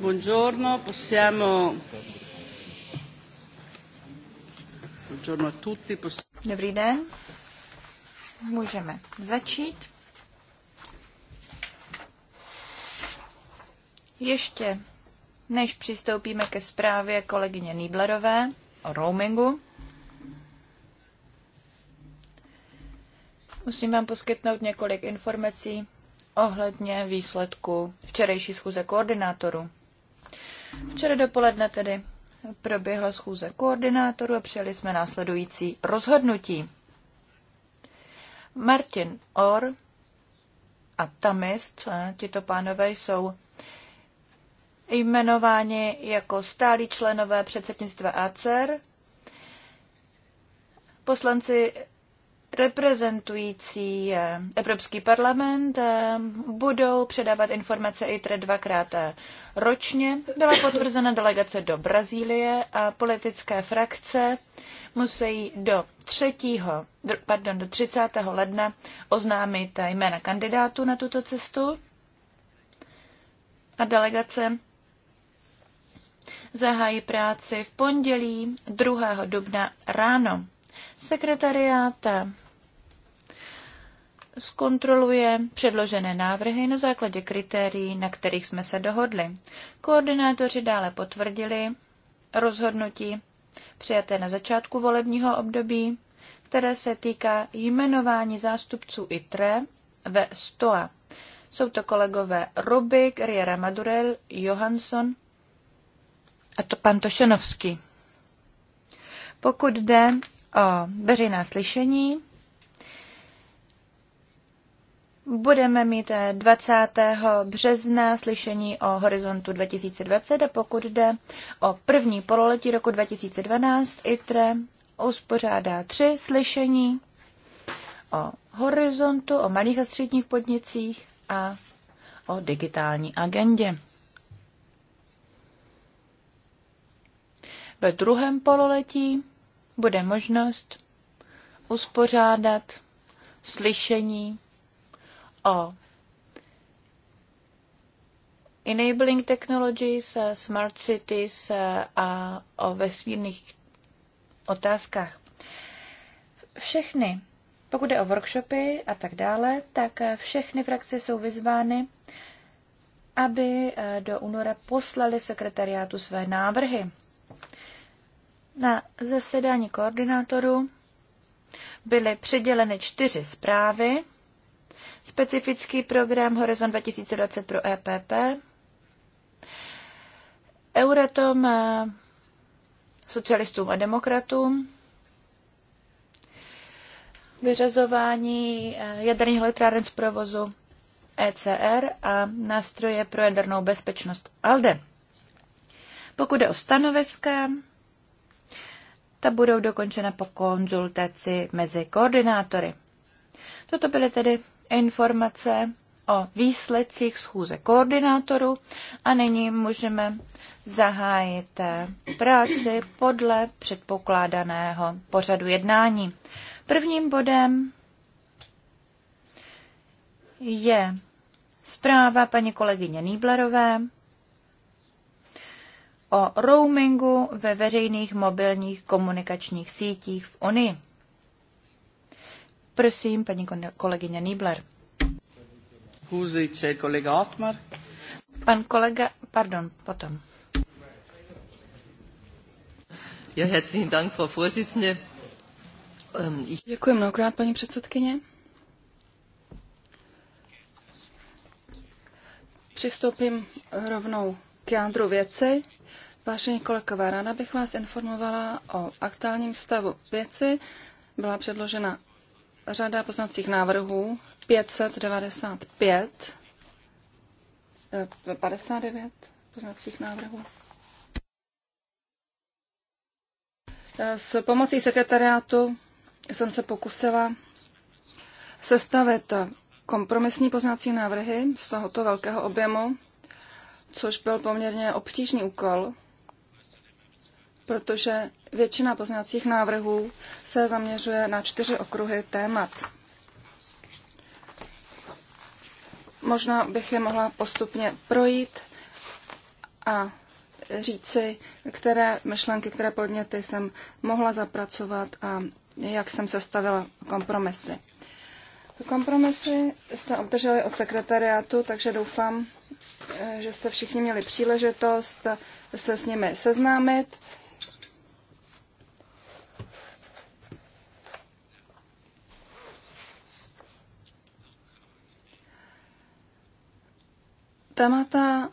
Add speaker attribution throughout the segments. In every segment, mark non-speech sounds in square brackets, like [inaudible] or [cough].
Speaker 1: Buongiorno, possiamo...
Speaker 2: Buongiorno a tutti.
Speaker 3: Dobrý den. Můžeme začít. Ještě než přistoupíme ke zprávě kolegyně Nýblerové o roamingu, musím vám poskytnout několik informací ohledně výsledku včerejší schůze koordinátorů. Včera dopoledne tedy proběhla schůze koordinátorů a přijali jsme následující rozhodnutí. Martin Orr a Tamist, eh, tito pánové jsou jmenováni jako stálí členové předsednictva ACER. Poslanci reprezentující eh, Evropský parlament eh, budou předávat informace ITRE dvakrát eh, ročně. Byla potvrzena delegace do Brazílie a politické frakce musí do 3. Pardon, do 30. ledna oznámit jména kandidátů na tuto cestu. A delegace zahájí práci v pondělí 2. dubna ráno sekretariáta zkontroluje předložené návrhy na základě kritérií, na kterých jsme se dohodli. Koordinátoři dále potvrdili rozhodnutí přijaté na začátku volebního období, které se týká jmenování zástupců ITRE ve STOA. Jsou to kolegové Rubik, Riera Madurel, Johansson a to pan Tošenovský. Pokud jde o veřejná slyšení, Budeme mít 20. Eh, března slyšení o horizontu 2020 a pokud jde o první pololetí roku 2012, ITRE uspořádá tři slyšení o horizontu, o malých a středních podnicích a o digitální agendě. Ve druhém pololetí bude možnost uspořádat slyšení o enabling technologies, smart cities a o vesmírných otázkách. Všechny, pokud je o workshopy a tak dále, tak všechny frakce jsou vyzvány, aby eh, do února poslali sekretariátu své návrhy. Na zasedání koordinátorů byly přiděleny čtyři zprávy specifický program Horizon 2020 pro EPP. Euratom eh, socialistům a demokratům, vyřazování eh, jaderných elektráren z provozu ECR a nástroje pro jadernou bezpečnost ALDE. Pokud jde o stanoviska, ta budou dokončena po konzultaci mezi koordinátory. Toto byly tedy informace o výsledcích schůze koordinátorů a nyní můžeme zahájit práci podle předpokládaného pořadu jednání. Prvním bodem je zpráva paní kolegyně Nýblerové o roamingu ve veřejných mobilních komunikačních sítích v Unii. Prosím, paní kolegyně Niebler.
Speaker 2: Hůziče,
Speaker 3: kolega Otmar. Pan kolega, pardon, potom. Ja, herzlichen Dank, Frau Vorsitzende. Ähm, Děkuji
Speaker 4: mnohokrát, paní předsedkyně. Přistoupím rovnou k jádru věci. Vážení kolegové, ráda bych vás informovala o aktuálním stavu věci. Byla předložena řada poslancích návrhů 595, 59 poznacích návrhů. Eh, s pomocí sekretariátu jsem se pokusila sestavit kompromisní poznací návrhy z tohoto velkého objemu, což byl poměrně obtížný úkol, protože Většina pozměňovacích návrhů se zaměřuje na čtyři okruhy témat. Možná bych je mohla postupně projít a říci, které myšlenky, které podněty jsem mohla zapracovat a jak jsem sestavila kompromisy. Kompromisy jste obdrželi od sekretariátu, takže doufám, že jste všichni měli příležitost se s nimi seznámit Témata,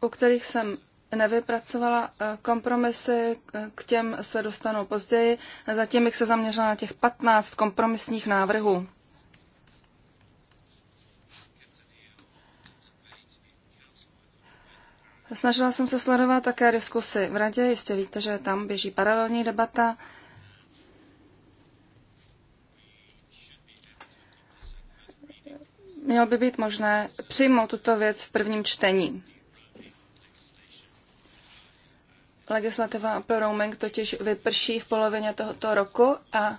Speaker 4: u kterých jsem nevypracovala eh, kompromisy, eh, k těm se dostanu později. Zatím bych se zaměřila na těch 15 kompromisních návrhů. Snažila jsem se sledovat také diskusy v radě, jistě víte, že tam běží paralelní debata mělo by být možné přijmout tuto věc v prvním čtení. Legislativa pro roaming totiž vyprší v polovině tohoto roku a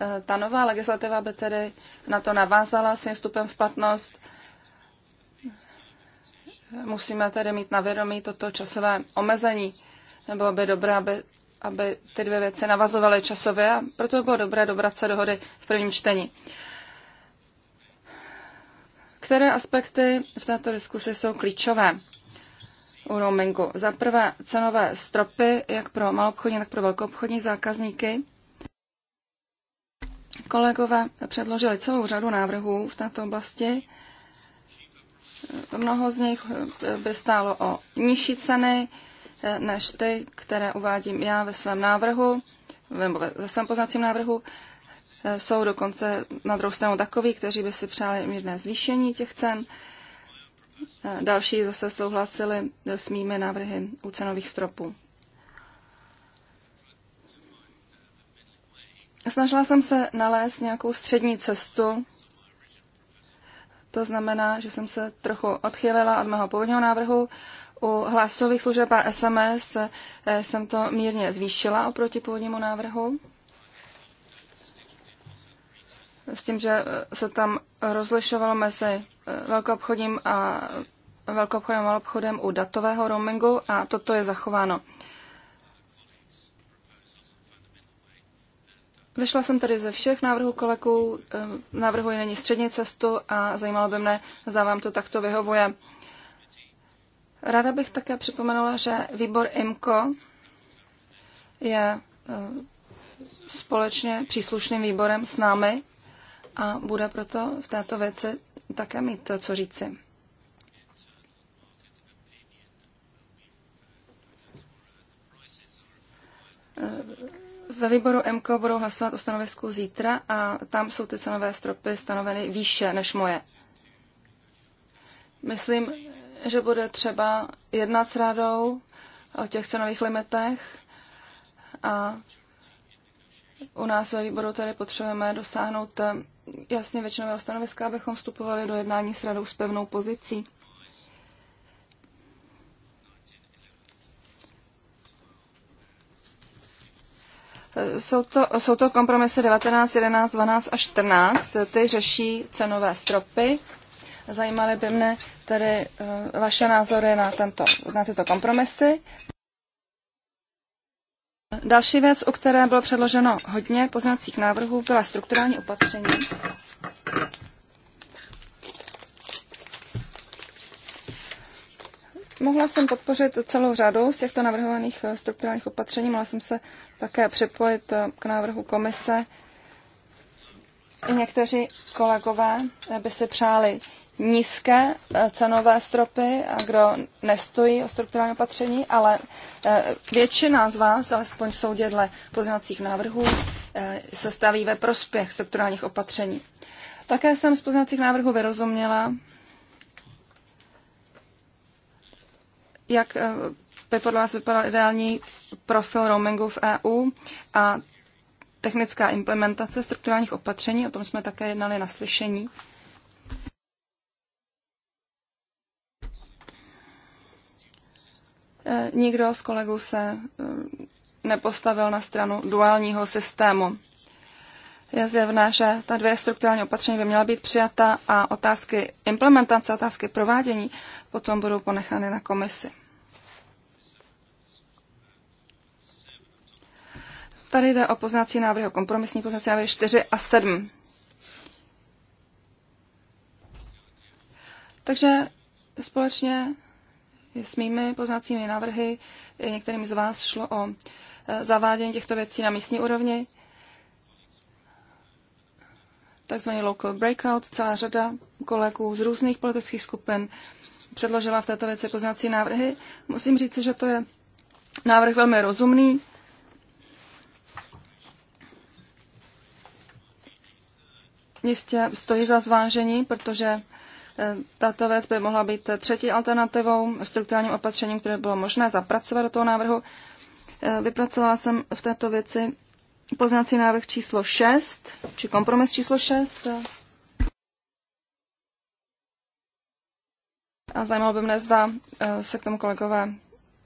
Speaker 4: e, ta nová legislativa by tedy na to navázala svým vstupem v platnost. Musíme tedy mít na vědomí toto časové omezení. nebo by dobré, aby, aby ty dvě věci navazovaly časově a proto by bylo dobré dobrat se dohody v prvním čtení. Které aspekty v této diskusi jsou klíčové u roamingu? Za prvé cenové stropy, jak pro malobchodní, tak pro velkoobchodní zákazníky. Kolegové předložili celou řadu návrhů v této oblasti. Mnoho z nich by stálo o nižší ceny než ty, které uvádím já ve svém návrhu, nebo ve svém poznacím návrhu. Eh, jsou dokonce na druhou stranu takoví, kteří by si přáli mírné zvýšení těch cen. Eh, další zase souhlasili s mými návrhy u cenových stropů. Snažila jsem se nalézt nějakou střední cestu. To znamená, že jsem se trochu odchylila od mého původního návrhu. U hlasových služeb a SMS eh, jsem to mírně zvýšila oproti původnímu návrhu s tím, že se tam rozlišovalo mezi eh, velkoobchodním a velkoobchodem a obchodem u datového roamingu a toto je zachováno. Vyšla jsem tedy ze všech návrhů koleků, eh, navrhuji není střední cestu a zajímalo by mne, za vám to takto vyhovuje. Ráda bych také připomenula, že výbor IMCO je eh, společně příslušným výborem s námi a bude proto v této věci také mít co říci. Ve výboru MK budou hlasovat o stanovisku zítra a tam jsou ty cenové stropy stanoveny výše než moje. Myslím, že bude třeba jednat s radou o těch cenových limitech a u nás ve výboru tedy potřebujeme dosáhnout jasně většinového stanoviska, abychom vstupovali do jednání s radou s pevnou pozicí. Jsou to, jsou to kompromisy 19, 11, 12 a 14. Ty řeší cenové stropy. Zajímaly by mne tedy eh, vaše názory na, tento, na tyto kompromisy. Další věc, u které bylo předloženo hodně poznacích návrhů, byla strukturální opatření. Mohla jsem podpořit celou řadu z těchto navrhovaných eh, strukturálních opatření, mohla jsem se také připojit eh, k návrhu komise. I někteří kolegové eh, by si přáli nízké eh, cenové stropy a kdo nestojí o strukturální opatření, ale eh, většina z vás, alespoň soudě dle pozměňovacích návrhů, eh, se staví ve prospěch strukturálních opatření. Také jsem z pozměňovacích návrhů vyrozuměla, jak by podle vás vypadal ideální profil roamingu v EU a technická implementace strukturálních opatření, o tom jsme také jednali na slyšení. Eh, nikdo z kolegů se eh, nepostavil na stranu duálního systému. Je zjevné, že ta dvě strukturální opatření by měla být přijata a otázky implementace, otázky provádění potom budou ponechány na komisi. Tady jde o poznací návrhy, o kompromisní poznací návrhy 4 a 7. Takže společně s mými poznacími návrhy některým z vás šlo o eh, zavádění těchto věcí na místní úrovni, takzvaný local breakout. Celá řada kolegů z různých politických skupin předložila v této věci poznací návrhy. Musím říct, že to je návrh velmi rozumný. Jistě stojí za zvážení, protože tato věc by mohla být třetí alternativou, strukturálním opatřením, které bylo možné zapracovat do toho návrhu. Vypracovala jsem v této věci poznací návrh číslo 6, či kompromis číslo 6. A zajímalo by mne, zda eh, se k tomu kolegové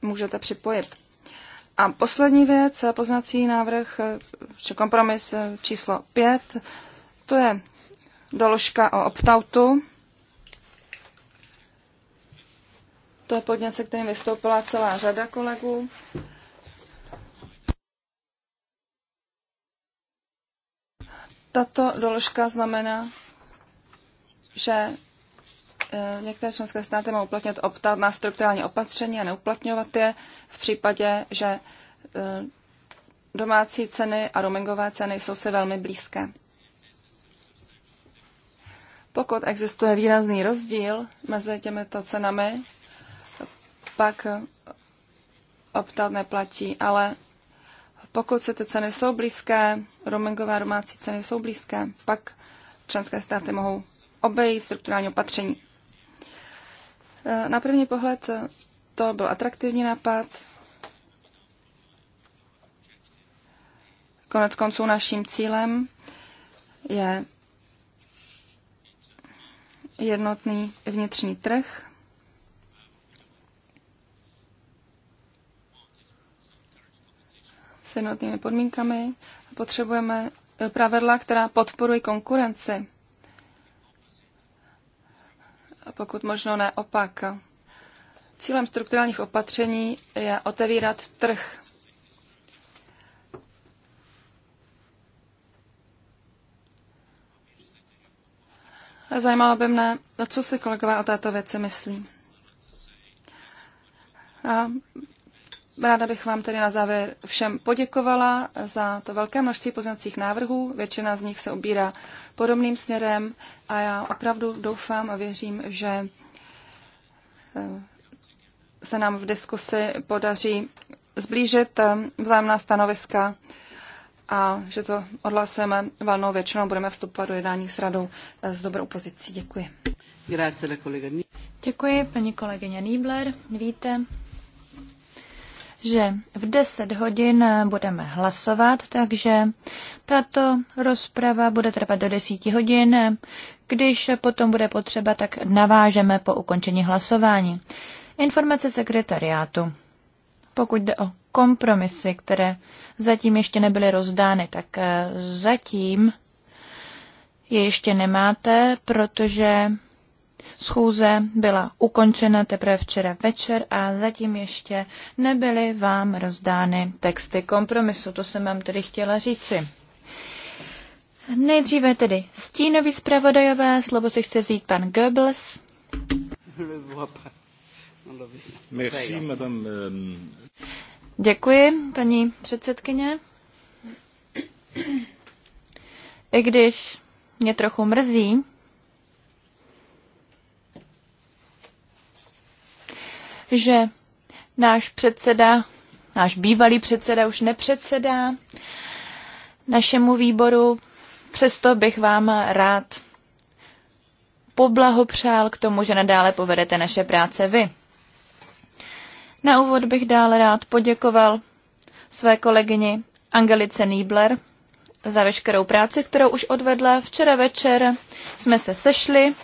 Speaker 4: můžete připojit. A poslední věc, eh, poznací návrh, eh, či kompromis číslo 5, to je doložka o optautu. To je podnět, se kterým vystoupila celá řada kolegů. Tato doložka znamená, že e, některé členské státy mohou uplatnit optat na strukturální opatření a neuplatňovat je v případě, že e, domácí ceny a roamingové ceny jsou si velmi blízké. Pokud existuje výrazný rozdíl mezi těmito cenami, pak optal neplatí. Ale pokud se ty ceny jsou blízké, roamingové domácí ceny jsou blízké, pak členské státy mohou obejít strukturální opatření. Na první pohled to byl atraktivní nápad. Konec konců naším cílem je jednotný vnitřní trh jednotnými podmínkami. Potřebujeme eh, pravidla, která podporují konkurenci. A pokud možno neopak. Cílem strukturálních opatření je otevírat trh. Zajímalo by mne, co si kolegové o této věci myslí. A Ráda bych vám tedy na závěr všem poděkovala za to velké množství pozměňovacích návrhů. Většina z nich se ubírá podobným směrem a já opravdu doufám a věřím, že eh, se nám v diskusi podaří zblížit eh, vzájemná stanoviska a že to odhlasujeme valnou většinou, budeme vstupovat do jednání s radou eh, s dobrou pozicí. Děkuji.
Speaker 3: Děkuji, paní kolegyně Niebler. Víte, že v 10 hodin eh, budeme hlasovat, takže tato rozprava bude trvat do 10 hodin. Když potom bude potřeba, tak navážeme po ukončení hlasování. Informace sekretariátu. Pokud jde o kompromisy, které zatím ještě nebyly rozdány, tak eh, zatím je ještě nemáte, protože Schůze byla ukončena teprve včera večer a zatím ještě nebyly vám rozdány texty kompromisu. To jsem vám tedy chtěla říci. Nejdříve tedy stínový zpravodajové, slovo si chce vzít pan Goebbels. Merci, madame. Euh, Děkuji, paní předsedkyně. I když mě trochu mrzí, že náš předseda, náš bývalý předseda už nepředsedá našemu výboru. Přesto bych vám rád poblahopřál k tomu, že nadále povedete naše práce vy. Na úvod bych dále rád poděkoval své kolegyni Angelice Niebler za veškerou práci, kterou už odvedla. Včera večer jsme se sešli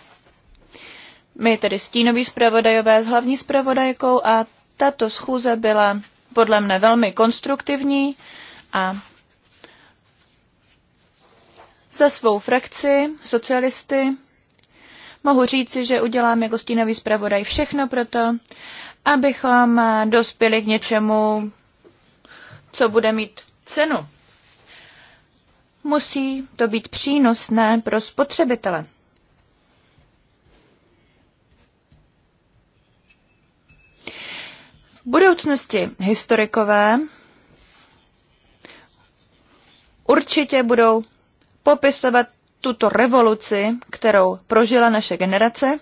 Speaker 3: my tedy stínoví zpravodajové s hlavní zpravodajkou a tato schůze byla podle mne velmi konstruktivní a za svou frakci socialisty mohu říci, že udělám jako stínový zpravodaj všechno pro to, abychom dospěli k něčemu, co bude mít cenu. Musí to být přínosné pro spotřebitele. V budoucnosti historikové určitě budou popisovat tuto revoluci, kterou prožila naše generace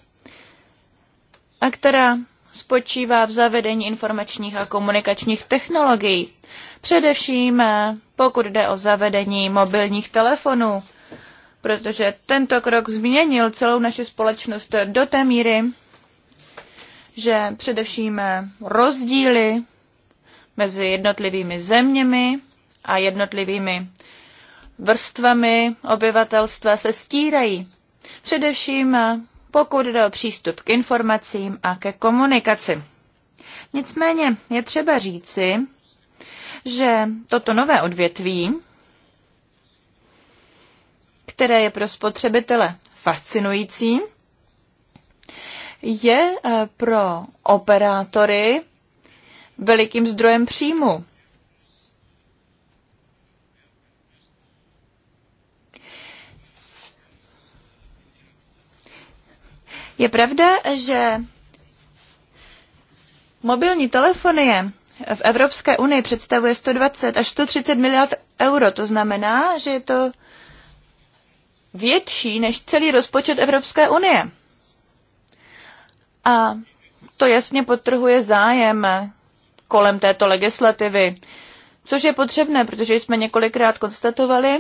Speaker 3: a která spočívá v zavedení informačních a komunikačních technologií. Především eh, pokud jde o zavedení mobilních telefonů, protože tento krok změnil celou naši společnost do té míry, že především eh, rozdíly mezi jednotlivými zeměmi a jednotlivými vrstvami obyvatelstva se stírají. Především eh, pokud jde o přístup k informacím a ke komunikaci. Nicméně je třeba říci, že toto nové odvětví, které je pro spotřebitele fascinující, je eh, pro operátory velikým zdrojem příjmu. Je pravda, že mobilní telefonie v Evropské unii představuje 120 až 130 miliard euro. To znamená, že je to větší než celý rozpočet Evropské unie. A to jasně podtrhuje zájem kolem této legislativy, což je potřebné, protože jsme několikrát konstatovali,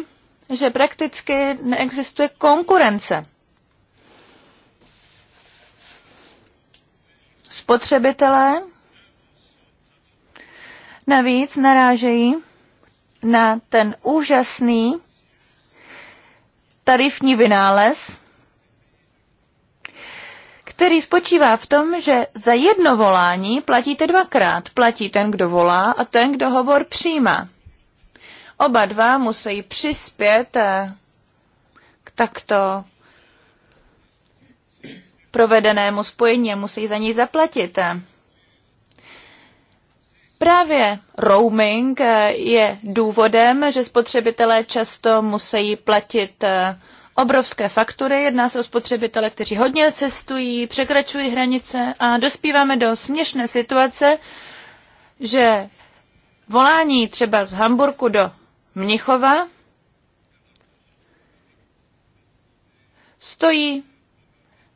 Speaker 3: že prakticky neexistuje konkurence. Spotřebitelé navíc narážejí na ten úžasný tarifní vynález, který spočívá v tom, že za jedno volání platíte dvakrát. Platí ten, kdo volá a ten, kdo hovor přijímá. Oba dva musí přispět eh, k takto provedenému spojení a musí za něj zaplatit. Právě roaming eh, je důvodem, že spotřebitelé často musí platit eh, obrovské faktury, jedná se o spotřebitele, kteří hodně cestují, překračují hranice a dospíváme do směšné situace, že volání třeba z Hamburku do Mnichova stojí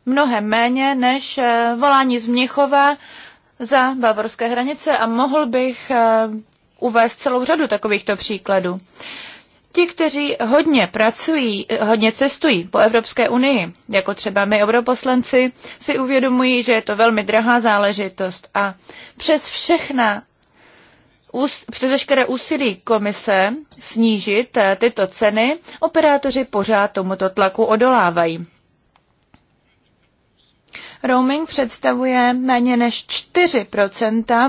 Speaker 3: mnohem méně než eh, volání z Mnichova za bavorské hranice a mohl bych eh, uvést celou řadu takovýchto příkladů. Ti, kteří hodně pracují, hodně cestují po Evropské unii, jako třeba my europoslanci, si uvědomují, že je to velmi drahá záležitost a přes všechna přes veškeré úsilí komise snížit eh, tyto ceny, operátoři pořád tomuto tlaku odolávají. Roaming představuje méně než 4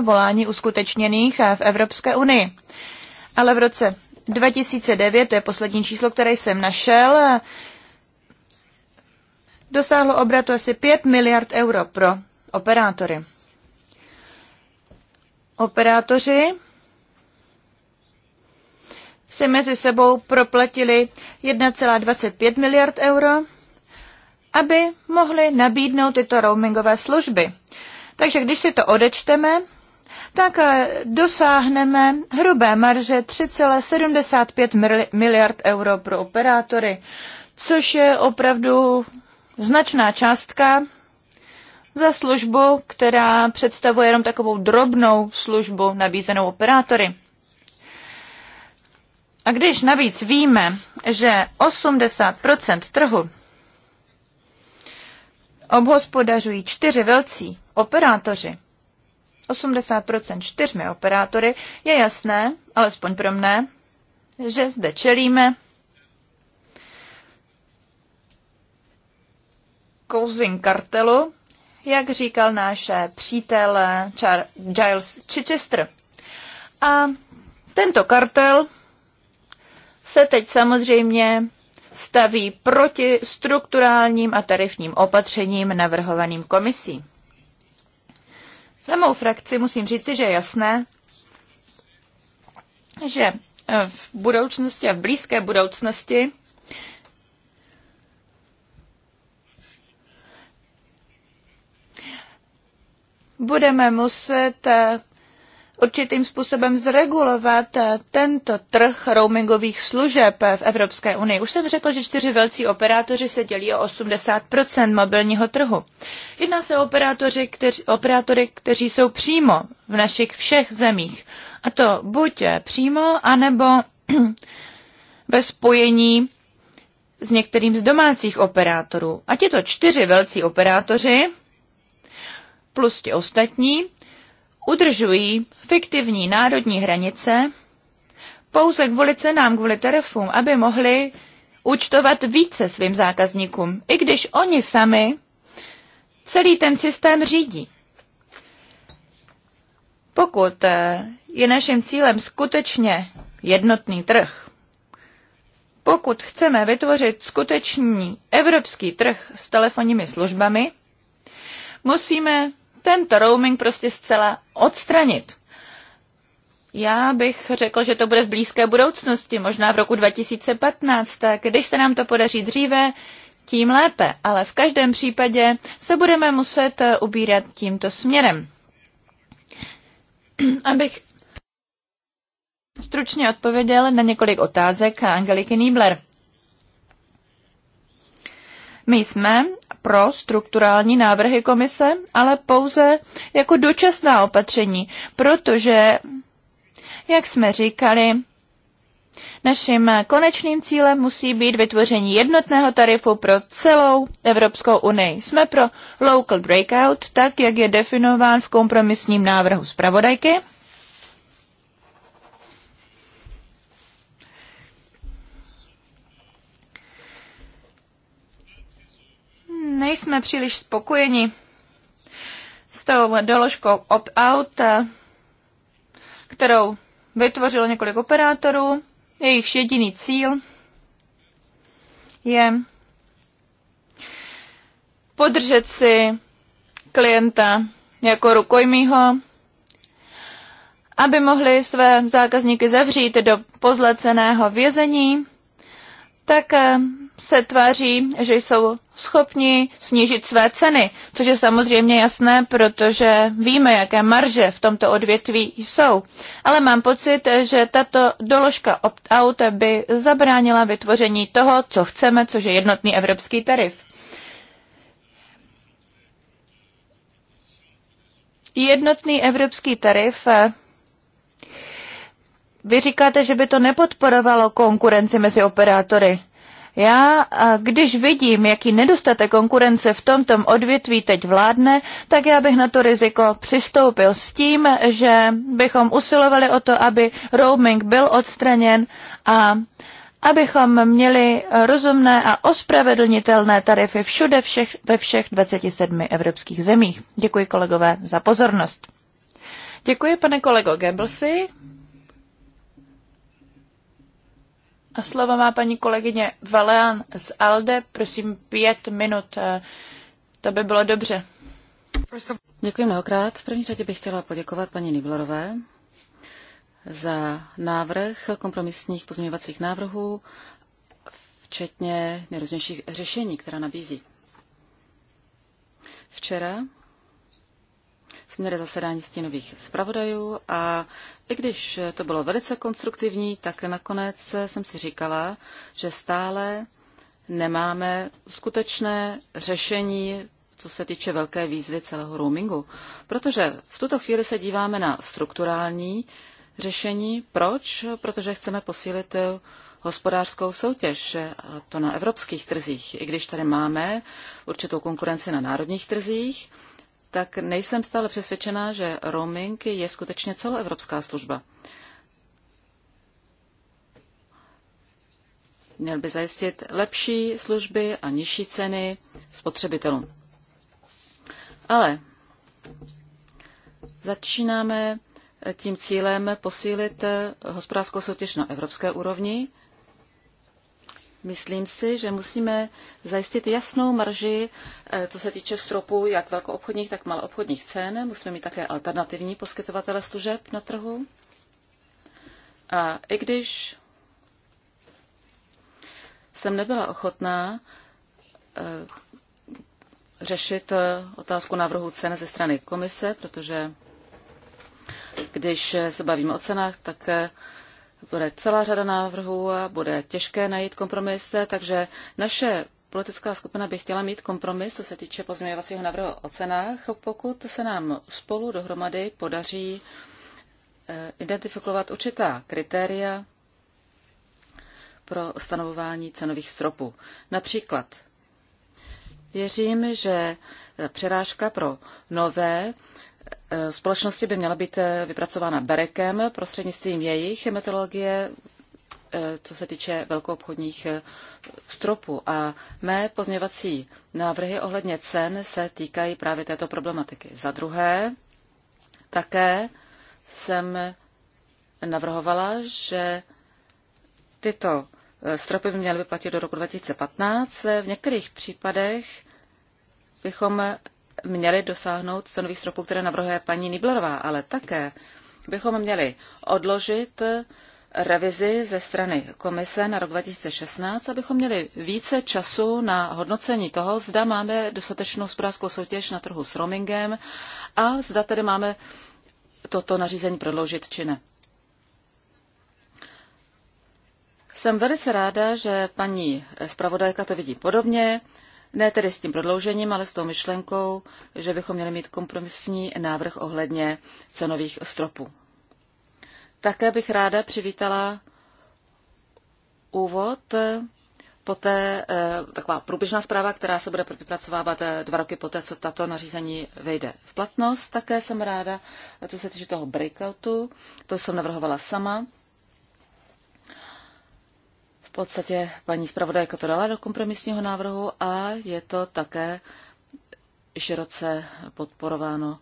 Speaker 3: volání uskutečněných eh, v Evropské unii. Ale v roce 2009, to je poslední číslo, které jsem našel, dosáhlo obratu asi 5 miliard euro pro operátory. Operátoři si mezi sebou proplatili 1,25 miliard euro, aby mohli nabídnout tyto roamingové služby. Takže když si to odečteme, tak eh, dosáhneme hrubé marže 3,75 miliard euro pro operátory, což je opravdu značná částka za službu, která představuje jenom takovou drobnou službu nabízenou operátory. A když navíc víme, že 80 trhu obhospodařují čtyři velcí operátoři, 80% čtyřmi operátory, je jasné, alespoň pro mne, že zde čelíme kouzin kartelu, jak říkal náš přítel Giles Chichester. A tento kartel se teď samozřejmě staví proti strukturálním a tarifním opatřením navrhovaným komisí. Za mou frakci musím říci, že je jasné, že eh, v budoucnosti a v blízké budoucnosti budeme muset eh, určitým způsobem zregulovat eh, tento trh roamingových služeb eh, v Evropské unii. Už jsem řekl, že čtyři velcí operátoři se dělí o 80 mobilního trhu. Jedná se o operátoři, kteři, operátory, kteří jsou přímo v našich všech zemích. A to buď eh, přímo, anebo [clears throat] ve spojení s některým z domácích operátorů. A tito čtyři velcí operátoři plus ti ostatní udržují fiktivní národní hranice pouze kvůli cenám, kvůli tarifům, aby mohli účtovat více svým zákazníkům, i když oni sami celý ten systém řídí. Pokud eh, je naším cílem skutečně jednotný trh, pokud chceme vytvořit skutečný evropský trh s telefonními službami, musíme tento roaming prostě zcela odstranit. Já bych řekl, že to bude v blízké budoucnosti, možná v roku 2015, tak když se nám to podaří dříve, tím lépe, ale v každém případě se budeme muset eh, ubírat tímto směrem. [clears throat] Abych stručně odpověděl na několik otázek Angeliky Niebler. My jsme pro strukturální návrhy komise, ale pouze jako dočasná opatření, protože, jak jsme říkali, Naším konečným cílem musí být vytvoření jednotného tarifu pro celou Evropskou unii. Jsme pro local breakout, tak jak je definován v kompromisním návrhu zpravodajky. nejsme příliš spokojeni s tou doložkou opt-out, kterou vytvořilo několik operátorů. Jejich jediný cíl je podržet si klienta jako rukojmího, aby mohli své zákazníky zavřít do pozlaceného vězení, tak eh, se tváří, že jsou schopni snížit své ceny, což je samozřejmě jasné, protože víme, jaké marže v tomto odvětví jsou. Ale mám pocit, že tato doložka opt-out by zabránila vytvoření toho, co chceme, což je jednotný evropský tarif. Jednotný evropský tarif eh, vy říkáte, že by to nepodporovalo konkurenci mezi operátory. Já, když vidím, jaký nedostatek konkurence v tomto odvětví teď vládne, tak já bych na to riziko přistoupil s tím, že bychom usilovali o to, aby roaming byl odstraněn a abychom měli rozumné a ospravedlnitelné tarify všude všech, ve všech 27 evropských zemích. Děkuji kolegové za pozornost. Děkuji pane kolego Gebelsi. A slovo má paní kolegyně Valean z ALDE. Prosím, pět minut. Eh, to by bylo dobře.
Speaker 1: Děkuji mnohokrát. V první řadě bych chtěla poděkovat paní Niblerové za návrh kompromisních pozměňovacích návrhů, včetně nejrůznějších řešení, která nabízí. Včera jsme měli zasedání stínových zpravodajů a i když to bylo velice konstruktivní, tak nakonec jsem si říkala, že stále nemáme skutečné řešení, co se týče velké výzvy celého roamingu. Protože v tuto chvíli se díváme na strukturální řešení. Proč? Protože chceme posílit hospodářskou soutěž, a to na evropských trzích, i když tady máme určitou konkurenci na národních trzích, tak nejsem stále přesvědčená, že roaming je skutečně celoevropská služba. Měl by zajistit lepší služby a nižší ceny spotřebitelům. Ale začínáme tím cílem posílit hospodářskou soutěž na evropské úrovni Myslím si, že musíme zajistit jasnou marži, eh, co se týče stropu jak velkoobchodních, tak maloobchodních cen. Musíme mít také alternativní poskytovatele služeb na trhu. A i když jsem nebyla ochotná eh, řešit eh, otázku návrhu cen ze strany komise, protože když se bavíme o cenách, tak bude celá řada návrhů a bude těžké najít kompromis, takže naše politická skupina by chtěla mít kompromis, co se týče pozměňovacího návrhu o cenách, pokud se nám spolu dohromady podaří eh, identifikovat určitá kritéria pro stanovování cenových stropů. Například věřím, že eh, přerážka pro nové Eh, společnosti by měla být eh, vypracována berekem prostřednictvím jejich metodologie, eh, co se týče velkoobchodních stropů. A mé pozměvací návrhy ohledně cen se týkají právě této problematiky. Za druhé, také jsem navrhovala, že tyto stropy by měly by platit do roku 2015. V některých případech bychom měli dosáhnout cenových stropů, které navrhuje paní Niblerová, ale také bychom měli odložit revizi ze strany komise na rok 2016, abychom měli více času na hodnocení toho, zda máme dostatečnou hospodářskou soutěž na trhu s roamingem a zda tedy máme toto nařízení prodloužit či ne. Jsem velice ráda, že paní zpravodajka to vidí podobně. Ne tedy s tím prodloužením, ale s tou myšlenkou, že bychom měli mít kompromisní návrh ohledně cenových stropů. Také bych ráda přivítala úvod, poté eh, taková průběžná zpráva, která se bude vypracovávat eh, dva roky poté, co tato nařízení vejde v platnost. Také jsem ráda, co se týče toho breakoutu, to jsem navrhovala sama podstatě paní zpravodajka to dala do kompromisního návrhu a je to také široce podporováno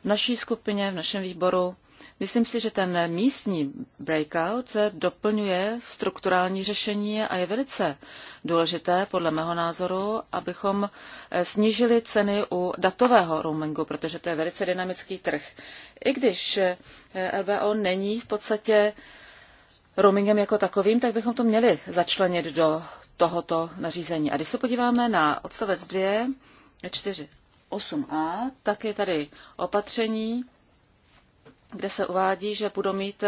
Speaker 1: v naší skupině, v našem výboru. Myslím si, že ten místní breakout doplňuje strukturální řešení a je velice důležité, podle mého názoru, abychom snížili ceny u datového roamingu, protože to je velice dynamický trh. I když LBO není v podstatě roamingem jako takovým, tak bychom to měli začlenit do tohoto nařízení. A když se podíváme na odstavec 2, 4, 8a, tak je tady opatření, kde se uvádí, že budou mít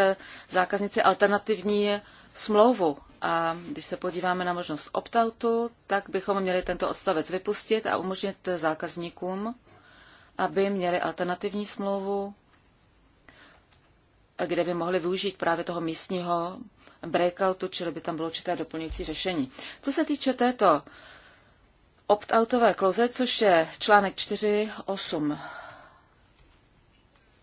Speaker 1: zákazníci alternativní smlouvu. A když se podíváme na možnost opt-outu, tak bychom měli tento odstavec vypustit a umožnit zákazníkům, aby měli alternativní smlouvu kde by mohli využít právě toho místního breakoutu, čili by tam bylo určité doplňující řešení. Co se týče této opt-outové kloze, což je článek 4.8,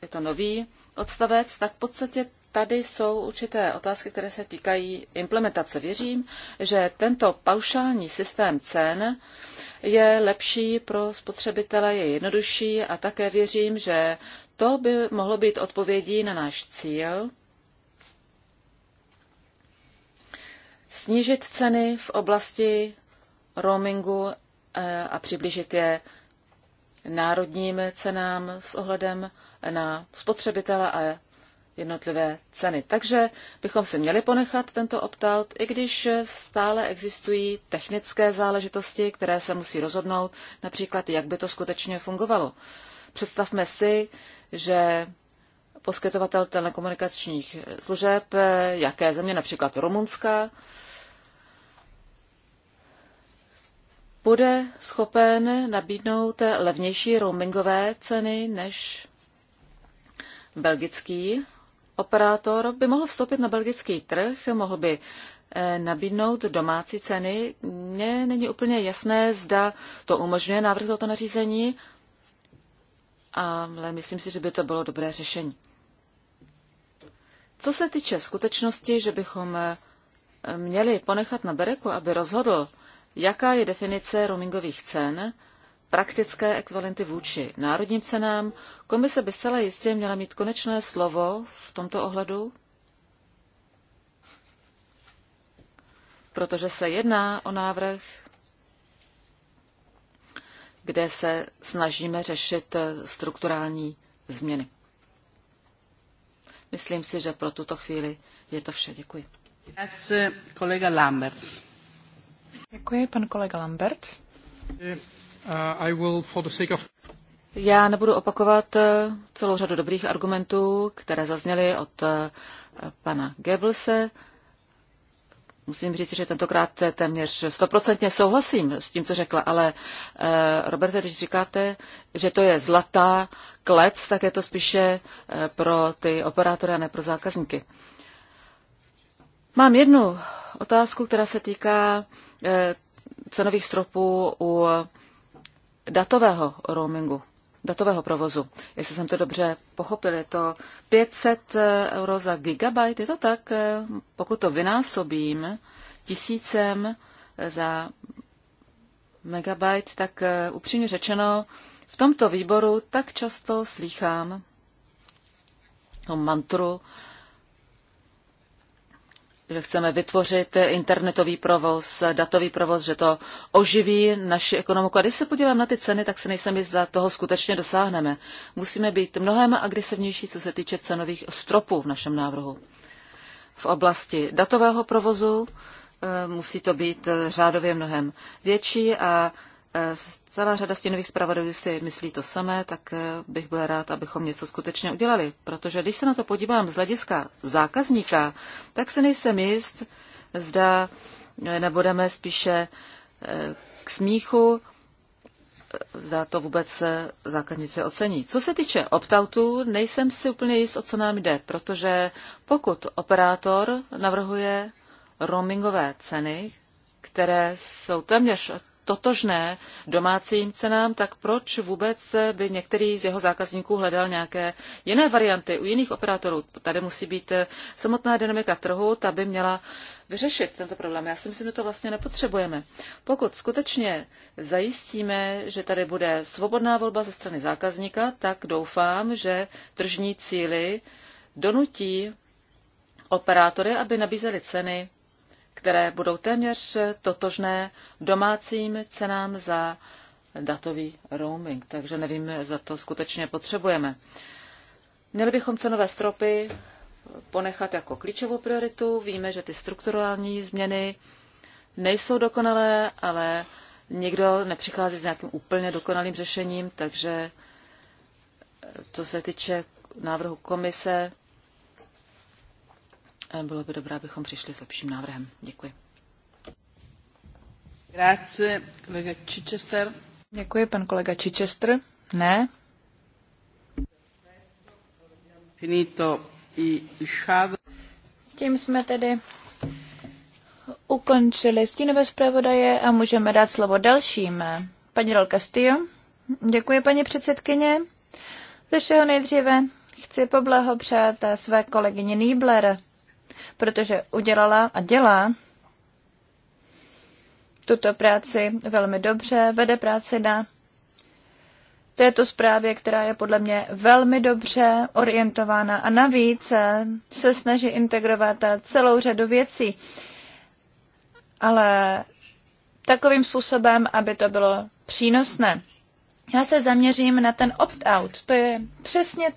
Speaker 1: je to nový odstavec, tak v podstatě tady jsou určité otázky, které se týkají implementace. Věřím, že tento paušální systém cen je lepší pro spotřebitele, je jednodušší a také věřím, že to by mohlo být odpovědí na náš cíl snížit ceny v oblasti roamingu eh, a přiblížit je národním cenám s ohledem na spotřebitele a jednotlivé ceny. Takže bychom si měli ponechat tento opt-out, i když stále existují technické záležitosti, které se musí rozhodnout, například jak by to skutečně fungovalo. Představme si, že poskytovatel telekomunikačních služeb, jaké země, například Rumunska, bude schopen nabídnout levnější roamingové ceny než belgický operátor. By mohl vstoupit na belgický trh, mohl by eh, nabídnout domácí ceny. Mně není úplně jasné, zda to umožňuje návrh toto nařízení ale myslím si, že by to bylo dobré řešení. Co se týče skutečnosti, že bychom eh, měli ponechat na Bereku, aby rozhodl, jaká je definice roamingových cen, praktické ekvivalenty vůči národním cenám, komise by zcela jistě měla mít konečné slovo v tomto ohledu, protože se jedná o návrh, kde se snažíme řešit eh, strukturální změny. Myslím si, že pro tuto chvíli je to vše. Děkuji. Kolega Lambert.
Speaker 3: Děkuji, pan kolega Lambert.
Speaker 2: Eh,
Speaker 1: Já nebudu opakovat eh, celou řadu dobrých argumentů, které zazněly od pana Goebbelse. Musím říct, že tentokrát téměř stoprocentně souhlasím s tím, co řekla, ale eh, Roberte, když říkáte, že to je zlatá klec, tak je to spíše eh, pro ty operátory a ne pro zákazníky. Mám jednu otázku, která se týká eh, cenových stropů u datového roamingu datového provozu. Jestli jsem to dobře pochopil, je to 500 eh, euro za gigabyte, je to tak? Eh, pokud to vynásobím tisícem eh, za megabyte, tak upřímně řečeno, v tomto výboru tak často slýchám mantru chceme vytvořit internetový provoz, datový provoz, že to oživí naši ekonomiku. A když se podívám na ty ceny, tak se nejsem jistá, toho skutečně dosáhneme. Musíme být mnohem agresivnější, co se týče cenových stropů v našem návrhu. V oblasti datového provozu eh, musí to být eh, řádově mnohem větší a Eh, celá řada stěnových zpravodajů si myslí to samé, tak eh, bych byl rád, abychom něco skutečně udělali. Protože když se na to podívám z hlediska zákazníka, tak se nejsem jist, zda eh, nebudeme spíše k smíchu, zda to vůbec zákaznice ocení. Co se týče opt nejsem si úplně jist, o co nám jde, protože pokud operátor navrhuje roamingové ceny, které jsou téměř totožné domácím cenám, tak proč vůbec by některý z jeho zákazníků hledal nějaké jiné varianty u jiných operátorů? Tady musí být samotná dynamika trhu, ta by měla vyřešit tento problém. Já si myslím, že to vlastně nepotřebujeme. Pokud skutečně zajistíme, že tady bude svobodná volba ze strany zákazníka, tak doufám, že tržní cíly donutí operátory, aby nabízeli ceny které budou téměř totožné domácím cenám za datový roaming. Takže nevím, za to skutečně potřebujeme. Měli bychom cenové stropy ponechat jako klíčovou prioritu. Víme, že ty strukturální změny nejsou dokonalé, ale nikdo nepřichází s nějakým úplně dokonalým řešením, takže to se týče návrhu komise, bylo by dobré, abychom přišli s lepším návrhem. Děkuji. Grazie, kolega Chichester.
Speaker 3: Děkuji, pan kolega Chichester. Ne.
Speaker 1: Finito i
Speaker 3: Tím jsme tedy ukončili stínové zpravodaje a můžeme dát slovo dalším. Paní Rol Castillo. Děkuji, paní předsedkyně. Ze všeho nejdříve chci poblahopřát své kolegyni Niebler protože udělala a dělá tuto práci velmi dobře, vede práci na této zprávě, která je podle mě velmi dobře orientována a navíc se snaží integrovat celou řadu věcí, ale takovým způsobem, aby to bylo přínosné. Já se zaměřím na ten opt-out. To je přesně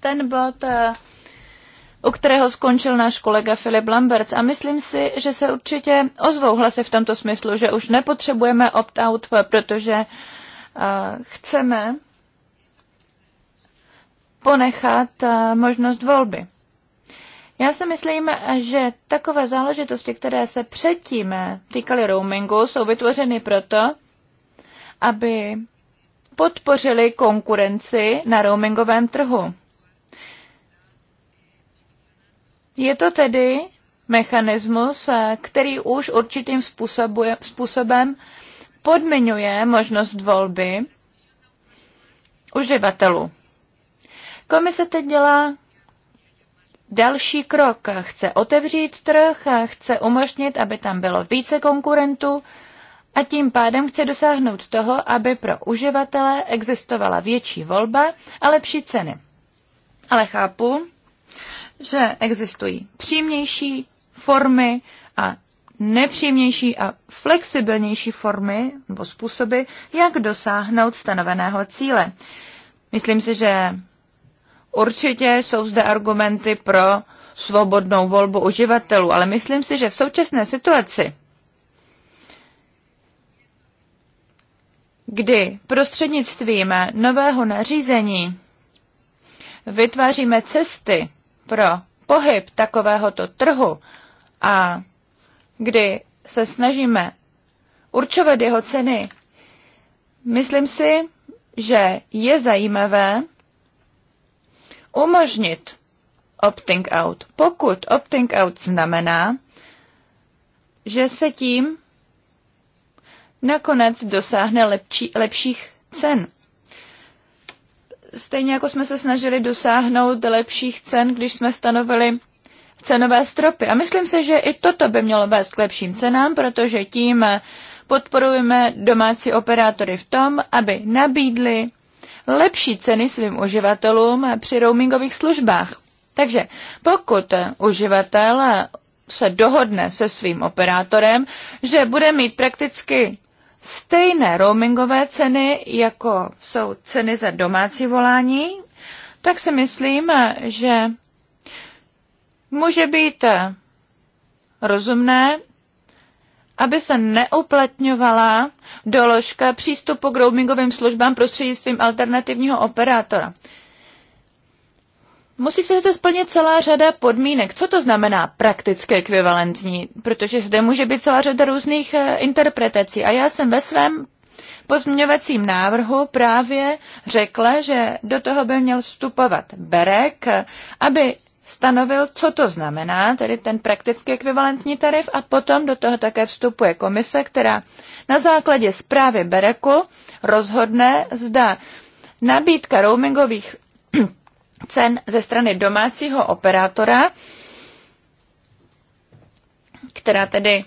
Speaker 3: ten bod, u kterého skončil náš kolega Filip Lamberts a myslím si, že se určitě ozvou hlasy v tomto smyslu, že už nepotřebujeme opt-out, protože eh, chceme ponechat eh, možnost volby. Já si myslím, že takové záležitosti, které se předtím týkaly roamingu, jsou vytvořeny proto, aby podpořili konkurenci na roamingovém trhu. Je to tedy mechanismus, eh, který už určitým způsobem podmiňuje možnost volby uživatelů. Komise teď dělá další krok. Chce otevřít trh, chce umožnit, aby tam bylo více konkurentů a tím pádem chce dosáhnout toho, aby pro uživatele existovala větší volba a lepší ceny. Ale chápu, že existují přímější formy a nepřímější a flexibilnější formy nebo způsoby, jak dosáhnout stanoveného cíle. Myslím si, že určitě jsou zde argumenty pro svobodnou volbu uživatelů, ale myslím si, že v současné situaci, kdy prostřednictvím nového nařízení vytváříme cesty, pro pohyb takovéhoto trhu a kdy se snažíme určovat jeho ceny, myslím si, že je zajímavé umožnit opting out. Pokud opting out znamená, že se tím nakonec dosáhne lepší, lepších cen. Stejně jako jsme se snažili dosáhnout lepších cen, když jsme stanovili cenové stropy. A myslím se, že i toto by mělo vést k lepším cenám, protože tím podporujeme domácí operátory v tom, aby nabídli lepší ceny svým uživatelům při roamingových službách. Takže pokud uživatel se dohodne se svým operátorem, že bude mít prakticky stejné roamingové ceny, jako jsou ceny za domácí volání, tak si myslím, že může být rozumné, aby se neuplatňovala doložka přístupu k roamingovým službám prostřednictvím alternativního operátora. Musí se zde splnit celá řada podmínek. Co to znamená prakticky ekvivalentní? Protože zde může být celá řada různých eh, interpretací. A já jsem ve svém pozměňovacím návrhu právě řekla, že do toho by měl vstupovat Berek, aby stanovil, co to znamená, tedy ten prakticky ekvivalentní tarif a potom do toho také vstupuje komise, která na základě zprávy Bereku rozhodne, zda nabídka roamingových cen ze strany domácího operátora, která tedy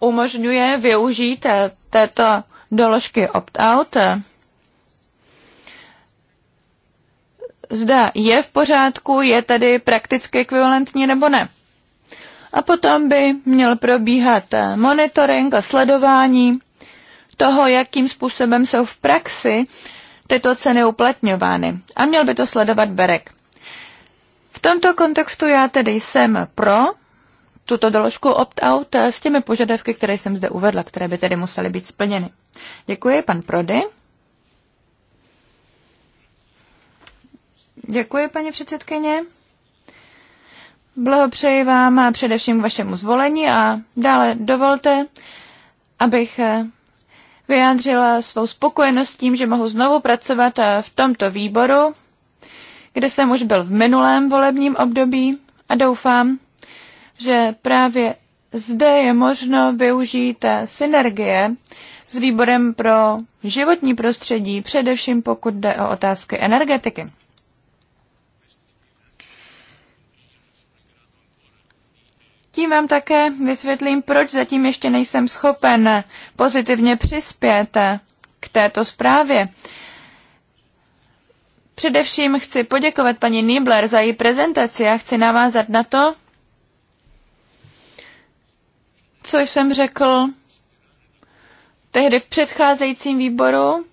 Speaker 3: umožňuje využít eh, této doložky opt-out. Zda je v pořádku, je tedy prakticky ekvivalentní nebo ne. A potom by měl probíhat eh, monitoring a sledování toho, jakým způsobem jsou v praxi tyto ceny uplatňovány. A měl by to sledovat Berek. V tomto kontextu já tedy jsem pro tuto doložku opt-out s těmi požadavky, které jsem zde uvedla, které by tedy musely být splněny. Děkuji, pan Prody. Děkuji, paní předsedkyně. Blahopřeji vám a především k vašemu zvolení a dále dovolte, abych vyjádřila svou spokojenost tím, že mohu znovu pracovat eh, v tomto výboru, kde jsem už byl v minulém volebním období a doufám, že právě zde je možno využít eh, synergie s výborem pro životní prostředí, především pokud jde o otázky energetiky. Tím vám také vysvětlím, proč zatím ještě nejsem schopen pozitivně přispět k této zprávě. Především chci poděkovat paní Niebler za její prezentaci a chci navázat na to, co jsem řekl tehdy v předcházejícím výboru,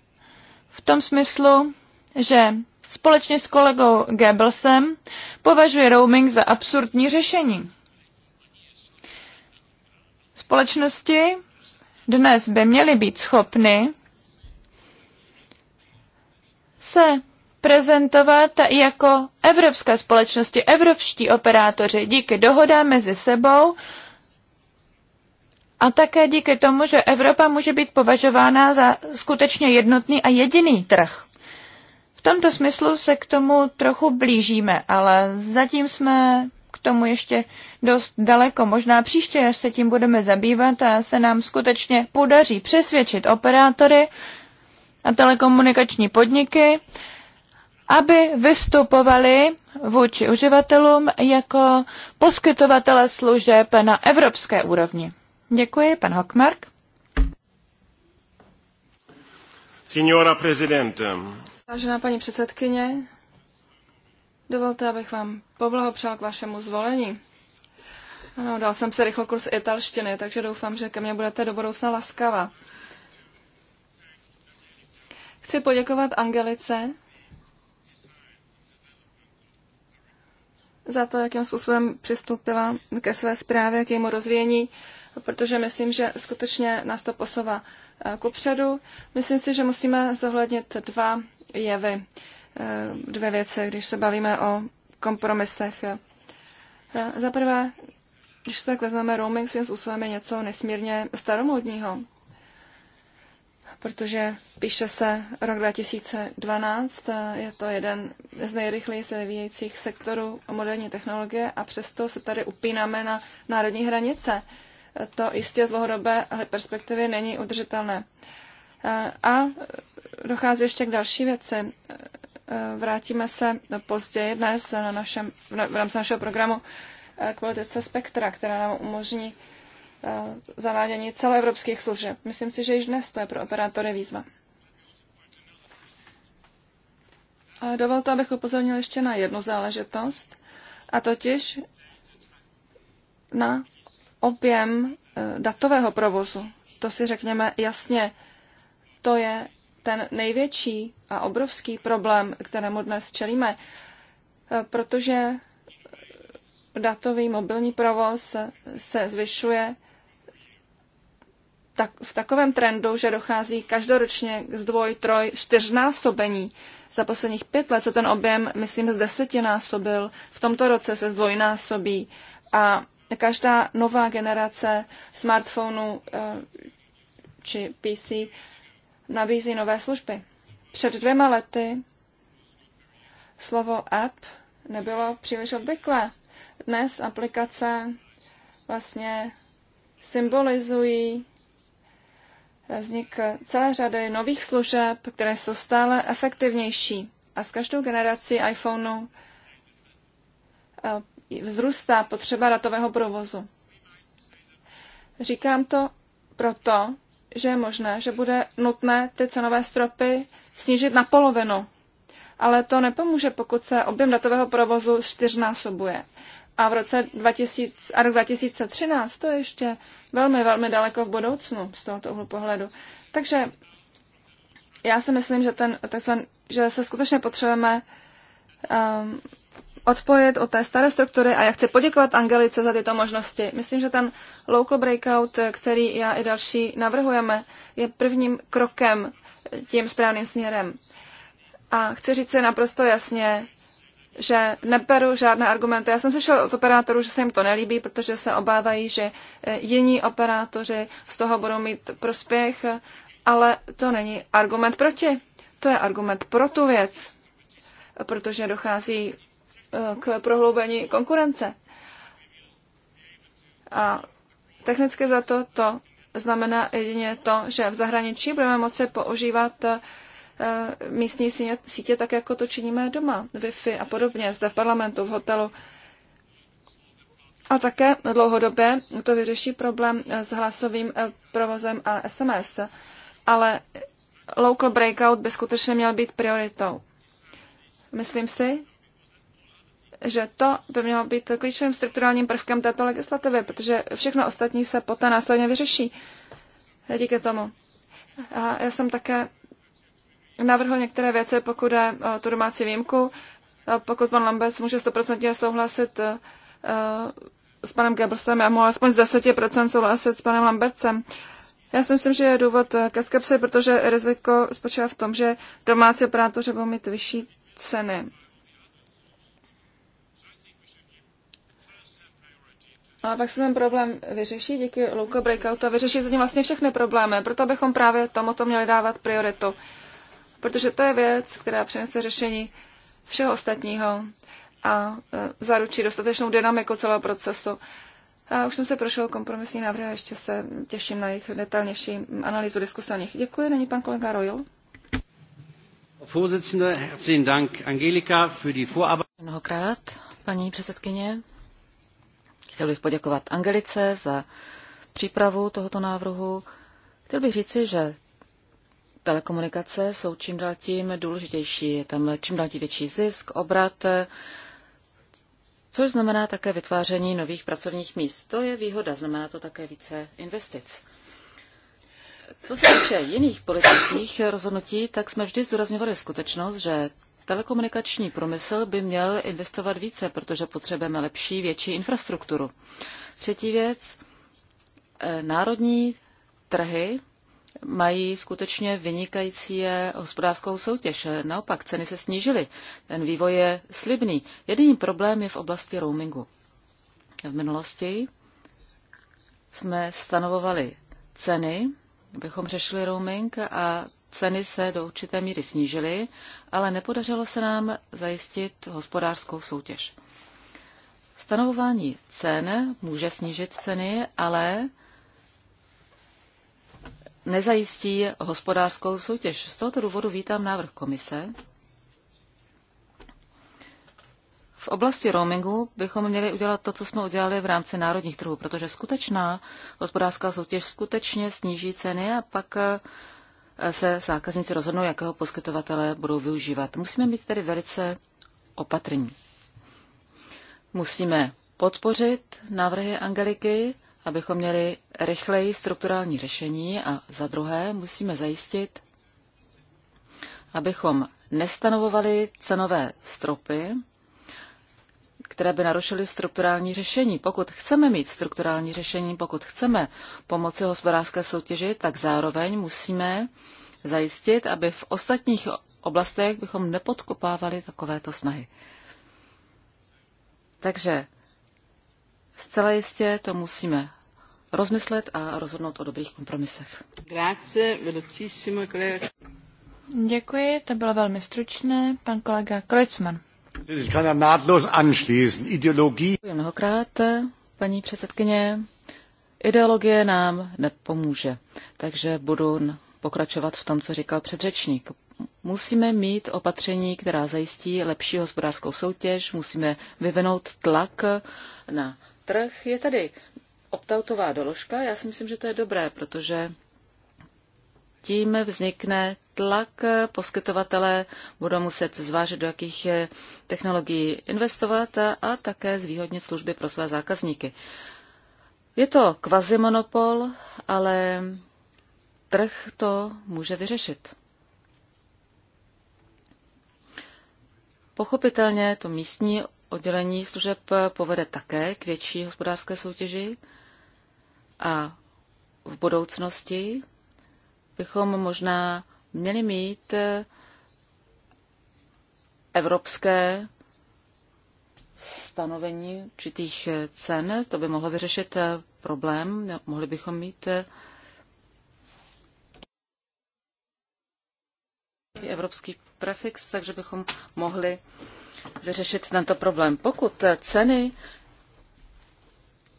Speaker 3: v tom smyslu, že společně s kolegou Goebbelsem považuje roaming za absurdní řešení společnosti dnes by měly být schopny se prezentovat jako evropské společnosti, evropští operátoři díky dohodám mezi sebou a také díky tomu, že Evropa může být považována za skutečně jednotný a jediný trh. V tomto smyslu se k tomu trochu blížíme, ale zatím jsme tomu ještě dost daleko. Možná příště, až se tím budeme zabývat a se nám skutečně podaří přesvědčit operátory a telekomunikační podniky, aby vystupovali vůči uživatelům jako poskytovatele služeb na evropské úrovni. Děkuji, pan Hockmark.
Speaker 4: Signora prezidente. Vážená paní předsedkyně, Dovolte, abych vám poblahopřál k vašemu zvolení. Ano, dal jsem se rychlo kurz italštiny, takže doufám, že ke mně budete do budoucna laskava. Chci poděkovat Angelice za to, jakým způsobem přistoupila ke své zprávě, k jejímu rozvíjení, protože myslím, že skutečně nás to posouvá eh, kupředu. Myslím si, že musíme zohlednit dva jevy. Eh, dvě věci, když se bavíme o kompromisech. Eh, za prvé, když se tak vezmeme, roaming svým způsobem je něco nesmírně staromodního, protože píše se rok 2012, eh, je to jeden z nejrychleji se vyvíjejících sektorů moderní technologie a přesto se tady upínáme na národní hranice. To jistě z dlouhodobé perspektivy není udržitelné. A dochází ještě k další věci. Vrátíme se později dnes na našem, v rámci našeho programu eh, k politice spektra, která nám umožní eh, zavádění celoevropských služeb. Myslím si, že již dnes to je pro operátory výzva. A dovolte, abych upozornil ještě na jednu záležitost, a totiž na objem eh, datového provozu. To si řekněme jasně, to je ten největší a obrovský problém, kterému dnes čelíme, eh, protože datový mobilní provoz se zvyšuje tak, v takovém trendu, že dochází každoročně k zdvoj, troj, čtyřnásobení. Za posledních pět let se ten objem, myslím, z desetinásobil. V tomto roce se zdvojnásobí a každá nová generace smartphonů eh, či PC nabízí nové služby. Před dvěma lety slovo app nebylo příliš obvyklé. Dnes aplikace vlastně symbolizují vznik celé řady nových služeb, které jsou stále efektivnější. A s každou generací iPhoneu eh, vzrůstá potřeba datového provozu. Říkám to proto, že je možné, že bude nutné ty cenové stropy snížit na polovinu. Ale to nepomůže, pokud se objem datového provozu čtyřnásobuje. A v roce 2000, a rok 2013 to je ještě velmi, velmi daleko v budoucnu z tohoto úhlu pohledu. Takže já si myslím, že, ten, takzvan, že se skutečně potřebujeme um, odpojit od té staré struktury a já chci poděkovat Angelice za tyto možnosti. Myslím, že ten local breakout, který já i další navrhujeme, je prvním krokem tím správným směrem. A chci říct si naprosto jasně, že neberu žádné argumenty. Já jsem slyšel od operátorů, že se jim to nelíbí, protože se obávají, že eh, jiní operátoři z toho budou mít prospěch, ale to není argument proti. To je argument pro tu věc, protože dochází Eh, k prohloubení konkurence. A technicky za to to znamená jedině to, že v zahraničí budeme moci používat eh, místní sítě tak, jako to činíme doma, Wi-Fi a podobně, zde v parlamentu, v hotelu. A také dlouhodobě to vyřeší problém eh, s hlasovým provozem a SMS. Ale local breakout by skutečně měl být prioritou. Myslím si, že to by mělo být klíčovým strukturálním prvkem této legislativy, protože všechno ostatní se poté následně vyřeší díky tomu. A já jsem také navrhl některé věci, pokud je eh, tu domácí výjimku, pokud pan Lambec může stoprocentně souhlasit eh, s panem Gebrsem, já mohu alespoň z 10% souhlasit s panem Lambercem. Já si myslím, že je důvod eh, ke skepsi, protože riziko spočívá v tom, že domácí operátoři budou mít vyšší ceny. A pak se ten problém vyřeší díky Luka Breakoutu a vyřeší zatím vlastně všechny problémy. Proto bychom právě tomuto měli dávat prioritu. Protože to je věc, která přinese řešení všeho ostatního a e, zaručí dostatečnou dynamiku celého procesu. A už jsem se prošel kompromisní návrhy a ještě se těším na jejich detailnější analýzu diskuse o nich. Děkuji, není pan kolega Royal.
Speaker 1: Mnohokrát, paní předsedkyně, Chtěl bych poděkovat Angelice za přípravu tohoto návrhu. Chtěl bych říci, že telekomunikace jsou čím dál tím důležitější. Je tam čím dál tím větší zisk, obrat, což znamená také vytváření nových pracovních míst. To je výhoda, znamená to také více investic. Co se týče jiných politických rozhodnutí, tak jsme vždy zdůrazňovali skutečnost, že telekomunikační průmysl by měl investovat více, protože potřebujeme lepší, větší infrastrukturu. Třetí věc, eh, národní trhy mají skutečně vynikající eh, hospodářskou soutěž. Naopak, ceny se snížily. Ten vývoj je slibný. Jediný problém je v oblasti roamingu. V minulosti jsme stanovovali ceny, abychom řešili roaming a ceny se do určité míry snížily, ale nepodařilo se nám zajistit hospodářskou soutěž. Stanovování cen může snížit ceny, ale nezajistí hospodářskou soutěž. Z tohoto důvodu vítám návrh komise. V oblasti roamingu bychom měli udělat to, co jsme udělali v rámci národních trhů, protože skutečná hospodářská soutěž skutečně sníží ceny a pak se zákazníci rozhodnou, jakého poskytovatele budou využívat. Musíme být tedy velice opatrní. Musíme podpořit návrhy Angeliky, abychom měli rychleji strukturální řešení a za druhé musíme zajistit, abychom nestanovovali cenové stropy, které by narušily strukturální řešení. Pokud chceme mít strukturální řešení, pokud chceme pomoci hospodářské soutěži, tak zároveň musíme zajistit, aby v ostatních oblastech bychom nepodkopávali takovéto snahy. Takže zcela jistě to musíme rozmyslet a rozhodnout o dobrých kompromisech. Grazie,
Speaker 3: velocissimo, Děkuji, to bylo velmi stručné. Pan kolega Kreutzmann.
Speaker 2: Ideologie.
Speaker 3: Mnohokrát,
Speaker 1: paní předsedkyně, ideologie nám nepomůže, takže budu pokračovat v tom, co říkal předřečník. Musíme mít opatření, která zajistí lepší hospodářskou soutěž, musíme vyvinout tlak na trh. Je tady optautová doložka, já si myslím, že to je dobré, protože tím vznikne tlak, poskytovatele budou muset zvážit, do jakých eh, technologií investovat a, a také zvýhodnit služby pro své zákazníky. Je to kvazi monopol, ale trh to může vyřešit. Pochopitelně to místní oddělení služeb povede také k větší hospodářské soutěži a v budoucnosti bychom možná měli mít eh, evropské stanovení určitých eh, cen. To by mohlo vyřešit eh, problém. Mohli bychom mít evropský prefix, takže bychom mohli vyřešit tento problém. Pokud ceny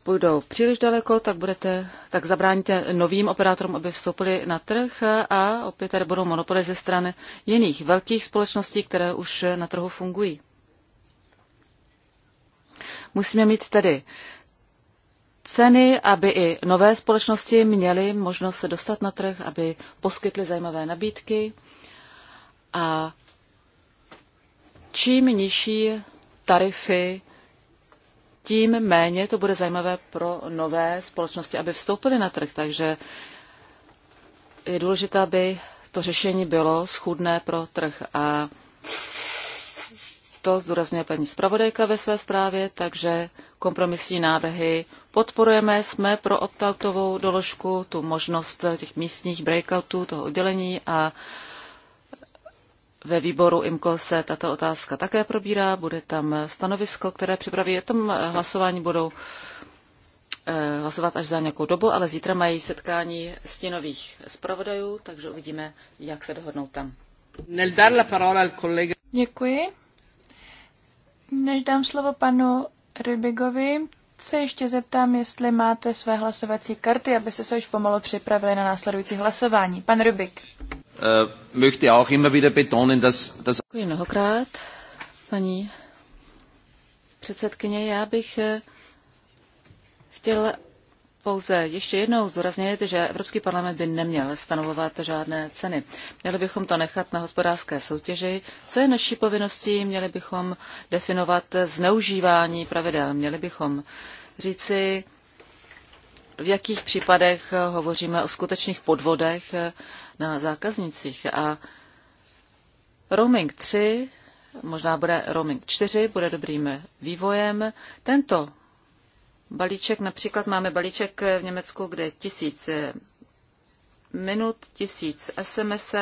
Speaker 1: půjdou příliš daleko, tak, budete, tak zabráníte novým operátorům, aby vstoupili na trh a opět tady budou monopoly ze strany jiných velkých společností, které už na trhu fungují. Musíme mít tedy ceny, aby i nové společnosti měly možnost se dostat na trh, aby poskytly zajímavé nabídky a čím nižší tarify, tím méně to bude zajímavé pro nové společnosti, aby vstoupily na trh. Takže je důležité, aby to řešení bylo schůdné pro trh. A to zdůrazňuje paní zpravodajka ve své zprávě, takže kompromisní návrhy podporujeme, jsme pro optoutovou doložku, tu možnost těch místních breakoutů, toho oddělení a ve výboru IMCO se tato otázka také probírá, bude tam stanovisko, které připraví. O tom hlasování budou eh, hlasovat až za nějakou dobu, ale zítra mají setkání stěnových zpravodajů, takže uvidíme, jak se dohodnou tam. Děkuji.
Speaker 3: Než dám slovo panu Rybigovi, se ještě zeptám, jestli máte své hlasovací karty, abyste se už pomalu připravili na následující hlasování. Pan Rubik.
Speaker 2: Eh, möchte auch immer wieder betonen, dass, dass...
Speaker 1: Děkuji mnohokrát, paní předsedkyně. Já bych eh, chtěl pouze ještě jednou zdůraznit, že Evropský parlament by neměl stanovovat žádné ceny. Měli bychom to nechat na hospodářské soutěži. Co je naší povinností? Měli bychom definovat zneužívání pravidel. Měli bychom říci, v jakých případech hovoříme o skutečných podvodech na zákaznicích. A roaming 3 možná bude roaming 4, bude dobrým vývojem. Tento balíček, například máme balíček v Německu, kde tisíc eh, minut, tisíc SMS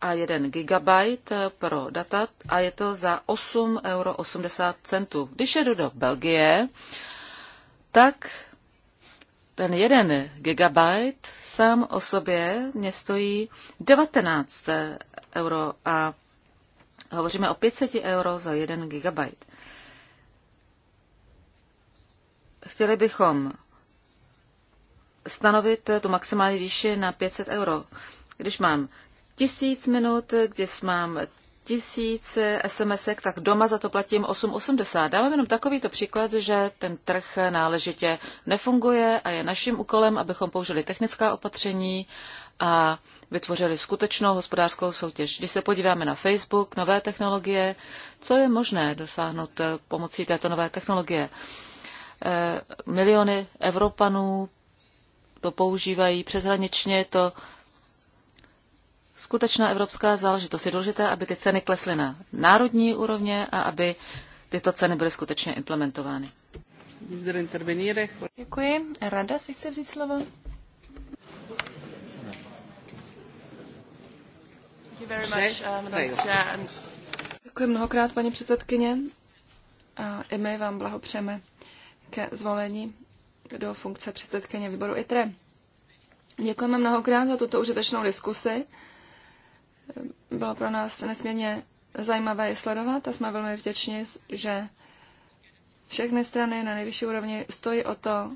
Speaker 1: a jeden gigabyte eh, pro data a je to za 8,80 euro. Když jedu do Belgie, tak ten jeden gigabyte sám o sobě mě stojí 19 euro a hovoříme o 500 euro za jeden gigabyte. Chtěli bychom stanovit tu maximální výši na 500 euro. Když mám tisíc minut, když mám tisíc sms tak doma za to platím 8,80. Dávám jenom takovýto příklad, že ten trh náležitě nefunguje a je naším úkolem, abychom použili technická opatření a vytvořili skutečnou hospodářskou soutěž. Když se podíváme na Facebook, nové technologie, co je možné dosáhnout pomocí této nové technologie? Eh, miliony Evropanů to používají přeshraničně, je to skutečná evropská záležitost. Je důležité, aby ty ceny klesly na národní úrovně a aby tyto ceny byly skutečně implementovány.
Speaker 3: Děkuji. Rada si chce vzít slovo. Uh,
Speaker 4: Děkuji mnohokrát, paní předsedkyně. A i my vám blahopřejeme ke zvolení do funkce předsedkyně výboru ITRE. Děkujeme mnohokrát za tuto užitečnou diskusi. Bylo pro nás nesmírně zajímavé je sledovat a jsme velmi vděční, že všechny strany na nejvyšší úrovni stojí o to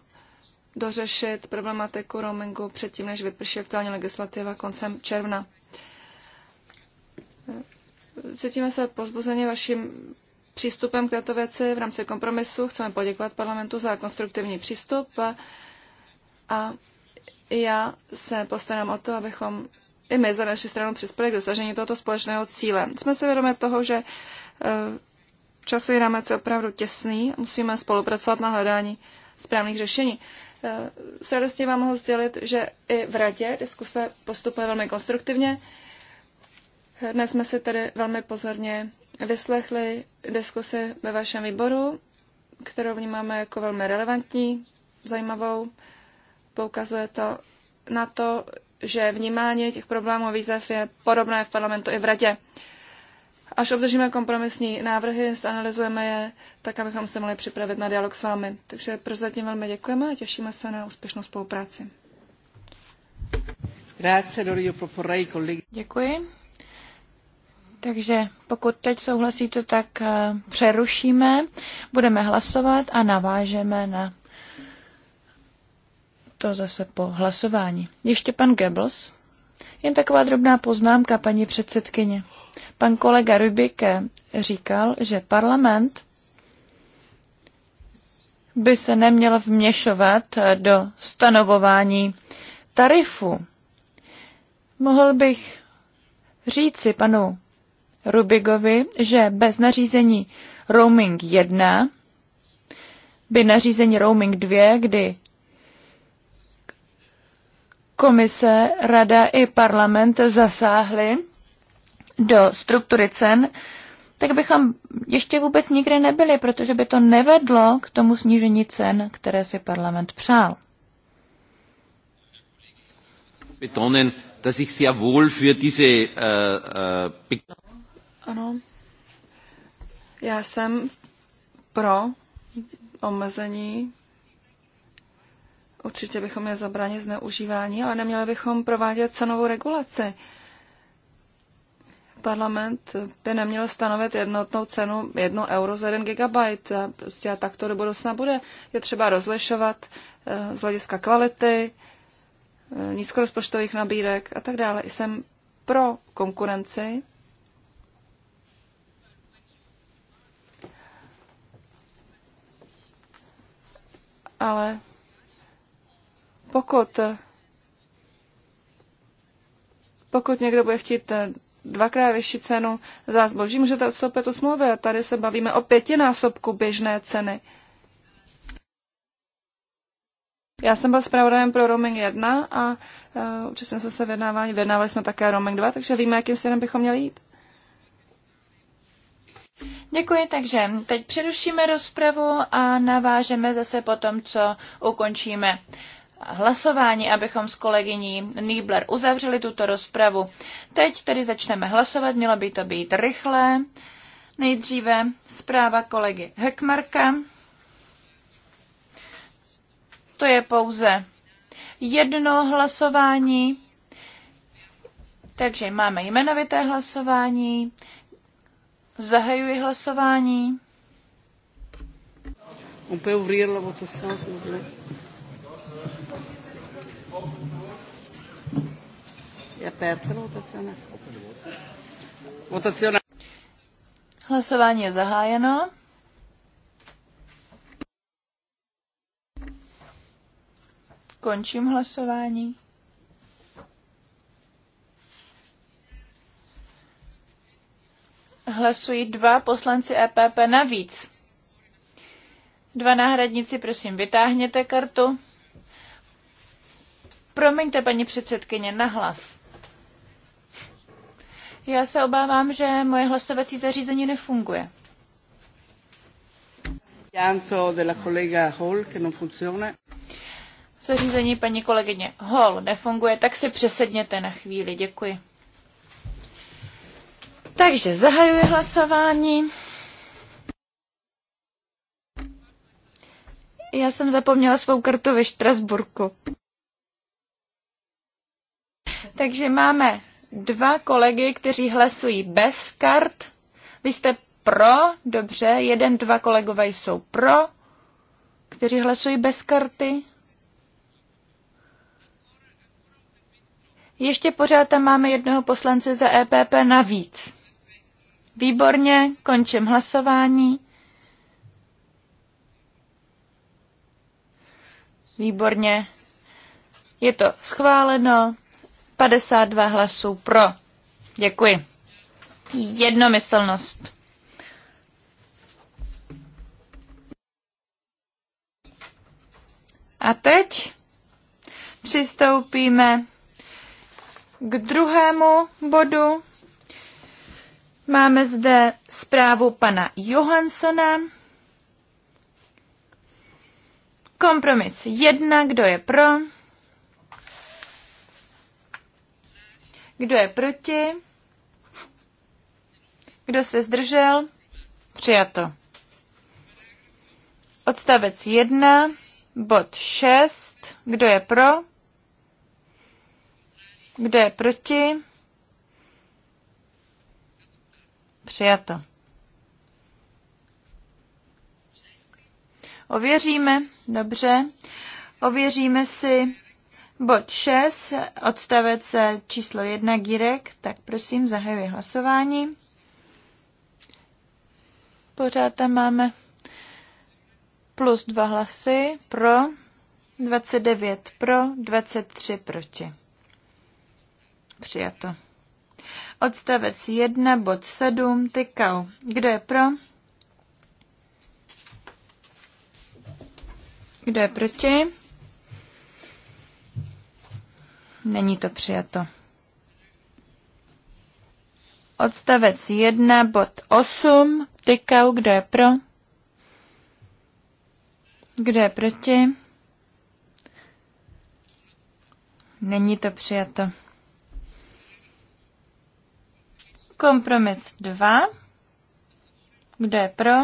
Speaker 4: dořešit problematiku roamingu předtím, než vyprší aktuální legislativa koncem června. Cítíme se pozbuzeně vaším přístupem k této věci v rámci kompromisu. Chceme poděkovat parlamentu za konstruktivní přístup a já se postarám o to, abychom i my za naši stranu přispěli k dosažení tohoto společného cíle. Jsme si vědomi toho, že e, časový rámec je opravdu těsný, musíme spolupracovat na hledání správných řešení. E, s radostí vám mohu sdělit, že i v radě diskuse postupuje velmi konstruktivně. Dnes jsme si tedy velmi pozorně vyslechli diskusi ve vašem výboru, kterou vnímáme jako velmi relevantní, zajímavou. Poukazuje to na to, že vnímání těch problémů a výzev je podobné v parlamentu i v radě. Až obdržíme kompromisní návrhy, zanalizujeme je, tak abychom se mohli připravit na dialog s vámi. Takže prozatím velmi děkujeme a těšíme se na úspěšnou spolupráci.
Speaker 3: Děkuji. Takže pokud teď souhlasíte, tak eh, přerušíme, budeme hlasovat a navážeme na to zase po hlasování. Ještě pan Goebbels. Jen taková drobná poznámka, paní předsedkyně. Pan kolega Rybik eh, říkal, že parlament by se neměl vměšovat eh, do stanovování tarifu. Mohl bych říci panu Rubigovi, že bez nařízení roaming 1 by nařízení roaming 2, kdy komise, rada i parlament zasáhly do struktury cen, tak bychom ještě vůbec nikdy nebyli, protože by to nevedlo k tomu snížení cen, které si parlament přál.
Speaker 2: Betonen, dass ich sehr wohl für diese, uh, uh,
Speaker 3: ano.
Speaker 4: Já jsem pro omezení. Určitě bychom je zabránit zneužívání, ale neměli bychom provádět cenovou regulaci. Parlament by neměl stanovit jednotnou cenu 1 euro za 1 gigabyte. A prostě a tak to do budoucna bude. Je třeba rozlišovat eh, z hlediska kvality, eh, nízkorozpočtových nabídek a tak dále. Jsem pro konkurenci, ale pokud, pokud někdo bude chtít eh, dvakrát vyšší cenu za zboží, můžete odstoupit od smlouvy a tady se bavíme o pětinásobku běžné ceny. Já jsem byl zpravodajem pro roaming 1 a uh, eh, učil jsem se vyjednávání. Vyjednávali jsme také roaming 2, takže víme, jakým směrem bychom měli jít.
Speaker 3: Děkuji, takže teď přerušíme rozpravu a navážeme zase potom, co ukončíme hlasování, abychom s kolegyní Niebler uzavřeli tuto rozpravu. Teď tedy začneme hlasovat, mělo by to být rychlé. Nejdříve zpráva kolegy Hekmarka. To je pouze jedno hlasování, takže máme jmenovité hlasování. Zahajuji hlasování. On peut ouvrir la votation, s'il vous plaît. È aperta la votazione. Hlasování je zahájeno. Končím hlasování. hlasují dva poslanci EPP navíc. Dva náhradníci, prosím, vytáhněte kartu. Promiňte, paní předsedkyně, na hlas. Já se obávám, že moje hlasovací zařízení nefunguje. Zařízení paní kolegyně Hall nefunguje, tak si přesedněte na chvíli. Děkuji. Takže zahajuji hlasování. Já jsem zapomněla svou kartu ve Štrasburku. Takže máme dva kolegy, kteří hlasují bez kart. Vy jste pro, dobře, jeden, dva kolegové jsou pro, kteří hlasují bez karty. Ještě pořád tam máme jednoho poslance za EPP navíc. Výborně, končím hlasování. Výborně. Je to schváleno. 52 hlasů pro. Děkuji. Jednomyslnost. A teď přistoupíme k druhému bodu Máme zde zprávu pana Johansona. Kompromis jedna, kdo je pro? Kdo je proti? Kdo se zdržel? Přijato. Odstavec 1, bod 6, kdo je pro? Kdo je proti? Přijato. Ověříme, dobře. Ověříme si bod 6, odstavec číslo 1, Girek. Tak prosím, zahajuji hlasování. Pořád tam máme plus dva hlasy pro, 29 pro, 23 proti. Přijato. Odstavec 1, bod 7, tykau. Kdo je pro? Kdo je proti? Není to přijato. Odstavec 1, bod 8, tykau. Kdo je pro? Kdo je proti? Není to přijato. Kompromis 2. Kdo je pro?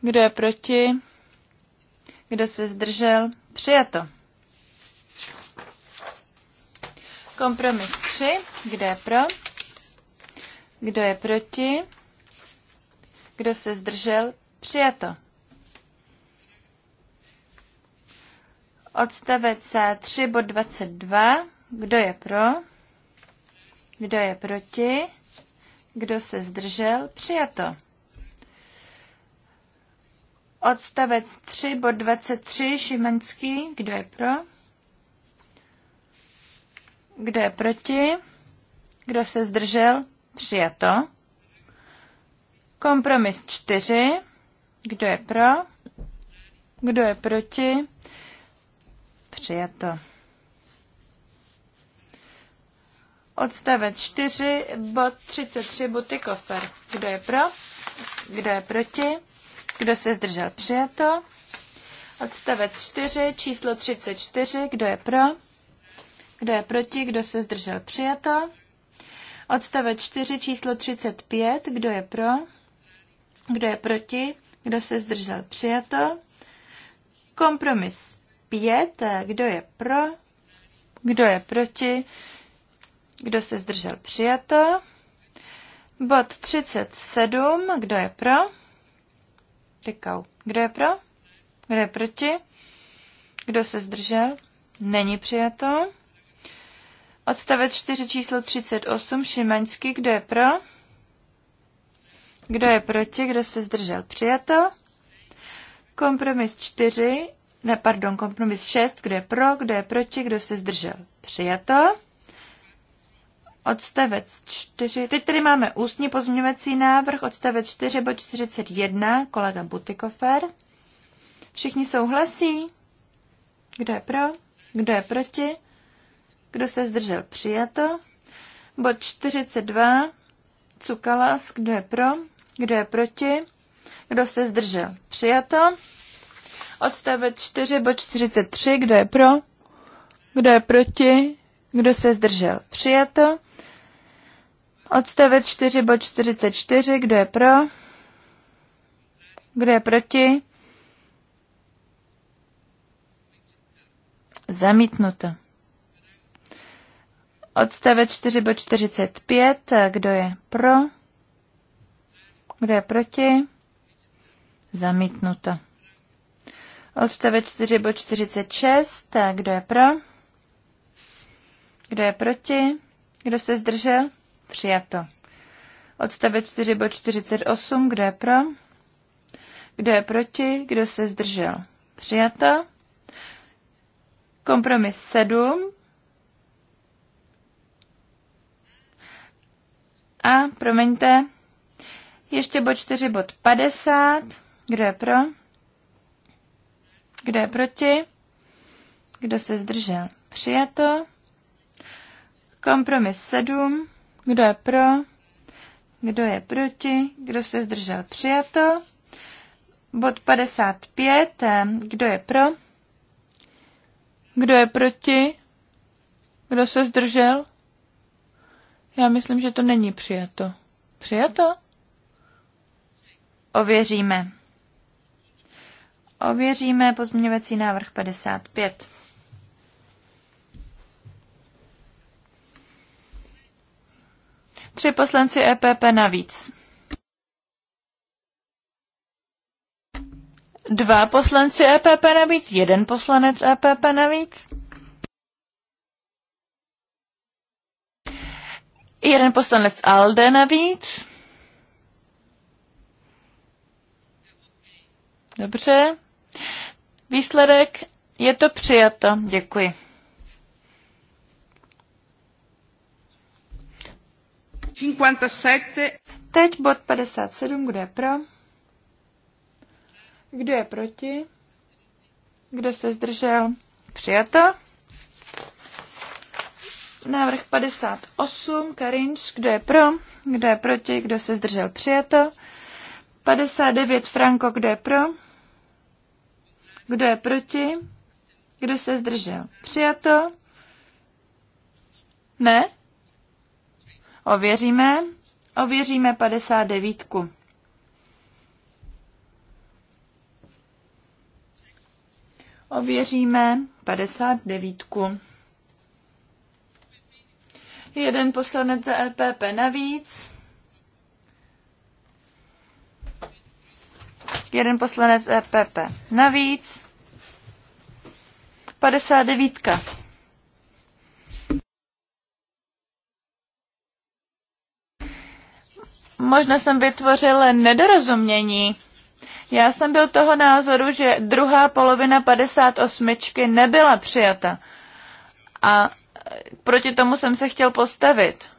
Speaker 3: Kdo je proti? Kdo se zdržel? Přijato. Kompromis 3. Kdo je pro? Kdo je proti? Kdo se zdržel? Přijato. Odstavec 3 bod 22. Kdo je pro? Kdo je proti? Kdo se zdržel? Přijato. Odstavec 3, bod 23, Šimanský. Kdo je pro? Kdo je proti? Kdo se zdržel? Přijato. Kompromis 4. Kdo je pro? Kdo je proti? Přijato. Odstavec 4, bod 33, kofer. Kdo je pro? Kdo je proti? Kdo se zdržel? Přijato. Odstavec 4, číslo 34, kdo je pro? Kdo je proti? Kdo se zdržel? Přijato. Odstavec 4, číslo 35, kdo je pro? Kdo je proti? Kdo se zdržel? Přijato. Kompromis 5, kdo je pro? Kdo je proti? Kdo se zdržel? Přijato. Bod 37. Kdo je pro? Tykou. Kdo je pro? Kdo je proti? Kdo se zdržel? Není přijato. Odstavec 4 číslo 38. Šimaňský. Kdo je pro? Kdo je proti? Kdo se zdržel? Přijato. Kompromis 4. Ne, pardon, kompromis 6. Kdo je pro? Kdo je proti? Kdo se zdržel? Přijato odstavec 4, teď tady máme ústní pozměňovací návrh, odstavec 4 bod 41, kolega Butikofer. Všichni souhlasí? Kdo je pro? Kdo je proti? Kdo se zdržel? Přijato. Bod 42, Cukalas, kdo je pro? Kdo je proti? Kdo se zdržel? Přijato. Odstavec 4 bod 43, kdo je pro? Kdo je proti? Kdo se zdržel? Přijato. Odstavec 4 bod 44, kdo je pro? Kdo je proti? Zamítnuto. Odstavec 4 bod 45, kdo je pro? Kdo je proti? Zamítnuto. Odstavec 4 bod 46, kdo je pro? Kdo je proti? Kdo se zdržel? Přijato. Odstavec 4 bod 48, kdo je pro? Kdo je proti? Kdo se zdržel? Přijato. Kompromis 7. A, promiňte, ještě bod 4, bod 50. Kdo je pro? Kdo je proti? Kdo se zdržel? Přijato. Kompromis 7. Kdo je pro? Kdo je proti? Kdo se zdržel? Přijato. Bod 55. Kdo je pro? Kdo je proti? Kdo se zdržel? Já myslím, že to není přijato. Přijato? Ověříme. Ověříme pozměňovací návrh 55. Tři poslanci EPP navíc. Dva poslanci EPP navíc, jeden poslanec EPP navíc. Jeden poslanec ALDE navíc. Dobře. Výsledek je to přijato. Děkuji. 57. Teď bod 57, kdo je pro? Kdo je proti? Kdo se zdržel? Přijato. Návrh 58, Karinč, kdo je pro? Kdo je proti? Kdo se zdržel? Přijato. 59, Franko, kdo je pro? Kdo je proti? Kdo se zdržel? Přijato. Ne? Ověříme. Ověříme 59. Ověříme 59. Jeden poslanec za LPP e navíc. Jeden poslanec EPP navíc. 59. Možná jsem vytvořil nedorozumění. Já jsem byl toho názoru, že druhá polovina 58. nebyla přijata. A e, proti tomu jsem se chtěl postavit.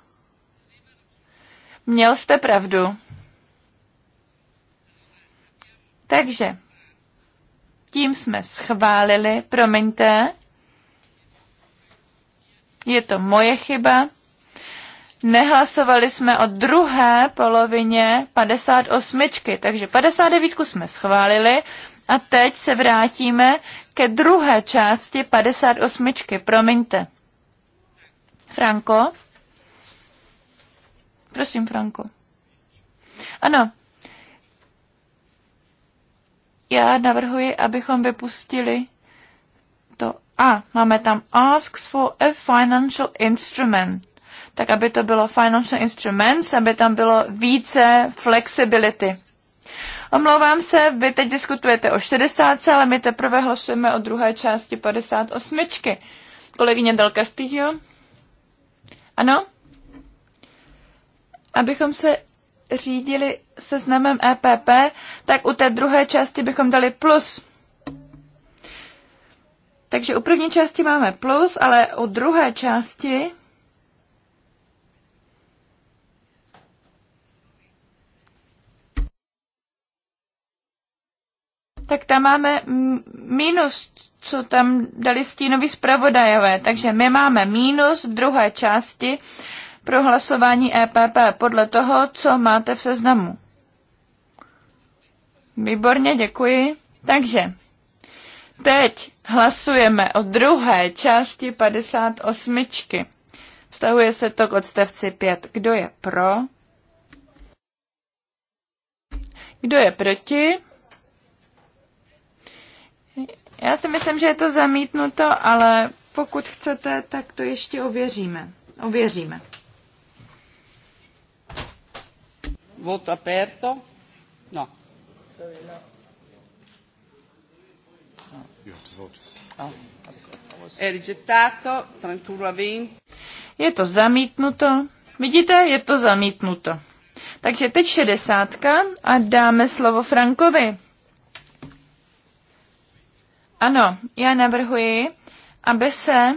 Speaker 3: Měl jste pravdu. Takže tím jsme schválili, promiňte, je to moje chyba, Nehlasovali jsme o druhé polovině 58, takže 59 jsme schválili a teď se vrátíme ke druhé části 58. Promiňte. Franko? Prosím, Franko. Ano. Já navrhuji, abychom vypustili to A. Máme tam asks for a financial instrument tak aby to bylo financial instruments, aby tam bylo více flexibility. Omlouvám se, vy teď diskutujete o 60, ale my teprve hlasujeme o druhé části 58. Kolegyně Del Castillo? Ano? Abychom se řídili seznamem EPP, tak u té druhé části bychom dali plus. Takže u první části máme plus, ale u druhé části tak tam máme minus, co tam dali stínovi zpravodajové. Takže my máme minus v druhé části pro hlasování EPP podle toho, co máte v seznamu. Výborně, děkuji. Takže teď hlasujeme o druhé části 58. Vztahuje se to k odstavci 5. Kdo je pro? Kdo je proti? Já si myslím, že je to zamítnuto, ale pokud chcete, tak to ještě ověříme. Ověříme.
Speaker 4: Voto aperto? No.
Speaker 3: no. Je to zamítnuto. Vidíte, je to zamítnuto. Takže teď šedesátka a dáme slovo Frankovi. Ano, já navrhuji, aby se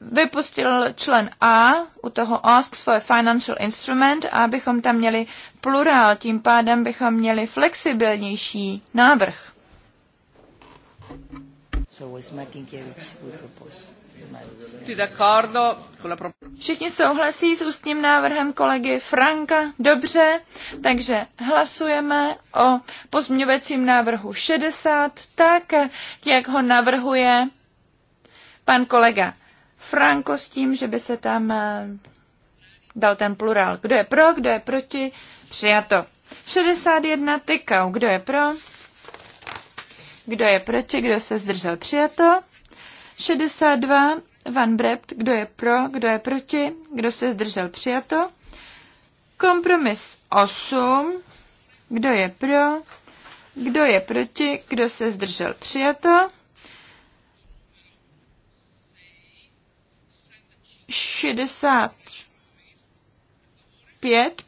Speaker 3: vypustil člen A u toho ask for financial instrument a abychom tam měli plurál, tím pádem bychom měli flexibilnější návrh. So Všichni souhlasí s ústním návrhem kolegy Franka? Dobře, takže hlasujeme o pozměňovacím návrhu 60, tak jak ho navrhuje pan kolega Franko s tím, že by se tam eh, dal ten plurál. Kdo je pro, kdo je proti? Přijato. 61 tykau. Kdo je pro? Kdo je proti? Kdo se zdržel? Přijato. 62 Van Brept, kdo je pro, kdo je proti, kdo se zdržel přijato. Kompromis 8, kdo je pro, kdo je proti, kdo se zdržel přijato. 65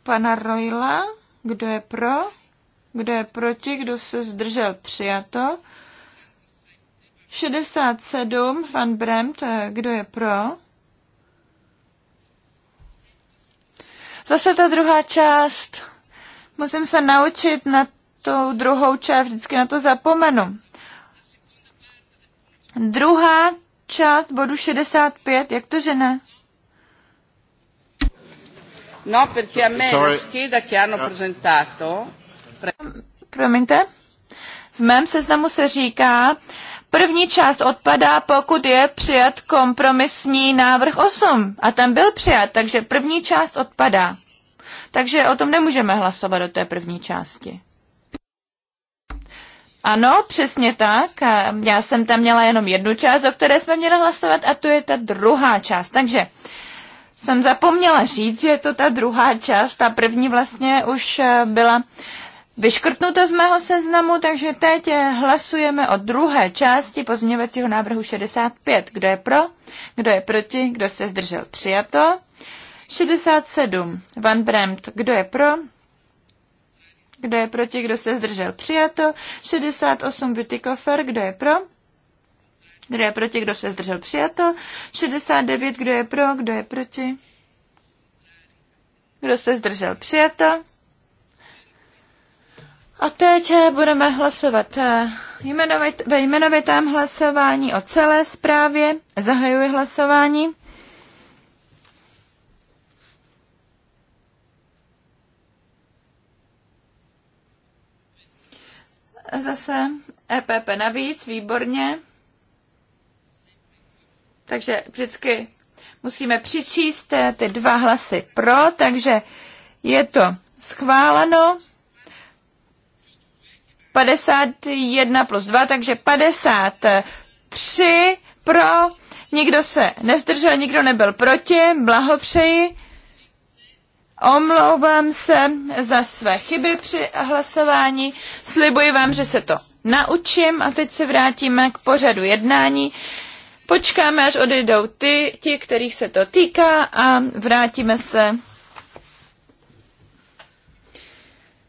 Speaker 3: pana Roila, kdo je pro, kdo je proti, kdo se zdržel přijato. 67, Van Bremt, kdo je pro? Zase ta druhá část. Musím se naučit na tu druhou část, vždycky na to zapomenu. Druhá část bodu 65, jak to, že ne? No, perché a me Sorry. la scheda che hanno eh. presentato... Promiňte? V mém seznamu se říká, První část odpadá, pokud je přijat kompromisní návrh 8. A ten byl přijat, takže první část odpadá. Takže o tom nemůžeme hlasovat do té první části. Ano, přesně tak. Já jsem tam měla jenom jednu část, o které jsme měli hlasovat, a to je ta druhá část. Takže jsem zapomněla říct, že je to ta druhá část. Ta první vlastně už byla uh, vyškrtnuto z mého seznamu, takže teď hlasujeme o druhé části pozměňovacího návrhu 65. Kdo je pro? Kdo je proti? Kdo se zdržel? Přijato. 67. Van Bremt. Kdo je pro? Kdo je proti? Kdo se zdržel? Přijato. 68. Beauty Koffer. Kdo je pro? Kdo je proti? Kdo se zdržel? Přijato. 69. Kdo je pro? Kdo je proti? Kdo se zdržel? Přijato. A teď eh, budeme hlasovat eh, jmenovit, ve jmenovitém hlasování o celé zprávě. Zahajuji hlasování. Zase EPP navíc, výborně. Takže vždycky musíme přičíst eh, ty dva hlasy pro, takže je to schváleno. 51 plus 2, takže 53 pro, nikdo se nezdržel, nikdo nebyl proti, blahopřeji. Omlouvám se za své chyby při hlasování, slibuji vám, že se to naučím a teď se vrátíme k pořadu jednání. Počkáme, až odejdou ty, ti, kterých se to týká a vrátíme se.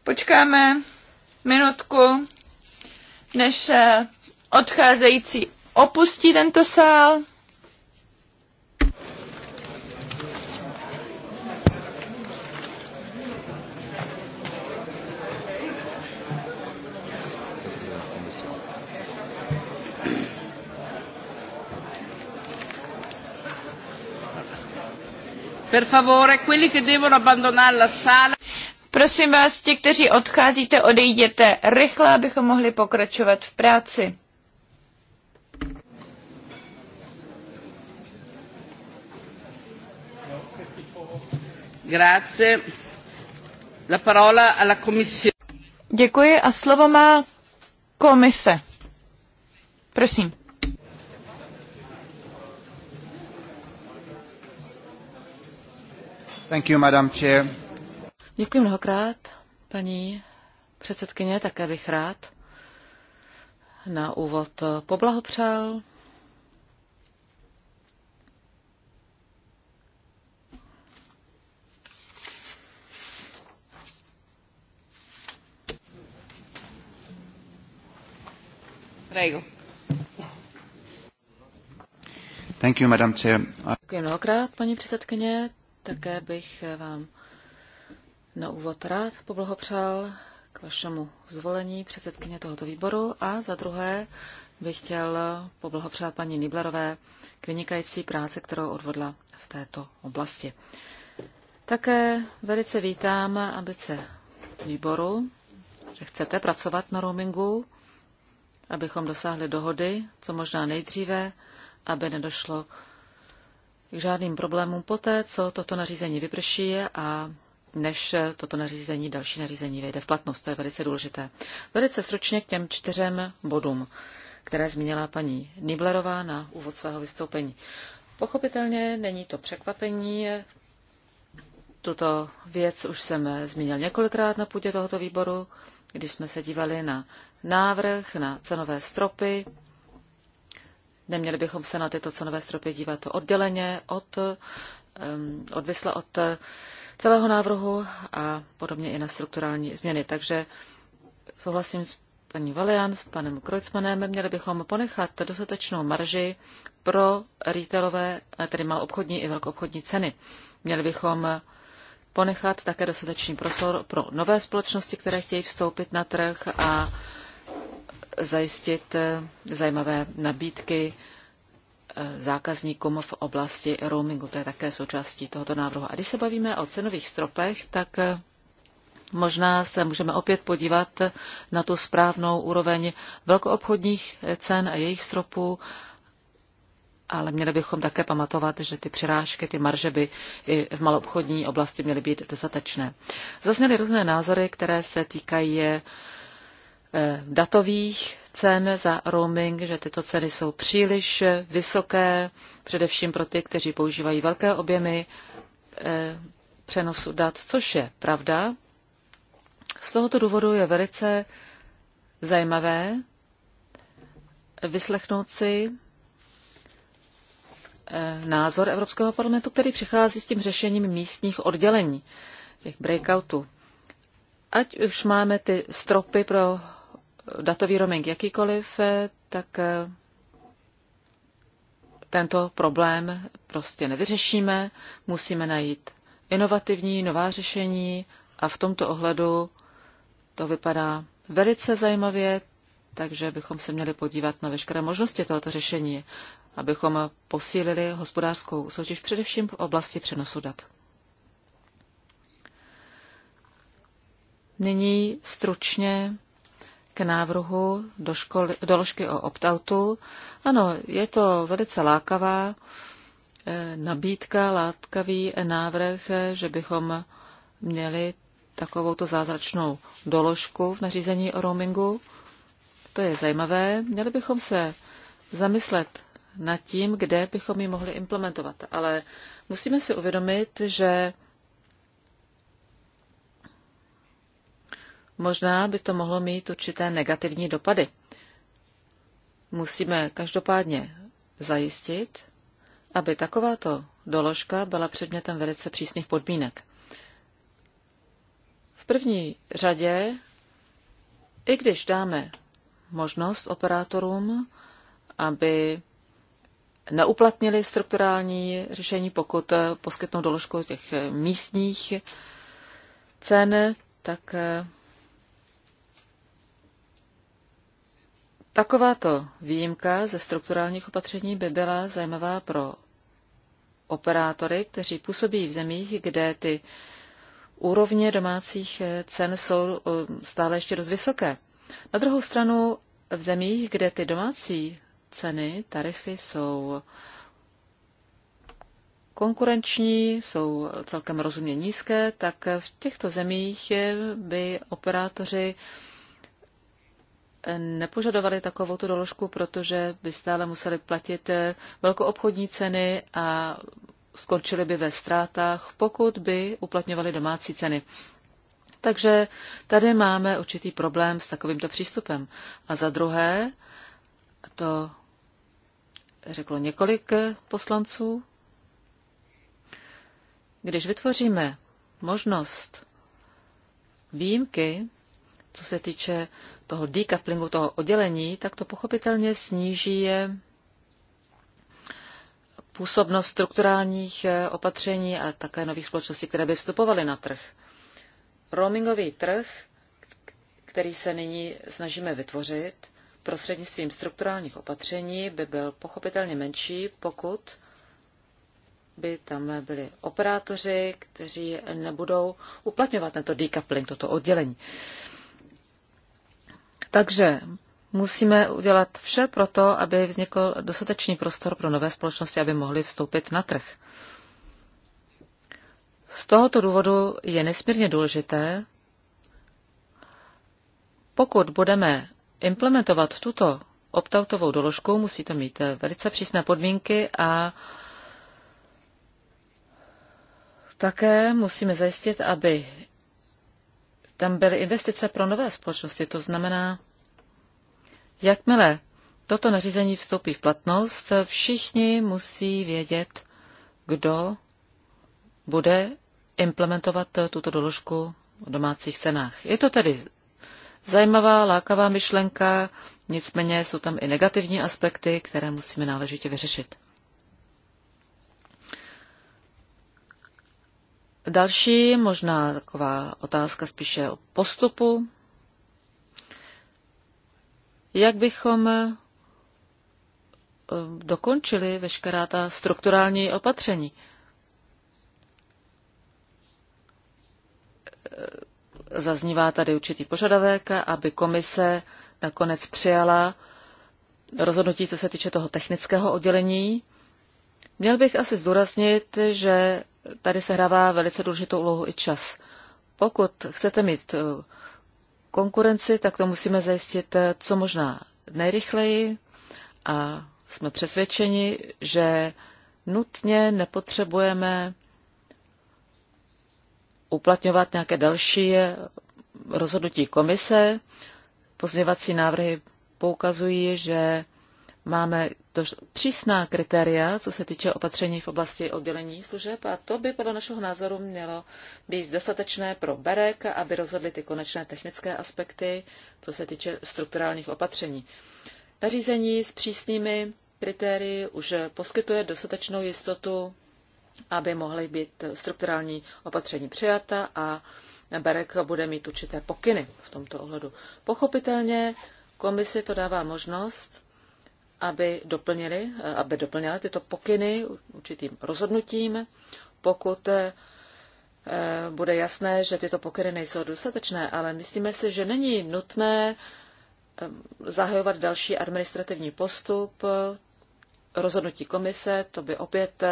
Speaker 3: Počkáme minutku, než eh, odcházející opustí tento sál. Per favore, quelli che devono abbandonare la sala. Prosím vás, ti, kteří odcházíte, odejděte rychle, abychom mohli pokračovat v práci. Grazie. La parola alla commissione. Děkuji a slovo má komise. Prosím. Thank you, Madam Chair. Děkuji
Speaker 1: mnohokrát, paní předsedkyně, také bych rád na úvod poblahopřál.
Speaker 2: Thank you, Madam Chair.
Speaker 1: Děkuji mnohokrát, paní předsedkyně. Také bych vám na úvod rád poblahopřál k vašemu zvolení předsedkyně tohoto výboru a za druhé bych chtěl poblahopřát paní Niblerové k vynikající práci, kterou odvodla v této oblasti. Také velice vítám ambice výboru, že chcete pracovat na roamingu, abychom dosáhli dohody, co možná nejdříve, aby nedošlo k žádným problémům poté, co toto nařízení vyprší a než toto nařízení, další nařízení vejde v platnost. To je velice důležité. Velice stručně k těm čtyřem bodům, které zmínila paní Niblerová na úvod svého vystoupení. Pochopitelně není to překvapení. Tuto věc už jsem zmínil několikrát na půdě tohoto výboru, když jsme se dívali na návrh, na cenové stropy. Neměli bychom se na tyto cenové stropy dívat odděleně od odvisle od celého návrhu a podobně i na strukturální změny. Takže souhlasím s paní Valian, s panem Kreuzmanem, měli bychom ponechat dostatečnou marži pro retailové, tedy obchodní i velkoobchodní ceny. Měli bychom ponechat také dostatečný prostor pro nové společnosti, které chtějí vstoupit na trh a zajistit eh, zajímavé nabídky zákazníkům v oblasti roamingu. To je také součástí tohoto návrhu. A když se bavíme o cenových stropech, tak eh, možná se můžeme opět podívat na tu správnou úroveň velkoobchodních eh, cen a jejich stropů, ale měli bychom také pamatovat, že ty přirážky, ty marže by i v maloobchodní oblasti měly být dostatečné. Zazněly různé názory, které se týkají eh, Eh, datových cen za roaming, že tyto ceny jsou příliš vysoké, především pro ty, kteří používají velké objemy eh, přenosu dat, což je pravda. Z tohoto důvodu je velice zajímavé vyslechnout si eh, názor Evropského parlamentu, který přichází s tím řešením místních oddělení, těch breakoutů. Ať už máme ty stropy pro datový roaming jakýkoliv, eh, tak eh, tento problém prostě nevyřešíme. Musíme najít inovativní, nová řešení a v tomto ohledu to vypadá velice zajímavě, takže bychom se měli podívat na veškeré možnosti tohoto řešení, abychom posílili hospodářskou soutěž především v oblasti přenosu dat. Nyní stručně k návrhu do školy, ložky o opt-outu. Ano, je to velice lákavá eh, nabídka, látkavý návrh, eh, že bychom měli takovouto zázračnou doložku v nařízení o roamingu. To je zajímavé. Měli bychom se zamyslet nad tím, kde bychom ji mohli implementovat. Ale musíme si uvědomit, že možná by to mohlo mít určité negativní dopady. Musíme každopádně zajistit, aby takováto doložka byla předmětem velice přísných podmínek. V první řadě, i když dáme možnost operátorům, aby neuplatnili strukturální řešení, pokud poskytnou doložku těch místních cen, tak Takováto výjimka ze strukturálních opatření by byla zajímavá pro operátory, kteří působí v zemích, kde ty úrovně domácích cen jsou eh, stále ještě dost vysoké. Na druhou stranu v zemích, kde ty domácí ceny, tarify jsou konkurenční, jsou celkem rozumně nízké, tak v těchto zemích by operátoři nepožadovali takovou tu doložku, protože by stále museli platit velkou obchodní ceny a skončili by ve ztrátách, pokud by uplatňovali domácí ceny. Takže tady máme určitý problém s takovýmto přístupem. A za druhé, to řeklo několik poslanců, když vytvoříme možnost výjimky, co se týče toho decouplingu, toho oddělení, tak to pochopitelně sníží působnost strukturálních eh, opatření a také nových společností, které by vstupovaly na trh. Roamingový trh, který se nyní snažíme vytvořit prostřednictvím strukturálních opatření, by byl pochopitelně menší, pokud by tam byli operátoři, kteří nebudou uplatňovat tento decoupling, toto oddělení. Takže musíme udělat vše pro to, aby vznikl dostatečný prostor pro nové společnosti, aby mohly vstoupit na trh. Z tohoto důvodu je nesmírně důležité, pokud budeme implementovat tuto optautovou doložku, musí to mít velice přísné podmínky a také musíme zajistit, aby tam byly investice pro nové společnosti. To znamená, jakmile toto nařízení vstoupí v platnost, všichni musí vědět, kdo bude implementovat tuto doložku o domácích cenách. Je to tedy zajímavá, lákavá myšlenka, nicméně jsou tam i negativní aspekty, které musíme náležitě vyřešit. Další možná taková otázka spíše o postupu. Jak bychom eh, dokončili veškerá ta strukturální opatření? Eh, zaznívá tady určitý požadavek, aby komise nakonec přijala rozhodnutí, co se týče toho technického oddělení. Měl bych asi zdůraznit, že tady se hrává velice důležitou úlohu i čas. Pokud chcete mít eh, konkurenci, tak to musíme zajistit eh, co možná nejrychleji a jsme přesvědčeni, že nutně nepotřebujeme uplatňovat nějaké další eh, rozhodnutí komise. Pozněvací návrhy poukazují, že máme doš- přísná kritéria, co se týče opatření v oblasti oddělení služeb a to by podle našeho názoru mělo být dostatečné pro BEREK, aby rozhodly ty konečné technické aspekty, co se týče strukturálních opatření. Nařízení s přísnými kritérii už poskytuje dostatečnou jistotu, aby mohly být strukturální opatření přijata a BEREK bude mít určité pokyny v tomto ohledu. Pochopitelně komisi to dává možnost aby, doplnili, aby doplnila tyto pokyny určitým rozhodnutím, pokud eh, bude jasné, že tyto pokyny nejsou dostatečné, ale myslíme si, že není nutné eh, zahajovat další administrativní postup, eh, rozhodnutí komise, to by opět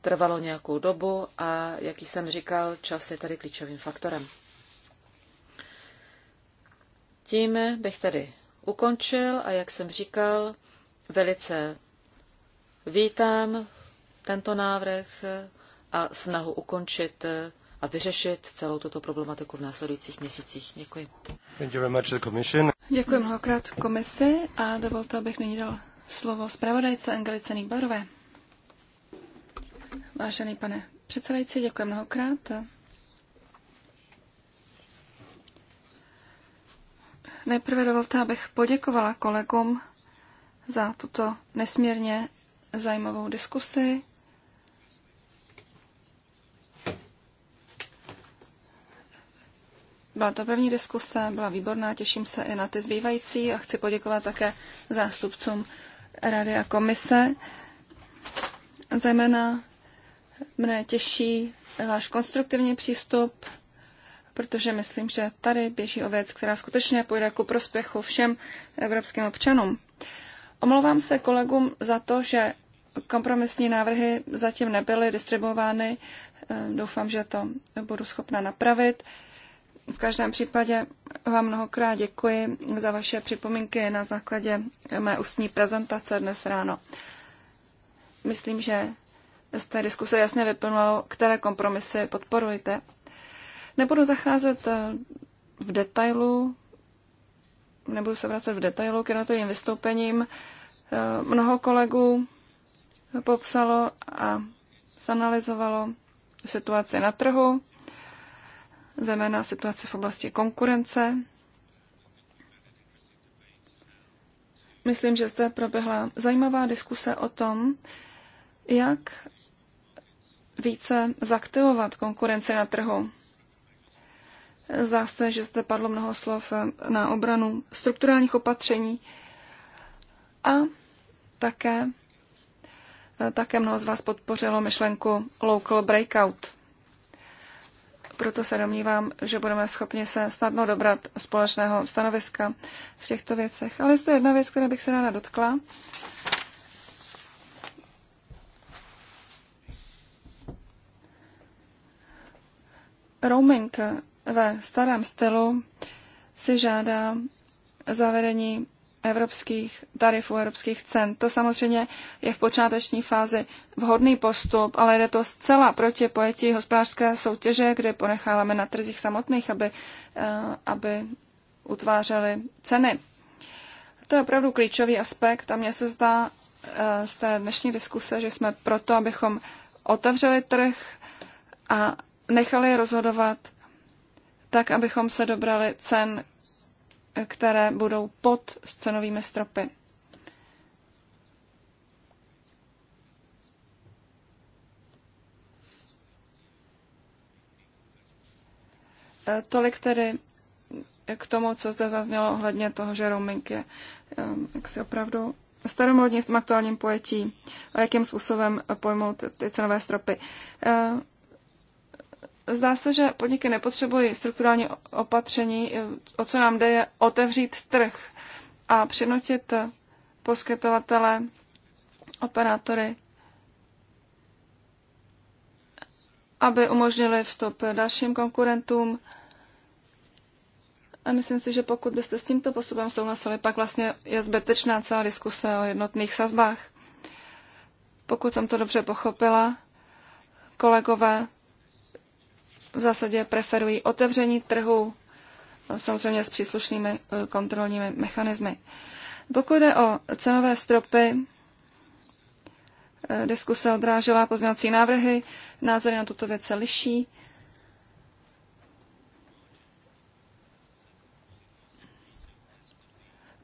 Speaker 1: trvalo nějakou dobu a, jak jsem říkal, čas je tady klíčovým faktorem. Tím bych tady ukončil a, jak jsem říkal, Velice vítám tento návrh a snahu ukončit a vyřešit celou tuto problematiku v následujících měsících. Děkuji.
Speaker 4: Děkuji mnohokrát komisi a dovolte, abych nyní dal slovo zpravodajce Angelice Barové. Vážený pane předsedající, děkuji mnohokrát. Nejprve dovolte, abych poděkovala kolegům za tuto nesmírně zajímavou diskusi. Byla to první diskuse, byla výborná, těším se i na ty zbývající a chci poděkovat také zástupcům Rady a komise. Zejména mne těší váš konstruktivní přístup, protože myslím, že tady běží o věc, která skutečně půjde ku prospěchu všem evropským občanům. Omlouvám se kolegům za to, že kompromisní návrhy zatím nebyly distribuovány. Eh, doufám, že to budu schopna napravit. V každém případě vám mnohokrát děkuji za vaše připomínky na základě mé ústní prezentace dnes ráno. Myslím, že z té diskuse jasně vyplnulo, které kompromisy podporujete. Nebudu zacházet eh, v detailu nebudu se vracet v detailu k jednotlivým vystoupením. Eh, mnoho kolegů popsalo a zanalizovalo situaci na trhu, zejména situaci v oblasti konkurence. Myslím, že zde proběhla zajímavá diskuse o tom, jak více zaktivovat konkurenci na trhu. Zdá se, že zde padlo mnoho slov na obranu strukturálních opatření a také, také mnoho z vás podpořilo myšlenku local breakout. Proto se domnívám, že budeme schopni se snadno dobrat společného stanoviska v těchto věcech. Ale je to jedna věc, která bych se ráda dotkla. Roaming ve starém stylu si žádá zavedení evropských tarifů, evropských cen. To samozřejmě je v počáteční fázi vhodný postup, ale jde to zcela proti pojetí hospodářské soutěže, kde ponecháváme na trzích samotných, aby, eh, aby utvářely ceny. To je opravdu klíčový aspekt a mně se zdá eh, z té dnešní diskuse, že jsme proto, abychom otevřeli trh a nechali rozhodovat tak abychom se dobrali cen, které budou pod cenovými stropy. E, tolik tedy k tomu, co zde zaznělo ohledně toho, že roaming je jaksi opravdu staromodní v tom aktuálním pojetí a jakým způsobem pojmout ty cenové stropy. E, Zdá se, že podniky nepotřebují strukturální opatření. O co nám jde je otevřít trh a přinutit poskytovatele, operátory, aby umožnili vstup dalším konkurentům. A myslím si, že pokud byste s tímto posobem souhlasili, pak vlastně je zbytečná celá diskuse o jednotných sazbách. Pokud jsem to dobře pochopila, kolegové v zásadě preferují otevření trhu, samozřejmě s příslušnými eh, kontrolními mechanismy. Pokud jde o cenové stropy, eh, diskuse odrážela pozměňovací návrhy, názory na tuto věc se liší.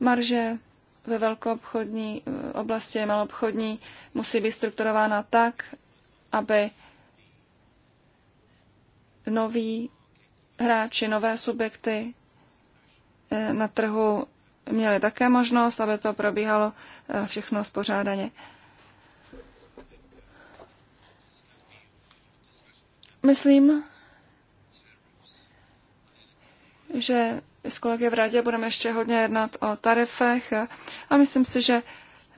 Speaker 4: Marže ve velkoobchodní eh, oblasti, malobchodní, musí být strukturována tak, aby noví hráči, nové subjekty eh, na trhu měli také možnost, aby to probíhalo eh, všechno spořádaně. Myslím, že s kolegy v radě budeme ještě hodně jednat o tarifech a myslím si, že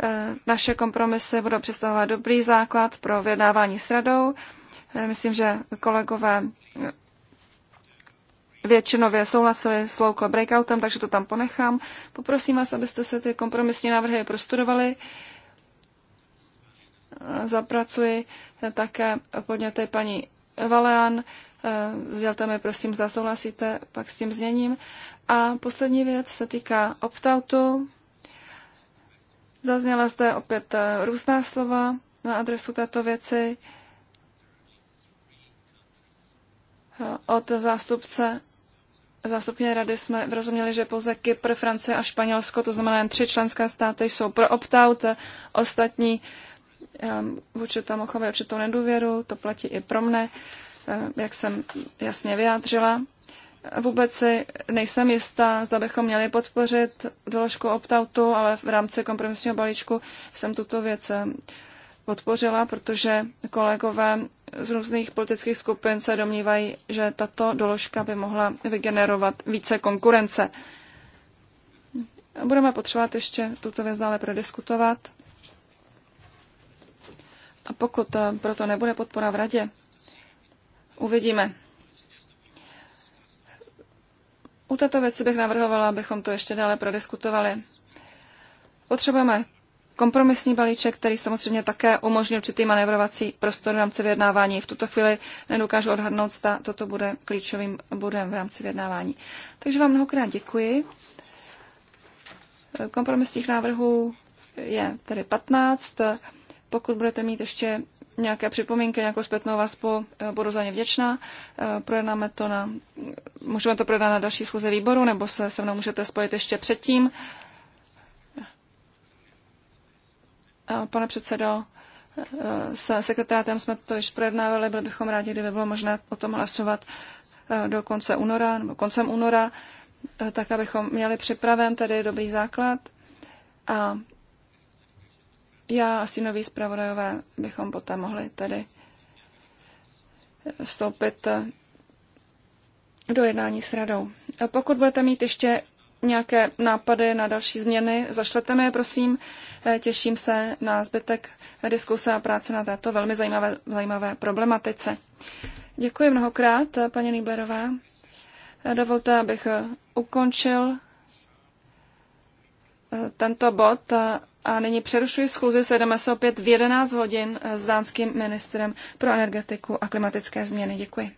Speaker 4: eh, naše kompromisy budou představovat dobrý základ pro vyjednávání s radou Myslím, že kolegové většinově souhlasili s local breakoutem, takže to tam ponechám. Poprosím vás, abyste se ty kompromisní návrhy prostudovali. Zapracuji také podněty paní Valean. Sdělte mi, prosím, zda souhlasíte pak s tím zněním. A poslední věc se týká optautu. Zazněla zde opět různá slova na adresu této věci. Od zástupce Zástupně rady jsme vyrozuměli, že pouze Kypr, Francie a Španělsko, to znamená jen tři členské státy, jsou pro opt-out, ostatní ehm, vůči tomu chovají určitou nedůvěru, to platí i pro mne, ehm, jak jsem jasně vyjádřila. Vůbec si nejsem jistá, zda bychom měli podpořit doložku opt-outu, ale v rámci kompromisního balíčku jsem tuto věc ehm, podpořila, protože kolegové z různých politických skupin se domnívají, že tato doložka by mohla vygenerovat více konkurence. Budeme potřebovat ještě tuto věc dále prodiskutovat. A pokud proto nebude podpora v radě, uvidíme. U této věci bych navrhovala, abychom to ještě dále prodiskutovali. Potřebujeme kompromisní balíček, který samozřejmě také umožní určitý manévrovací prostor v rámci vyjednávání. V tuto chvíli nedokážu odhadnout, zda toto bude klíčovým bodem v rámci vyjednávání. Takže vám mnohokrát děkuji. Kompromisních návrhů je tedy 15. Pokud budete mít ještě nějaké připomínky, nějakou zpětnou vazbu, budu za ně vděčná. Projednáme to na, můžeme to projednat na další schůze výboru, nebo se se mnou můžete spojit ještě předtím. Pane předsedo, e, se sekretátem jsme to již projednávali, byli bychom rádi, kdyby bylo možné o tom hlasovat e, do konce února, nebo koncem února, e, tak abychom měli připraven tedy dobrý základ. A já a synoví zpravodajové bychom poté mohli tedy vstoupit do jednání s radou. Pokud budete mít ještě nějaké nápady na další změny, zašlete mi je, prosím. Eh, těším se na zbytek diskuse a práce na této velmi zajímavé, zajímavé problematice. Děkuji mnohokrát, eh, paní Nýblerová. Eh, dovolte, abych ukončil tento bod a nyní přerušuji schůzi. Sejdeme se opět v 11 hodin s dánským ministrem pro energetiku a klimatické změny. Děkuji.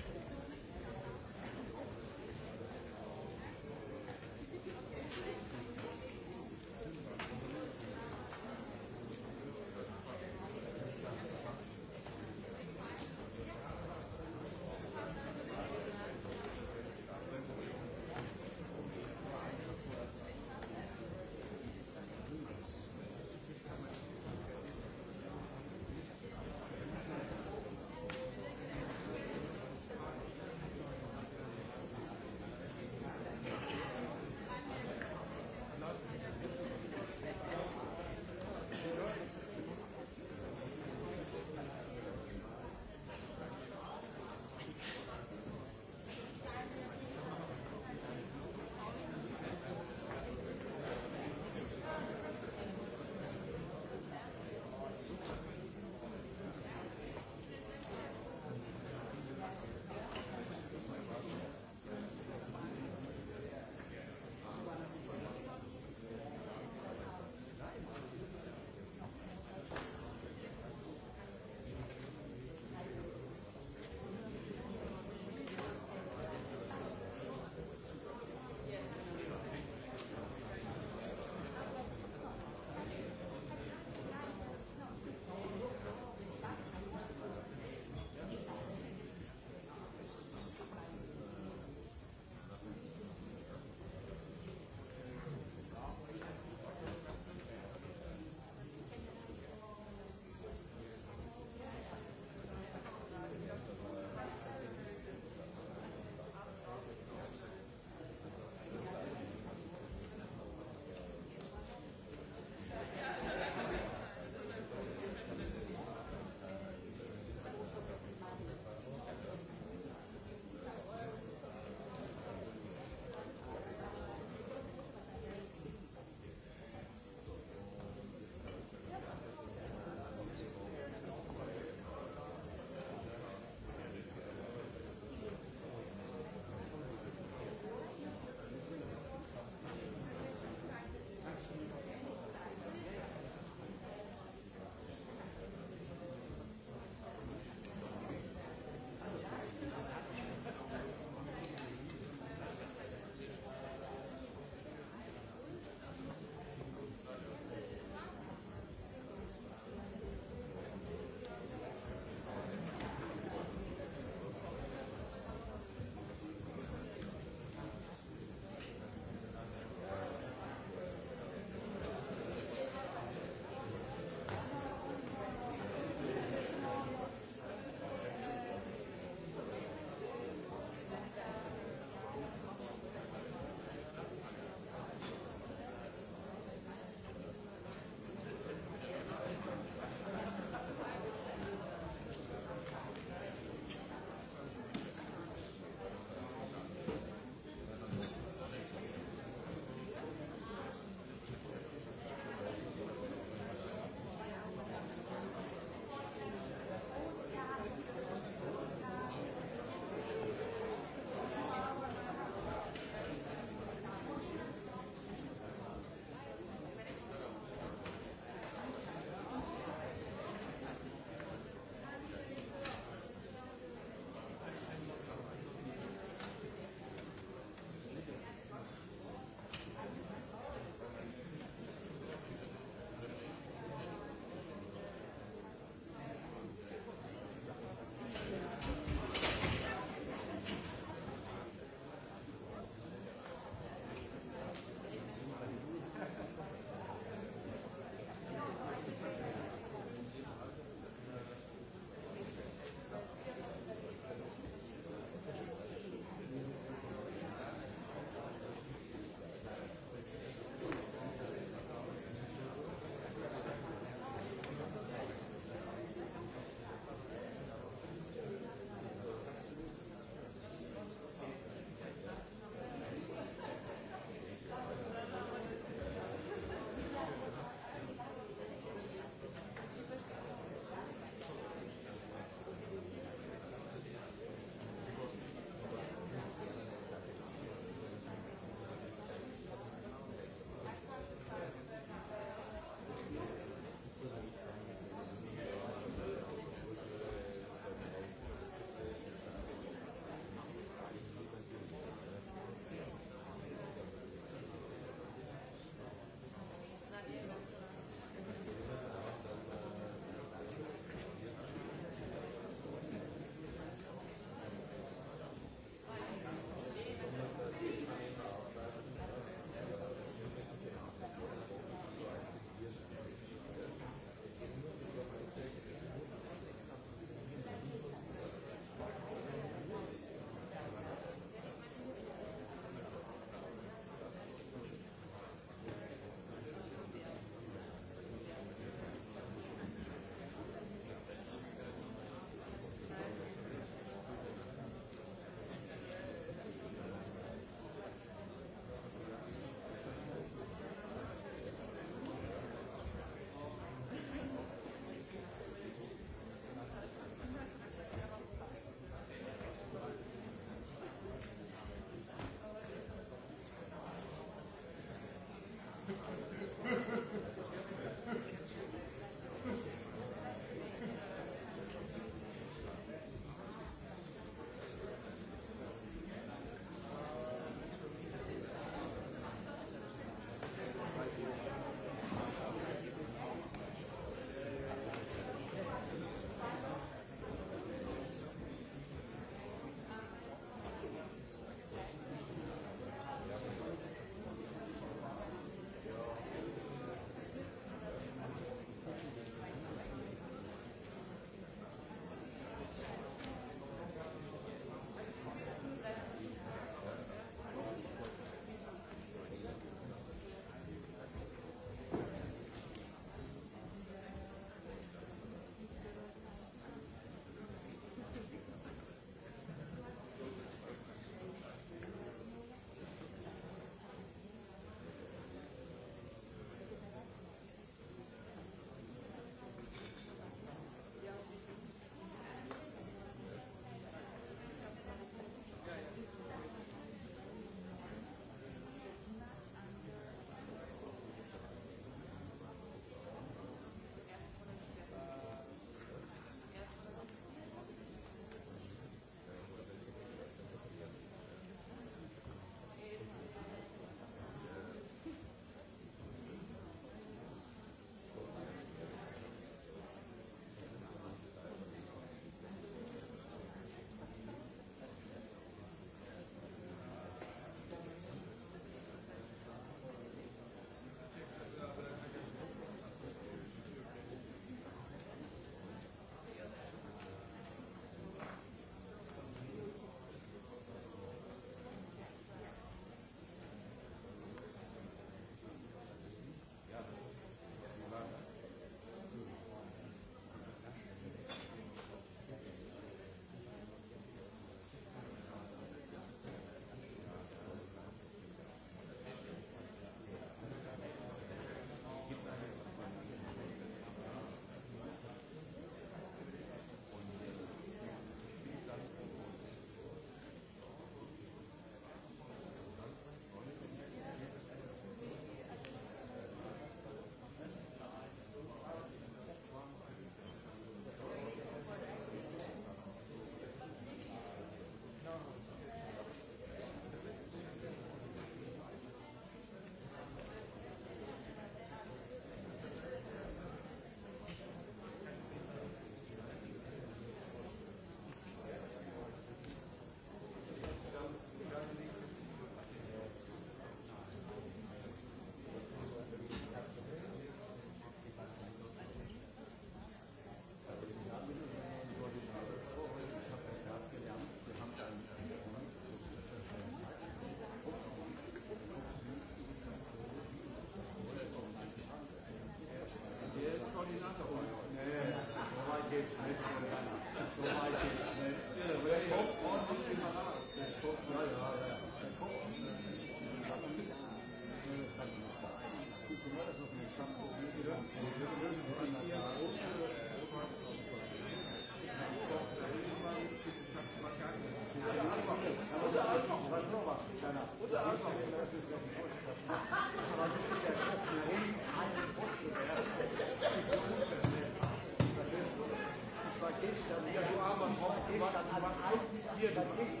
Speaker 2: gestern, ja, du armer Kopf, gestern, was eigentlich hier gemacht?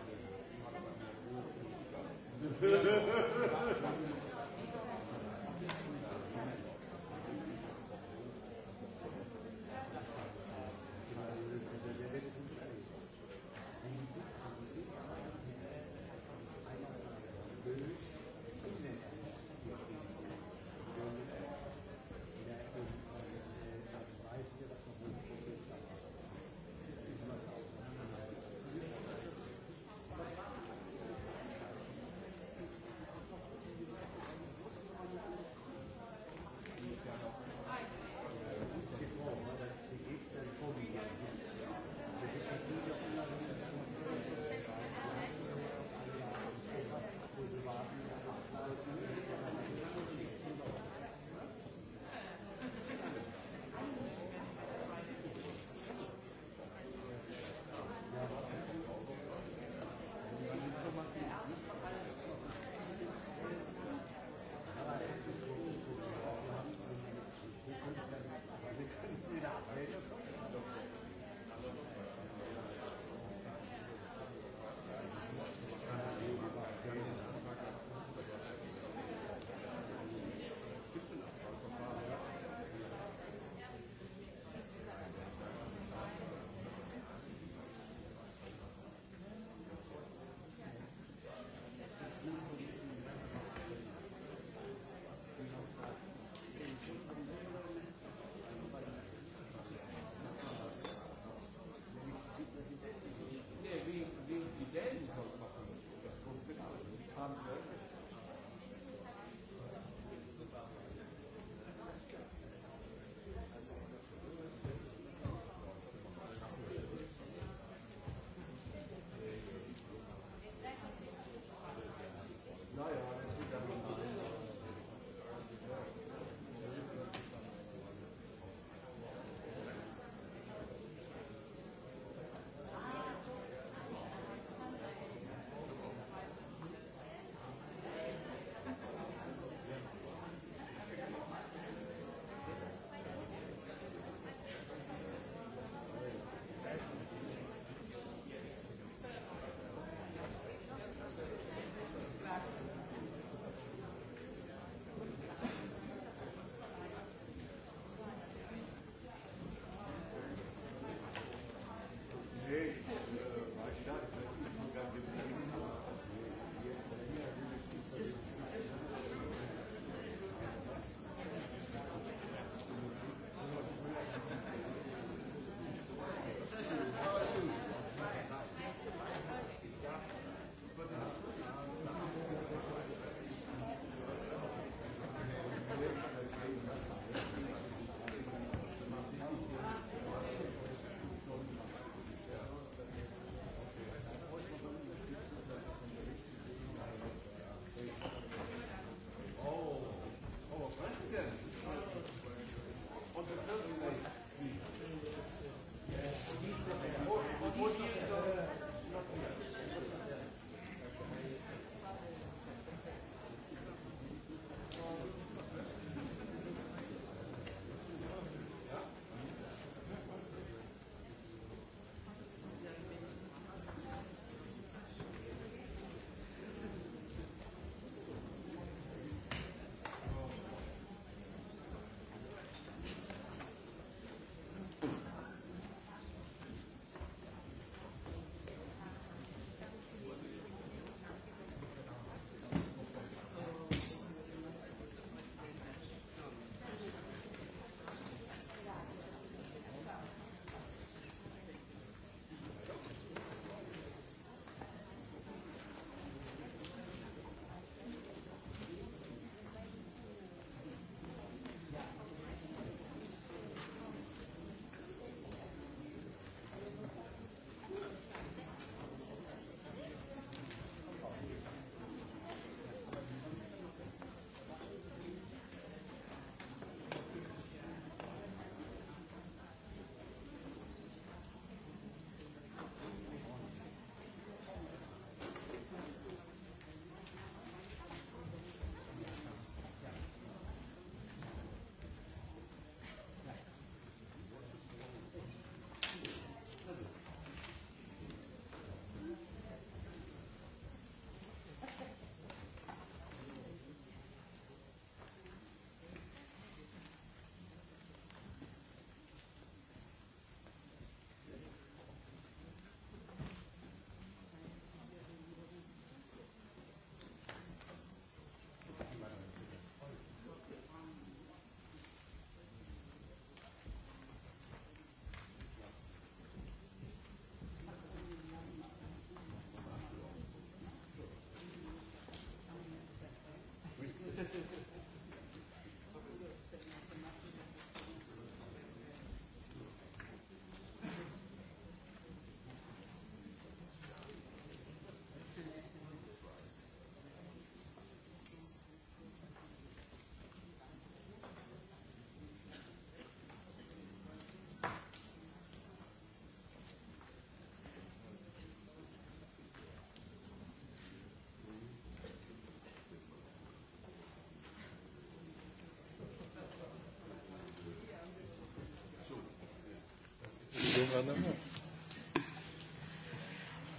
Speaker 2: gouvernement.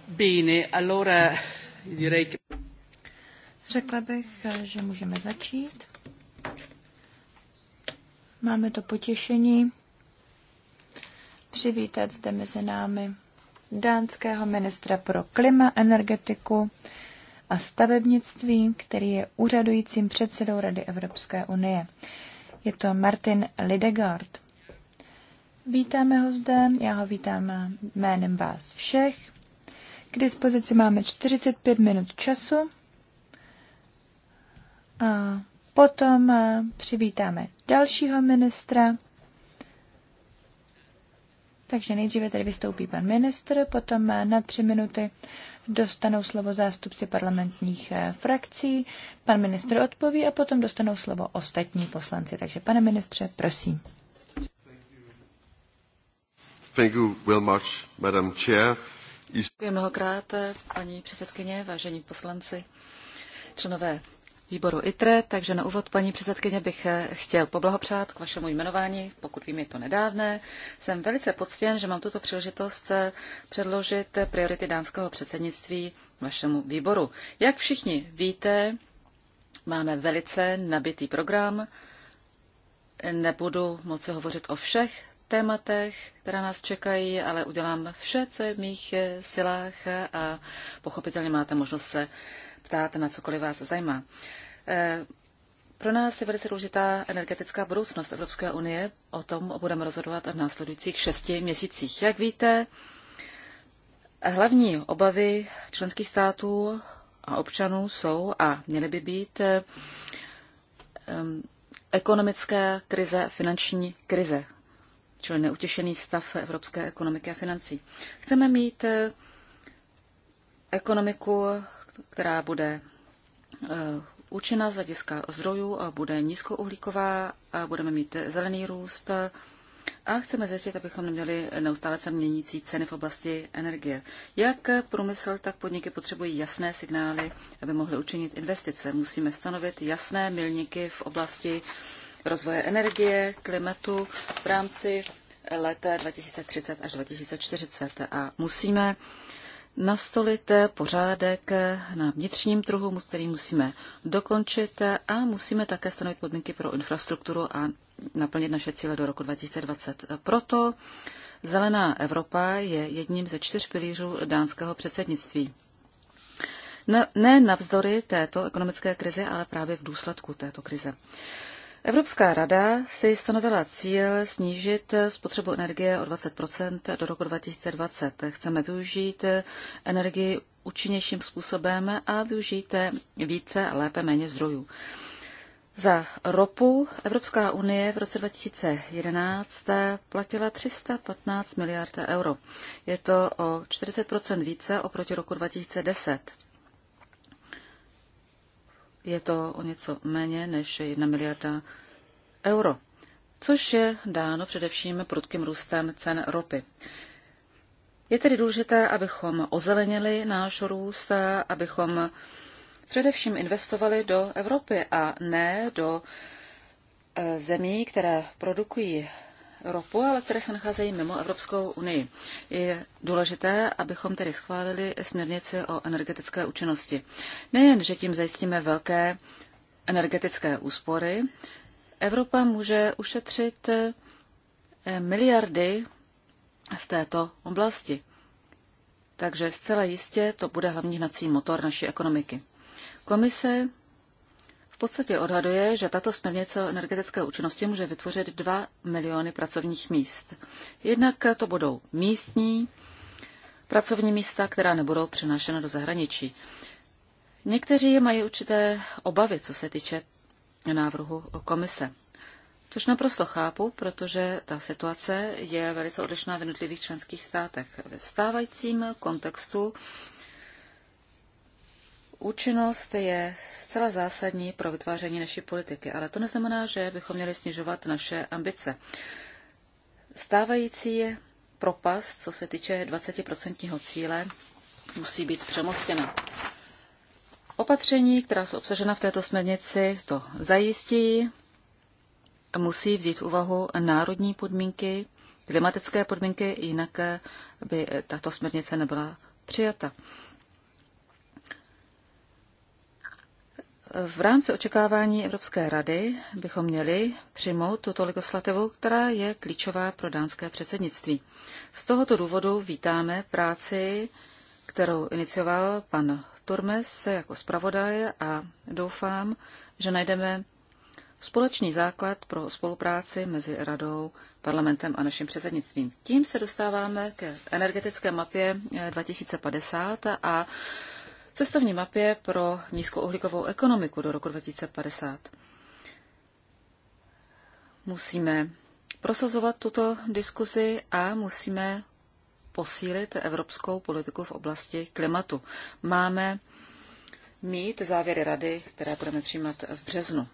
Speaker 3: Bene, allora direi che... Řekla bych, že můžeme začít. Máme to potěšení přivítat zde mezi námi dánského ministra pro klima, energetiku a stavebnictví, který je úřadujícím předsedou Rady Evropské unie. Je to Martin Lidegard. Vítáme ho zde, já ho vítám jménem vás všech. K dispozici máme 45 minut času a potom eh, přivítáme dalšího ministra. Takže nejdříve tady vystoupí pan ministr, potom eh, na tři minuty dostanou slovo zástupci parlamentních eh, frakcí, pan ministr odpoví a potom dostanou slovo ostatní poslanci. Takže pane ministře, prosím.
Speaker 2: Thank you very much, Madam Chair. Děkuji
Speaker 1: mnohokrát, paní předsedkyně, vážení poslanci, členové výboru ITRE, takže na úvod, paní předsedkyně, bych eh, chtěl poblahopřát k vašemu jmenování, pokud vím, je to nedávné. Jsem velice poctěn, že mám tuto příležitost eh, předložit priority dánského předsednictví vašemu výboru. Jak všichni víte, máme velice nabitý program, nebudu moci hovořit o všech tématech, která nás čekají, ale udělám vše, co je v mých eh, silách eh, a pochopitelně máte možnost se ptát na cokoliv vás zajímá. Eh, pro nás je velice důležitá energetická budoucnost Evropské unie. O tom budeme rozhodovat v následujících šesti měsících. Jak víte, hlavní obavy členských států a občanů jsou a měly by být ekonomické krize, finanční krize čili neutěšený stav evropské ekonomiky a financí. Chceme mít eh, ekonomiku, která bude eh, účinná z hlediska zdrojů a bude nízkouhlíková a budeme mít zelený růst a chceme zjistit, abychom neměli neustále se měnící ceny v oblasti energie. Jak průmysl, tak podniky potřebují jasné signály, aby mohly učinit investice. Musíme stanovit jasné milníky v oblasti uh, rozvoje energie, klimatu v rámci let 2030 až 2040. A musíme nastolit pořádek na vnitřním trhu, který musíme dokončit a musíme také stanovit podmínky pro infrastrukturu a naplnit naše cíle do roku 2020. Proto Zelená Evropa je jedním ze čtyř pilířů dánského předsednictví. Ne navzdory této ekonomické krize, ale právě v důsledku této krize. Evropská rada si stanovila cíl snížit spotřebu energie o 20 do roku 2020. Chceme využít energii účinnějším způsobem a využít více a lépe méně zdrojů. Za ropu Evropská unie v roce 2011 platila 315 miliard euro. Je to o 40 více oproti roku 2010 je to o něco méně než 1 miliarda euro, což je dáno především prudkým růstem cen ropy. Je tedy důležité, abychom ozelenili náš růst, abychom především investovali do Evropy a ne do eh, zemí, které produkují ropu, ale které se nacházejí mimo Evropskou unii. Je důležité, abychom tedy schválili směrnici o energetické účinnosti. Nejen, že tím zajistíme velké energetické úspory, Evropa může ušetřit eh, miliardy v této oblasti. Takže zcela jistě to bude hlavní hnací motor naší ekonomiky. Komise podstatě odhaduje, že tato směrnice o energetické účinnosti může vytvořit 2 miliony pracovních míst. Jednak to budou místní pracovní místa, která nebudou přenášena do zahraničí. Někteří mají určité obavy, co se týče návrhu komise. Což naprosto chápu, protože ta situace je velice odlišná v jednotlivých členských státech. Ve stávajícím kontextu Účinnost je zcela zásadní pro vytváření naší politiky, ale to neznamená, že bychom měli snižovat naše ambice. Stávající propast, co se týče 20% cíle, musí být přemostěna. Opatření, která jsou obsažena v této směrnici, to zajistí, musí vzít v úvahu národní podmínky, klimatické podmínky, jinak by tato směrnice nebyla přijata. V rámci očekávání Evropské rady bychom měli přijmout tuto legislativu, která je klíčová pro dánské předsednictví. Z tohoto důvodu vítáme práci, kterou inicioval pan Turmes jako zpravodaj a doufám, že najdeme společný základ pro spolupráci mezi radou, parlamentem a naším předsednictvím. Tím se dostáváme ke energetické mapě eh, 2050 a cestovní mapě pro nízkouhlíkovou ekonomiku do roku 2050. Musíme prosazovat tuto diskuzi a musíme posílit evropskou politiku v oblasti klimatu. Máme mít závěry rady, které budeme přijímat v březnu.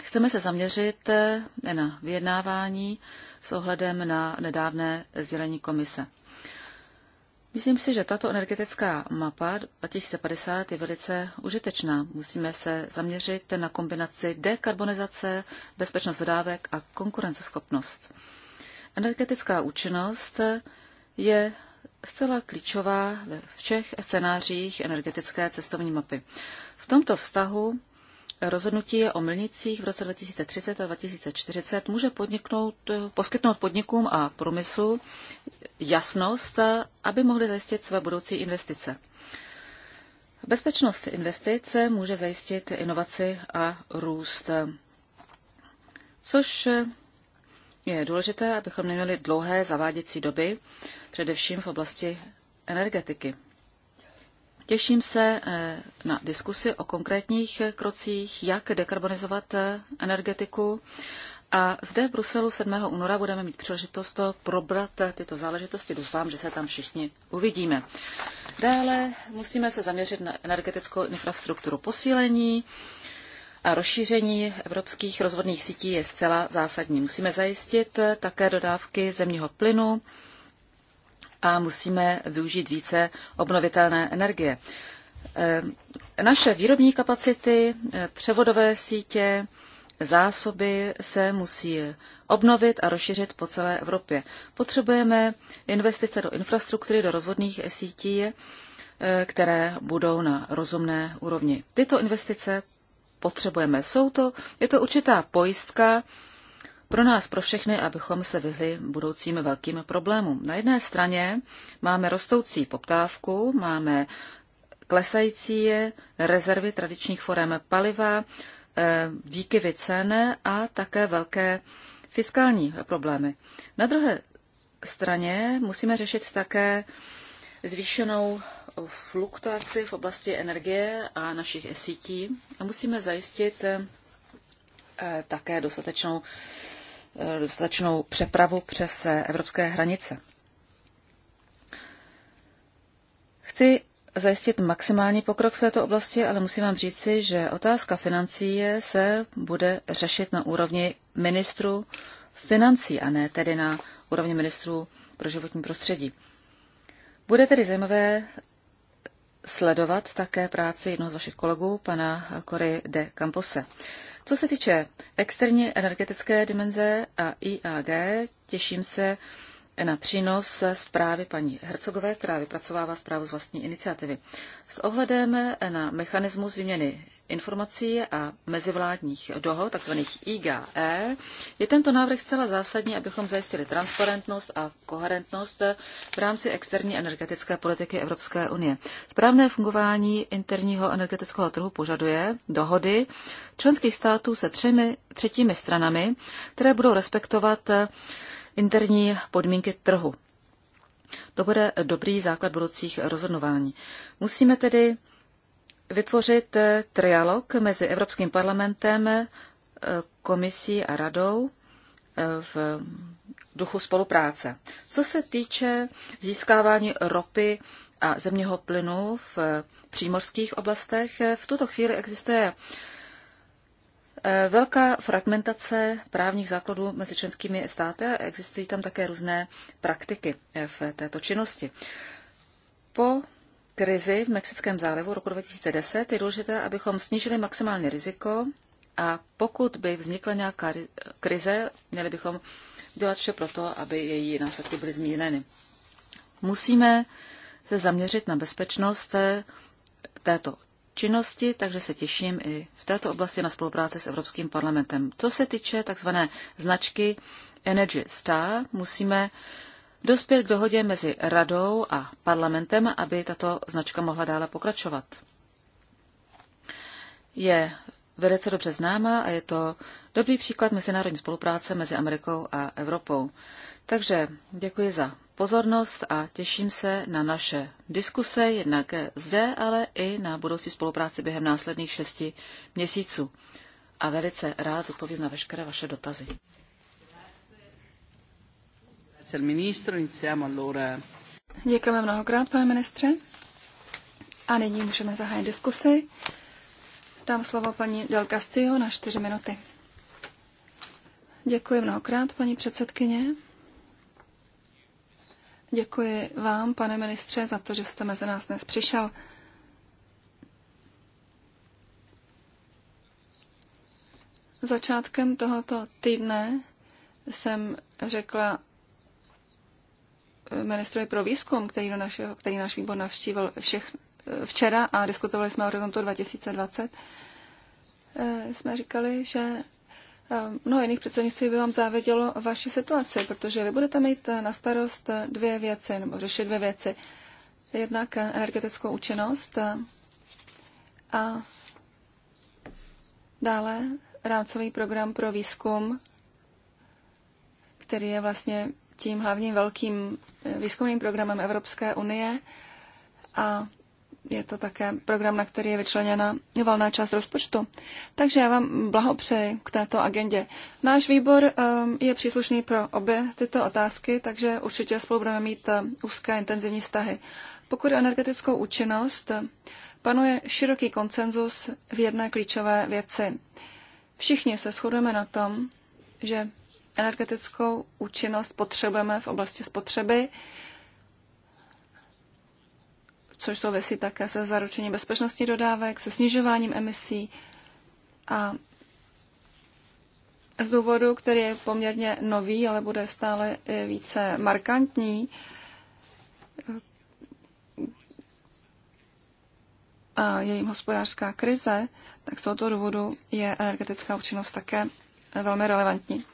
Speaker 1: Chceme se zaměřit eh, na vyjednávání s ohledem na nedávné sdělení komise. Myslím si, že tato energetická mapa 2050 je velice užitečná. Musíme se zaměřit na kombinaci dekarbonizace, bezpečnost dodávek a konkurenceschopnost. Energetická účinnost je zcela klíčová ve všech scénářích energetické cestovní mapy. V tomto vztahu rozhodnutí o milnicích v roce 2030 a 2040 může podniknout, poskytnout podnikům a průmyslu jasnost, aby mohli zajistit své budoucí investice. Bezpečnost investice může zajistit inovaci a růst, což je důležité, abychom neměli dlouhé zaváděcí doby, především v oblasti energetiky. Těším se eh, na diskusi o konkrétních eh, krocích, jak dekarbonizovat eh, energetiku. A zde v Bruselu 7. února budeme mít příležitost to probrat tyto záležitosti. Doufám, že se tam všichni uvidíme. Dále musíme se zaměřit na energetickou infrastrukturu posílení. A rozšíření evropských rozvodných sítí je zcela zásadní. Musíme zajistit také dodávky zemního plynu a musíme využít více obnovitelné energie. Eh, naše výrobní kapacity, eh, převodové sítě, zásoby se musí obnovit a rozšířit po celé Evropě. Potřebujeme investice do infrastruktury, do rozvodných sítí, eh, které budou na rozumné úrovni. Tyto investice potřebujeme. Jsou to, je to určitá pojistka pro nás, pro všechny, abychom se vyhli budoucím velkým problémům. Na jedné straně máme rostoucí poptávku, máme klesající rezervy tradičních forem paliva, eh, výkyvy cen a také velké fiskální problémy. Na druhé straně musíme řešit také zvýšenou fluktuaci v oblasti energie a našich sítí a musíme zajistit eh, také dostatečnou Eh, dostatečnou přepravu přes eh, evropské hranice. Chci zajistit maximální pokrok v této oblasti, ale musím vám říci, že otázka financí se bude řešit na úrovni ministru financí a ne tedy na úrovni ministrů pro životní prostředí. Bude tedy zajímavé sledovat také práci jednoho z vašich kolegů, pana Kory de Campose. Co se týče externí energetické dimenze a IAG, těším se na přínos zprávy paní Hercogové, která vypracovává zprávu z vlastní iniciativy. S ohledem na mechanismus výměny informací a mezivládních dohod, takzvaných IGE, je tento návrh zcela zásadní, abychom zajistili transparentnost a koherentnost v rámci externí energetické politiky Evropské unie. Správné fungování interního energetického trhu požaduje dohody členských států se třemi, třetími stranami, které budou respektovat interní podmínky trhu. To bude dobrý základ budoucích rozhodování. Musíme tedy vytvořit eh, trialog mezi Evropským parlamentem, eh, komisí a radou eh, v duchu spolupráce. Co se týče získávání ropy a zemního plynu v přímořských oblastech, v tuto chvíli existuje velká fragmentace právních základů mezi členskými státy a existují tam také různé praktiky v této činnosti. Po krizi v Mexickém zálivu roku 2010 je důležité, abychom snížili maximální riziko a pokud by vznikla nějaká krize, měli bychom dělat vše pro to, aby její následky byly zmíněny. Musíme se zaměřit na bezpečnost této činnosti, takže se těším i v této oblasti na spolupráci s Evropským parlamentem. Co se týče takzvané značky Energy Star, musíme dospět k dohodě mezi radou a parlamentem, aby tato značka mohla dále pokračovat. Je velice dobře známa a je to dobrý příklad mezinárodní spolupráce mezi Amerikou a Evropou. Takže děkuji za pozornost a těším se na naše diskuse, jednak zde, ale i na budoucí spolupráci během následných šesti měsíců. A velice rád odpovím na veškeré vaše dotazy.
Speaker 4: Děkujeme mnohokrát, pane ministře. A nyní můžeme zahájit diskusi. Dám slovo paní Del Castillo na čtyři minuty. Děkuji mnohokrát, paní předsedkyně. Děkuji vám, pane ministře, za to, že jste mezi nás dnes přišel. Začátkem tohoto týdne jsem řekla ministrovi pro výzkum, který, do našeho, který náš výbor navštívil všech, včera a diskutovali jsme o horizontu 2020, eh, jsme říkali, že eh, mnoho jiných předsednictví by vám závědělo vaši situaci, protože vy budete mít eh, na starost dvě věci, nebo řešit dvě věci. Jednak energetickou účinnost a dále rámcový program pro výzkum, který je vlastně tím hlavním velkým eh, výzkumným programem Evropské unie a je to také program, na který je vyčleněna valná část rozpočtu. Takže já vám blahopřeji k této agendě. Náš výbor eh, je příslušný pro obě tyto otázky, takže určitě spolu budeme mít eh, úzké intenzivní vztahy. Pokud energetickou účinnost, panuje široký konsenzus v jedné klíčové věci. Všichni se shodujeme na tom, že energetickou účinnost potřebujeme v oblasti spotřeby, což souvisí také se zaručením bezpečnosti dodávek, se snižováním emisí a z důvodu, který je poměrně nový, ale bude stále více markantní, a jejím hospodářská krize, tak z tohoto důvodu je energetická účinnost také velmi relevantní.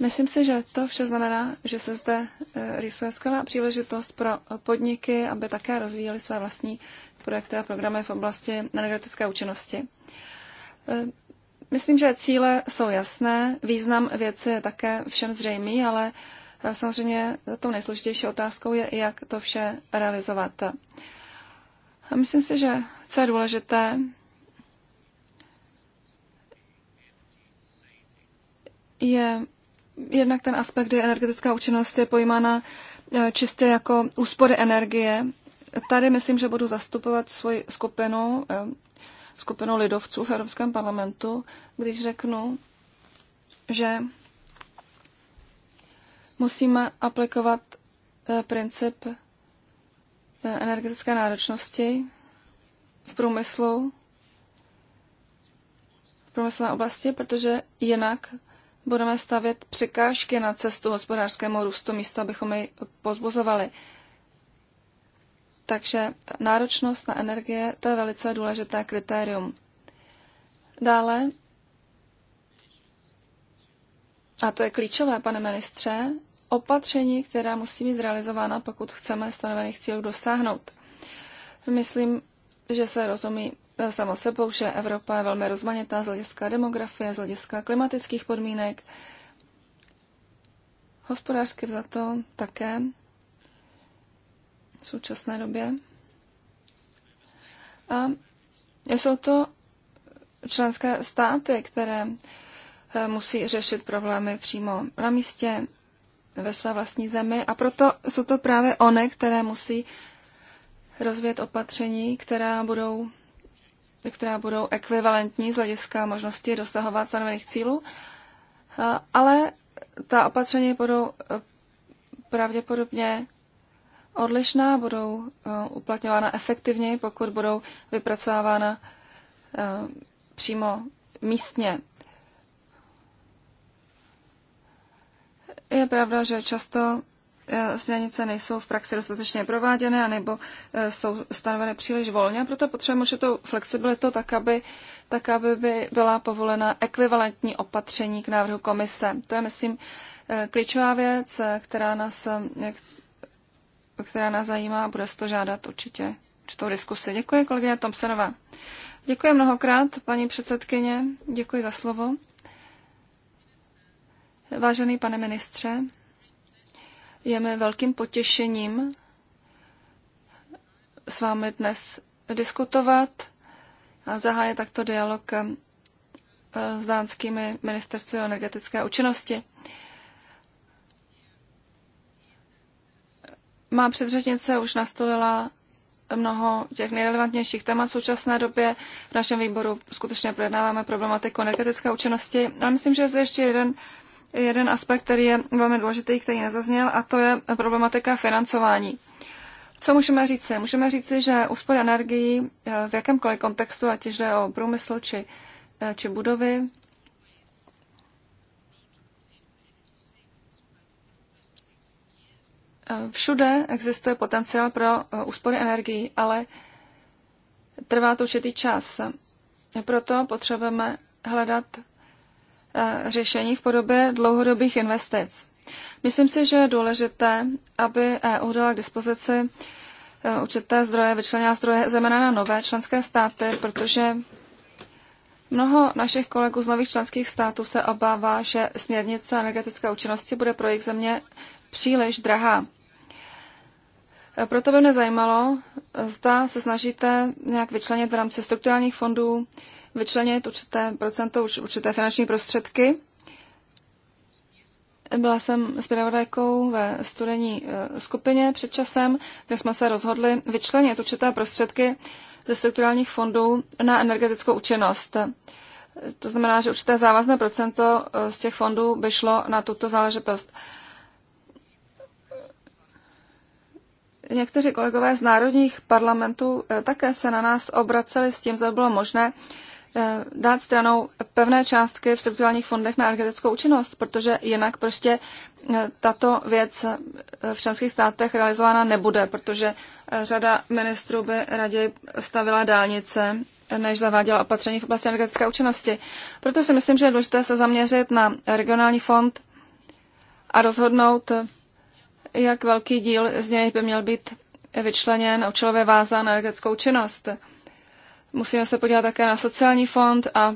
Speaker 4: Myslím si, že to vše znamená, že se zde eh, rysuje skvělá příležitost pro podniky, aby také rozvíjeli své vlastní projekty a programy v oblasti energetické účinnosti. Eh, myslím, že cíle jsou jasné, význam věci je také všem zřejmý, ale eh, samozřejmě tou nejsložitější otázkou je, jak to vše realizovat. A myslím si, že co je důležité, je jednak ten aspekt, kdy energetická účinnost je pojímána e, čistě jako úspory energie. Tady myslím, že budu zastupovat svoji skupinu, e, skupinu lidovců v Evropském parlamentu, když řeknu, že musíme aplikovat e, princip energetické náročnosti v průmyslu, v průmyslové oblasti, protože jinak budeme stavět překážky na cestu hospodářskému růstu, místo abychom ji pozbuzovali. Takže ta náročnost na energie, to je velice důležité kritérium. Dále, a to je klíčové, pane ministře, opatření, která musí být realizována, pokud chceme stanovených cílů dosáhnout. Myslím, že se rozumí Eh, samo sebou, že Evropa je velmi rozmanitá z hlediska demografie, z hlediska klimatických podmínek, hospodářsky vzato také v současné době. A jsou to členské státy, které eh, musí řešit problémy přímo na místě, ve své vlastní zemi a proto jsou to právě one, které musí rozvět opatření, která budou která budou ekvivalentní z hlediska možnosti dosahovat stanovených cílů, eh, ale ta opatření budou eh, pravděpodobně odlišná, budou eh, uplatňována efektivněji, pokud budou vypracována přímo místně. Je pravda, že často E, směrnice nejsou v praxi dostatečně prováděné, anebo e, jsou stanoveny příliš volně. Proto potřebujeme určitou flexibilitu, tak aby, tak aby by byla povolena ekvivalentní opatření k návrhu komise. To je, myslím, e, klíčová věc, která nás, která nás zajímá a bude se to žádat určitě určitou diskusi. Děkuji kolegyně Tomsenová. Děkuji mnohokrát, paní předsedkyně. Děkuji za slovo. Vážený pane ministře, je mi velkým potěšením s vámi dnes diskutovat a zahájit takto dialog eh, s dánskými ministerstvy energetické účinnosti. Má předřečnice už nastolila mnoho těch nejrelevantnějších témat v současné době. V našem výboru skutečně projednáváme problematiku energetické účinnosti, ale myslím, že je zde ještě jeden jeden aspekt, který je velmi důležitý, který nezazněl, a to je problematika financování. Co můžeme říct? Můžeme říct, že úspor energií eh, v jakémkoliv kontextu, ať jde o průmysl či, eh, či budovy, eh, Všude existuje potenciál pro úspory energií, ale trvá to určitý čas. Proto potřebujeme hledat Eh, řešení v podobě dlouhodobých investic. Myslím si, že je důležité, aby EU dala k dispozici eh, určité zdroje, vyčlenila zdroje, zejména na nové členské státy, protože Mnoho našich kolegů z nových členských států se obává, že směrnice energetické účinnosti bude pro jejich země příliš drahá. Eh, proto by mě zajímalo, zda se snažíte nějak vyčlenit v rámci strukturálních fondů vyčlenit určité procento, určité finanční prostředky. Byla jsem zpravodajkou ve studení e, skupině před časem, kde jsme se rozhodli vyčlenit určité prostředky ze strukturálních fondů na energetickou účinnost. To znamená, že určité závazné procento e, z těch fondů by šlo na tuto záležitost. Někteří kolegové z národních parlamentů e, také se na nás obraceli s tím, zda bylo možné Eh, dát stranou pevné částky v strukturálních fondech na energetickou účinnost, protože jinak prostě eh, tato věc eh, v členských státech realizována nebude, protože řada ministrů by raději stavila dálnice, než zaváděla opatření v oblasti energetické účinnosti. Proto si myslím, že je důležité se zaměřit na regionální fond a rozhodnout, jak velký díl z něj by měl být vyčleněn účelově vázán na energetickou činnost. Musíme se podívat také na sociální fond a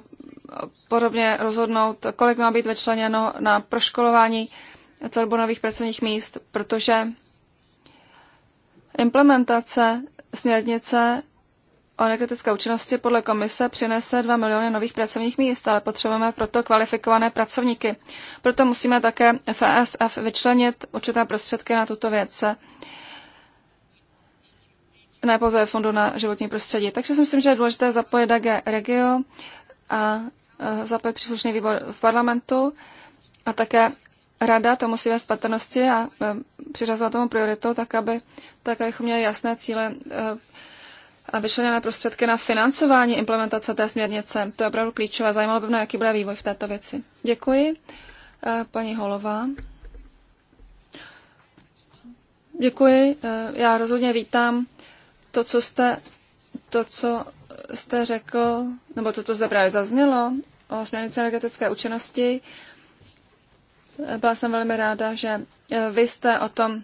Speaker 4: podobně rozhodnout, kolik má být vyčleněno na proškolování tvorbu nových pracovních míst, protože implementace směrnice o energetické účinnosti podle komise přinese 2 miliony nových pracovních míst, ale potřebujeme proto kvalifikované pracovníky. Proto musíme také FSF e vyčlenit určité prostředky na tuto věc ne pouze Fondu na životní prostředí. Takže si myslím, že je důležité zapojit DG Regio a e, zapojit příslušný výbor v parlamentu a také rada to musí vést patrnosti a e, přiřazovat tomu prioritu, tak, aby, tak abychom měli jasné cíle e, a vyčleněné prostředky na financování implementace té směrnice. To je opravdu klíčové. Zajímalo by mě, jaký bude vývoj v této věci. Děkuji. Paní Holová. Děkuji. Já rozhodně vítám to, co jste, to, co jste řekl, nebo to, co zde právě zaznělo o směrnici energetické účinnosti, byla jsem velmi ráda, že vy jste o tom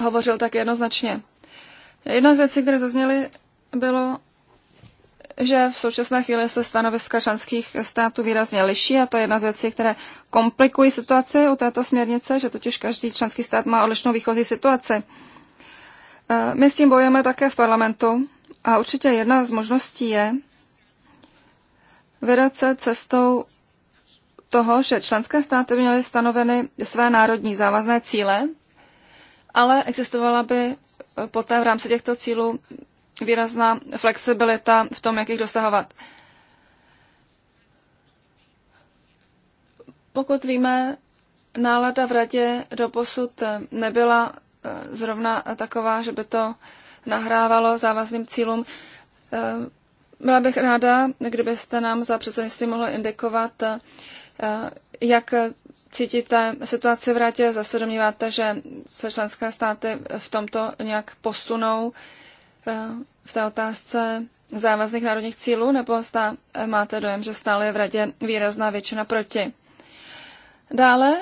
Speaker 4: hovořil tak jednoznačně. Jedna z věcí, které zazněly, bylo, že v současné chvíli se stanoviska členských států výrazně liší a to je jedna z věcí, které komplikují situaci u této směrnice, že totiž každý členský stát má odlišnou výchozí situaci. Eh, my s tím bojujeme také v parlamentu a určitě jedna z možností je vydat se cestou toho, že členské státy měly stanoveny své národní závazné cíle, ale existovala by eh, poté v rámci těchto cílů výrazná flexibilita v tom, jak jich dosahovat. Pokud víme, nálada v radě doposud nebyla Eh, zrovna taková, že by to nahrávalo závazným cílům. Eh, byla bych ráda, kdybyste nám za předsednictví mohli indikovat, eh, jak cítíte situaci v rátě, zase domníváte, že se členské státy v tomto nějak posunou v té otázce závazných národních cílů, nebo zda máte dojem, že stále je v radě výrazná většina proti. Dále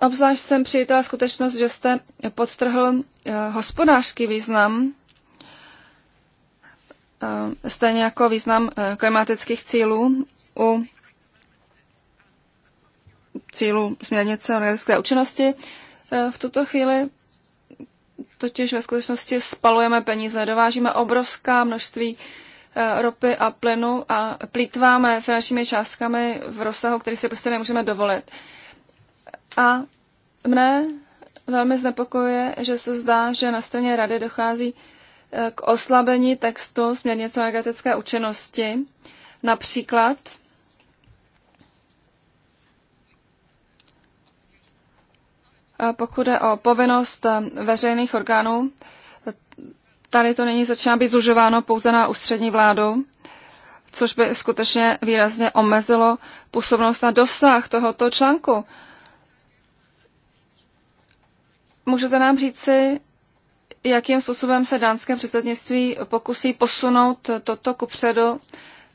Speaker 4: Obzvlášť jsem přijítala skutečnost, že jste podtrhl eh, hospodářský význam, eh, stejně jako význam eh, klimatických cílů u cílu směrnice o energetické účinnosti. V tuto chvíli totiž ve skutečnosti spalujeme peníze, dovážíme obrovská množství ropy a plynu a plítváme finančními částkami v rozsahu, který si prostě nemůžeme dovolit. A mne velmi znepokojuje, že se zdá, že na straně rady dochází e, k oslabení textu směrnice o energetické účinnosti. Například e, pokud je o povinnost e, veřejných orgánů, tady to není začíná být zužováno pouze na ústřední vládu, což by skutečně výrazně omezilo působnost na dosah tohoto článku. Můžete nám říci, jakým způsobem se dánské předsednictví pokusí posunout toto kupředu,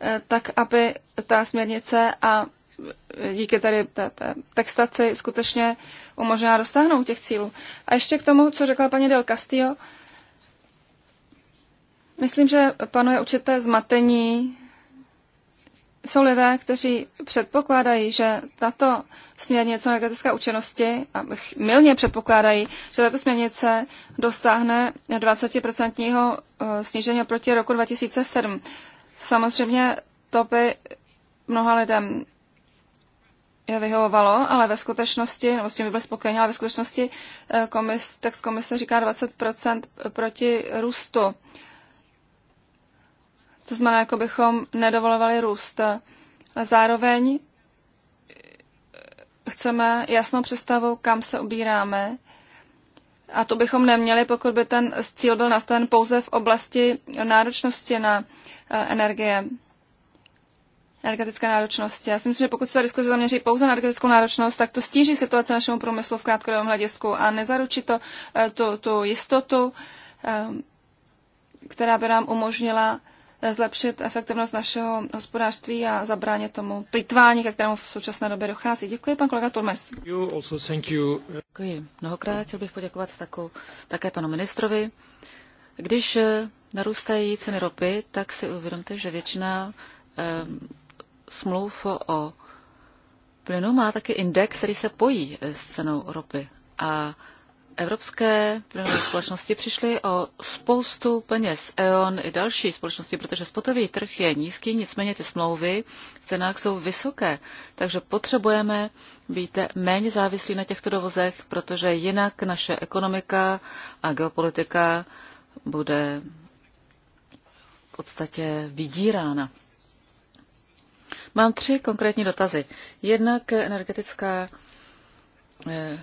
Speaker 4: eh, tak aby ta směrnice a díky tady té, té textaci skutečně umožnila dosáhnout těch cílů. A ještě k tomu, co řekla paní Del Castillo, myslím, že panuje určité zmatení jsou lidé, kteří předpokládají, že tato směrnice energetické účinnosti, a milně předpokládají, že tato směrnice dostáhne 20% eh, snížení oproti roku 2007. Samozřejmě to by mnoha lidem je vyhovovalo, ale ve skutečnosti, nebo s tím by byl spokojený, ale ve skutečnosti eh, komis, text komise říká 20% proti růstu. To znamená, jako bychom nedovolovali růst. A zároveň chceme jasnou představu, kam se ubíráme. A to bychom neměli, pokud by ten cíl byl nastaven pouze v oblasti náročnosti na eh, energie, energetické náročnosti. Já si myslím, že pokud se ta diskuze zaměří pouze na energetickou náročnost, tak to stíží situaci našemu průmyslu v krátkodobém hledisku a nezaručí to eh, tu, tu jistotu, eh, která by nám umožnila zlepšit efektivnost našeho hospodářství a zabránit tomu plitvání, ke kterému v současné době dochází. Děkuji, pan kolega Turmes.
Speaker 2: Děkuji.
Speaker 1: Mnohokrát chtěl bych poděkovat takou, také panu ministrovi. Když eh, narůstají ceny ropy, tak si uvědomte, že většina eh, smluv o plynu má taky index, který se pojí eh, s cenou ropy. A evropské společnosti přišly o spoustu peněz. E.ON i další společnosti, protože spotový trh je nízký, nicméně ty smlouvy v cenách jsou vysoké. Takže potřebujeme být méně závislí na těchto dovozech, protože jinak naše ekonomika a geopolitika bude v podstatě vydírána. Mám tři konkrétní dotazy. Jednak energetická eh,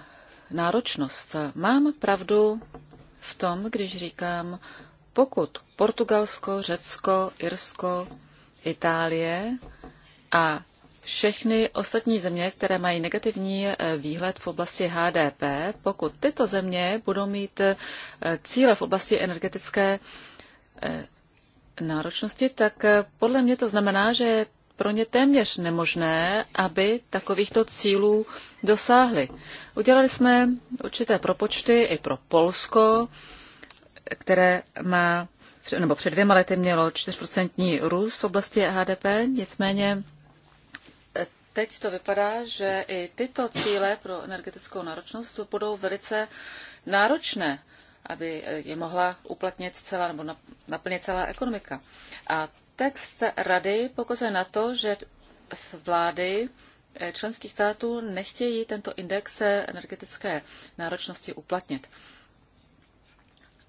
Speaker 1: náročnost. Mám pravdu v tom, když říkám, pokud Portugalsko, Řecko, Irsko, Itálie a všechny ostatní země, které mají negativní eh, výhled v oblasti HDP, pokud tyto země budou mít eh, cíle v oblasti energetické eh, náročnosti, tak podle mě to znamená, že pro ně téměř nemožné, aby takovýchto cílů dosáhly. Udělali jsme určité propočty i pro Polsko, které má, nebo před dvěma lety mělo 4% růst v oblasti HDP, nicméně eh, teď to vypadá, že i tyto cíle pro energetickou náročnost budou velice náročné, aby je mohla uplatnit celá nebo naplnit celá ekonomika. A Text rady pokazuje na to, že vlády eh, členských států nechtějí tento index energetické náročnosti uplatnit.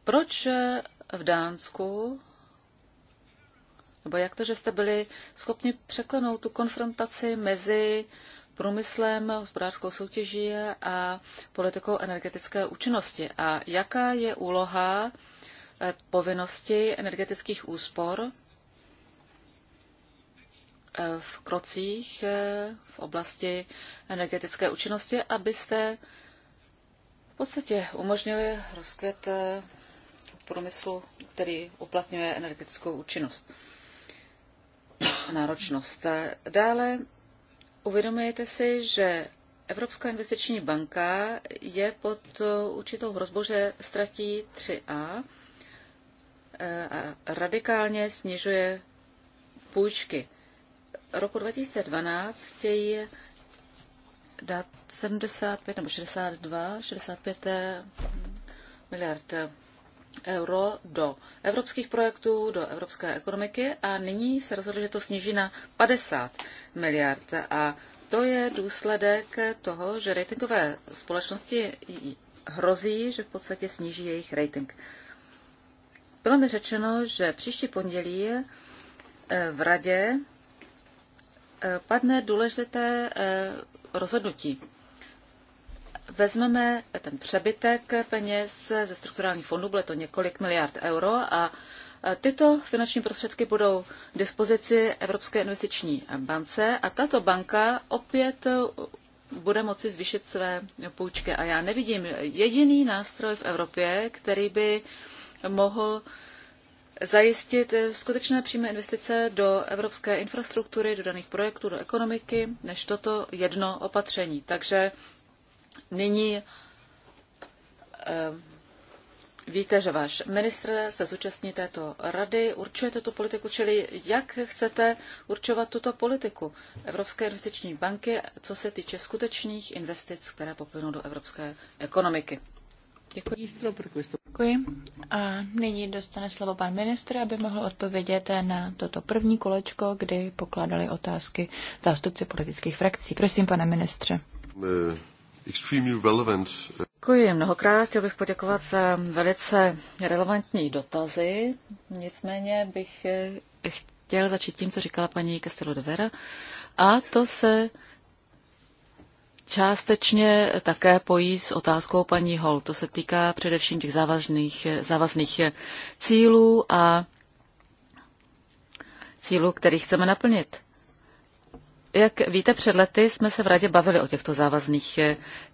Speaker 1: Proč eh, v Dánsku, nebo jak to, že jste byli schopni překlenout tu konfrontaci mezi průmyslem, hospodářskou soutěží a politikou energetické účinnosti? A jaká je úloha eh, povinnosti energetických úspor Eh, v krocích eh, v oblasti energetické účinnosti, abyste v podstatě umožnili rozkvět eh, průmyslu, který uplatňuje energetickou účinnost náročnost. Dále uvědomujete si, že Evropská investiční banka je pod určitou hrozbou, že ztratí 3A a radikálně snižuje půjčky roku 2012 chtějí dát 75 nebo 62, 65 eh, miliard eh, euro do evropských projektů, do evropské ekonomiky a nyní se rozhodli, že to sníží na 50 miliard. A to je důsledek toho, že ratingové společnosti hrozí, že v podstatě sníží jejich rating. Bylo mi řečeno, že příští pondělí eh, v radě E, padne důležité e, rozhodnutí. Vezmeme ten přebytek peněz ze strukturálních fondů, bude to několik miliard euro a e, Tyto finanční prostředky budou k dispozici Evropské investiční bance a tato banka opět bude moci zvýšit své půjčky. A já nevidím jediný nástroj v Evropě, který by mohl zajistit eh, skutečné přímé investice do evropské infrastruktury, do daných projektů, do ekonomiky, než toto jedno opatření. Takže nyní eh, víte, že váš ministr se zúčastní této rady, určujete tu politiku, čili jak chcete určovat tuto politiku Evropské investiční banky, co se týče skutečných investic, které poplynou do evropské ekonomiky.
Speaker 3: Děkuji. Děkuji. A nyní dostane slovo pan ministr, aby mohl odpovědět na toto první kolečko, kdy pokládali otázky zástupci politických frakcí. Prosím, pane ministře. Eh, Děkuji
Speaker 1: mnohokrát. Chtěl bych poděkovat za velice relevantní dotazy. Nicméně bych eh, chtěl začít tím, co říkala paní Castello de Vera. A to se částečně také pojí s otázkou paní Hol. To se týká především těch závazných, závazných cílů a cílů, který chceme naplnit. Jak víte, před lety jsme se v Radě bavili o těchto závazných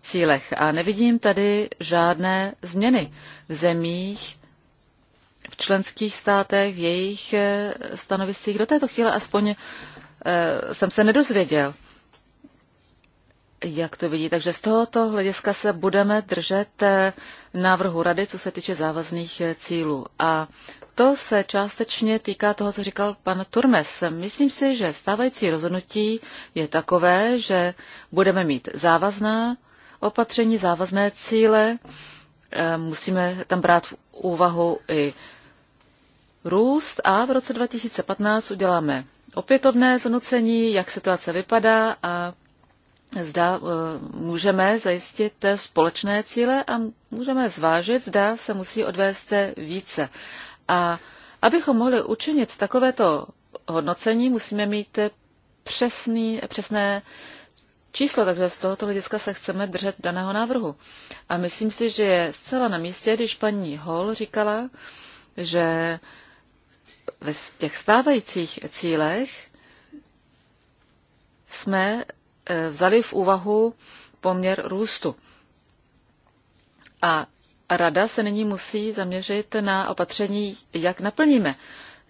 Speaker 1: cílech a nevidím tady žádné změny v zemích, v členských státech, v jejich stanoviscích. Do této chvíle aspoň eh, jsem se nedozvěděl jak to vidí. Takže z tohoto hlediska se budeme držet eh, návrhu rady, co se týče závazných eh, cílů. A to se částečně týká toho, co říkal pan Turmes. Myslím si, že stávající rozhodnutí je takové, že budeme mít závazná opatření, závazné cíle. Eh, musíme tam brát v úvahu i růst a v roce 2015 uděláme opětovné zhodnocení, jak situace vypadá a zda eh, můžeme zajistit společné cíle a můžeme zvážit, zda se musí odvést více. A abychom mohli učinit takovéto hodnocení, musíme mít přesný, přesné číslo, takže z tohoto hlediska se chceme držet daného návrhu. A myslím si, že je zcela na místě, když paní Hall říkala, že v těch stávajících cílech jsme Eh, vzali v úvahu poměr růstu. A rada se nyní musí zaměřit na opatření, jak naplníme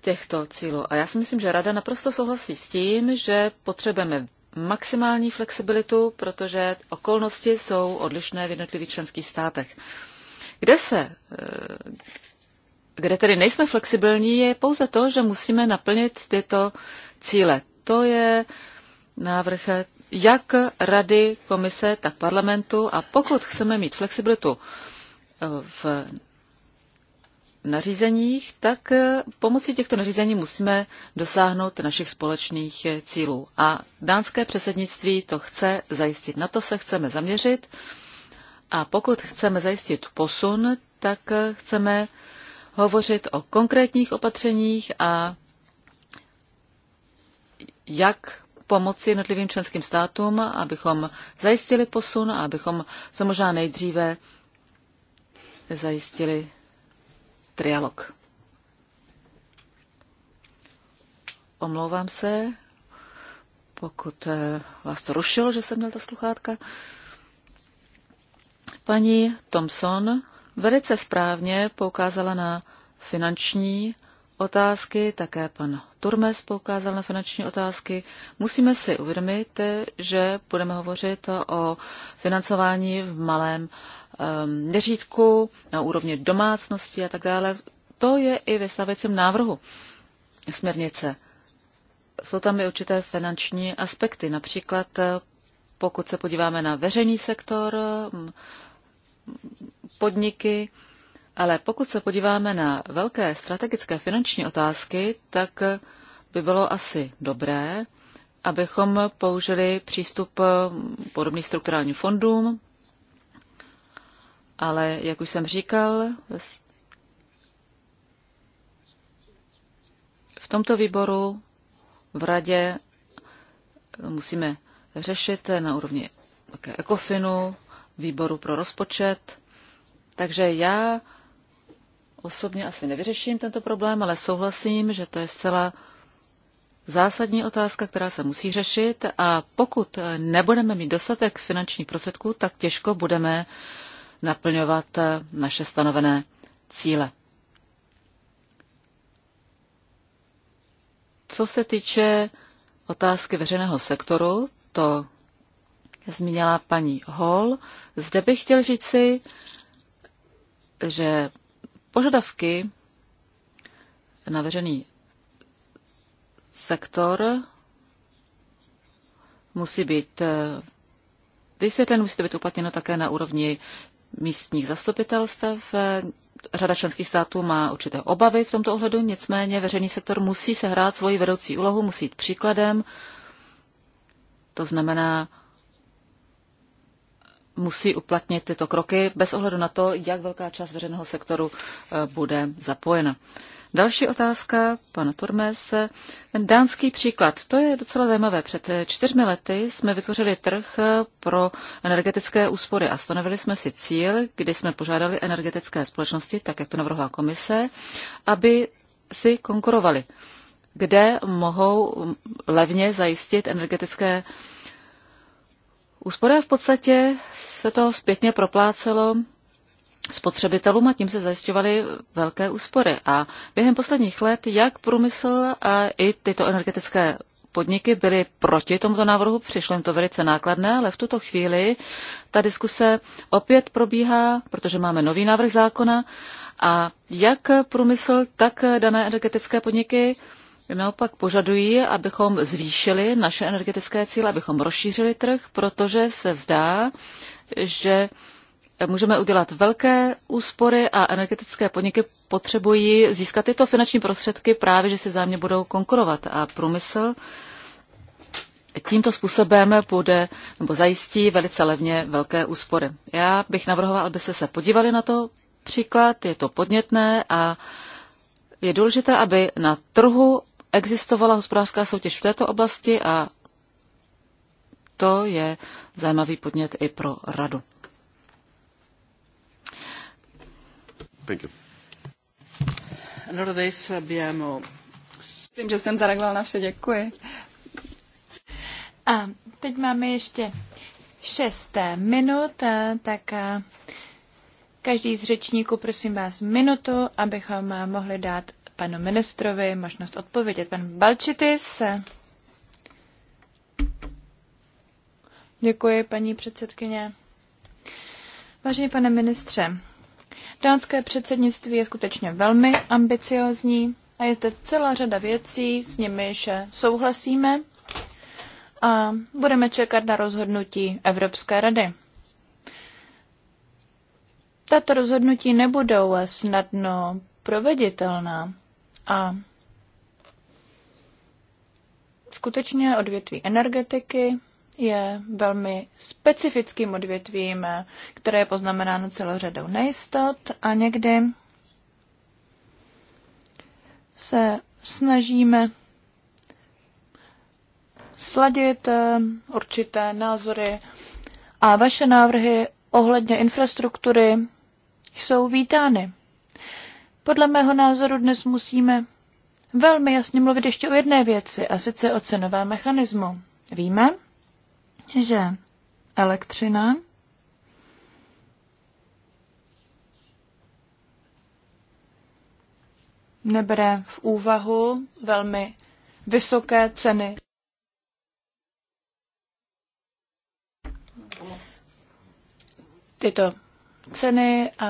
Speaker 1: těchto cílů. A já si myslím, že rada naprosto souhlasí s tím, že potřebujeme maximální flexibilitu, protože okolnosti jsou odlišné v jednotlivých členských státech. Kde se, eh, kde tedy nejsme flexibilní, je pouze to, že musíme naplnit tyto cíle. To je návrh jak rady, komise, tak parlamentu. A pokud chceme mít flexibilitu eh, v nařízeních, tak eh, pomocí těchto nařízení musíme dosáhnout našich společných eh, cílů. A dánské předsednictví to chce zajistit. Na to se chceme zaměřit. A pokud chceme zajistit posun, tak chceme hovořit o konkrétních opatřeních a jak pomoci jednotlivým členským státům, abychom zajistili posun a abychom co možná nejdříve zajistili trialog. Omlouvám se, pokud eh, vás to rušilo, že jsem měl ta sluchátka. Paní Thompson velice správně poukázala na finanční otázky, také pan Turmes poukázal na finanční otázky. Musíme si uvědomit, že budeme hovořit o financování v malém ehm, měřítku, na úrovni domácnosti a tak dále. To je i ve stavěcím návrhu směrnice. Jsou tam i určité finanční aspekty. Například eh, pokud se podíváme na veřejný sektor, podniky, ale pokud se podíváme na velké strategické finanční otázky, tak by bylo asi dobré, abychom použili přístup podobný strukturálním fondům, ale jak už jsem říkal, v tomto výboru v radě musíme řešit na úrovni také ECOFINu, výboru pro rozpočet. Takže já Osobně asi nevyřeším tento problém, ale souhlasím, že to je zcela zásadní otázka, která se musí řešit a pokud nebudeme mít dostatek finančních prostředků, tak těžko budeme naplňovat naše stanovené cíle. Co se týče otázky veřejného sektoru, to zmínila paní Hall. Zde bych chtěl říci, že Požadavky na veřejný sektor musí být eh, vysvětlen, musí to být uplatněno také na úrovni místních zastupitelstv. Eh, řada členských států má určité obavy v tomto ohledu, nicméně veřejný sektor musí sehrát svoji vedoucí úlohu, musí jít příkladem. To znamená, musí uplatnit tyto kroky bez ohledu na to, jak velká část veřejného sektoru eh, bude zapojena. Další otázka, pana Turmes. Ten dánský příklad, to je docela zajímavé. Před eh, čtyřmi lety jsme vytvořili trh eh, pro energetické úspory a stanovili jsme si cíl, kdy jsme požádali energetické společnosti, tak jak to navrhla komise, aby si konkurovali, kde mohou mm, levně zajistit energetické Úspora v podstatě se to zpětně proplácelo spotřebitelům a tím se zajišťovaly velké úspory. A během posledních let jak průmysl a i tyto energetické podniky byly proti tomuto návrhu, přišlo jim to velice nákladné, ale v tuto chvíli ta diskuse opět probíhá, protože máme nový návrh zákona a jak průmysl, tak dané energetické podniky naopak požadují, abychom zvýšili naše energetické cíle, abychom rozšířili trh, protože se zdá, že můžeme udělat velké úspory a energetické podniky potřebují získat tyto finanční prostředky právě, že si zájemně budou konkurovat. A průmysl tímto způsobem bude nebo zajistí velice levně velké úspory. Já bych navrhoval, aby se se podívali na to příklad, je to podnětné a je důležité, aby na trhu existovala hospodářská soutěž v této oblasti a to je zajímavý podnět i pro radu.
Speaker 2: Thank you.
Speaker 3: Vím, že jsem zareagoval na vše, děkuji. A teď máme ještě šest minut, tak každý z řečníků, prosím vás, minutu, abychom mohli dát panu ministrovi možnost odpovědět. Pan Balčitis. Děkuji, paní předsedkyně. Vážený pane ministře, dánské předsednictví je skutečně velmi ambiciozní a je zde celá řada věcí, s nimiž souhlasíme a budeme čekat na rozhodnutí Evropské rady. Tato rozhodnutí nebudou snadno proveditelná. A skutečně odvětví energetiky je velmi specifickým odvětvím, které je poznamenáno celou řadou nejistot a někdy se snažíme sladit eh, určité názory a vaše návrhy ohledně infrastruktury jsou vítány. Podle mého názoru dnes musíme velmi jasně mluvit ještě o jedné věci, a sice o cenovém mechanismu. Víme, že elektřina nebere v úvahu velmi vysoké ceny. Tyto ceny a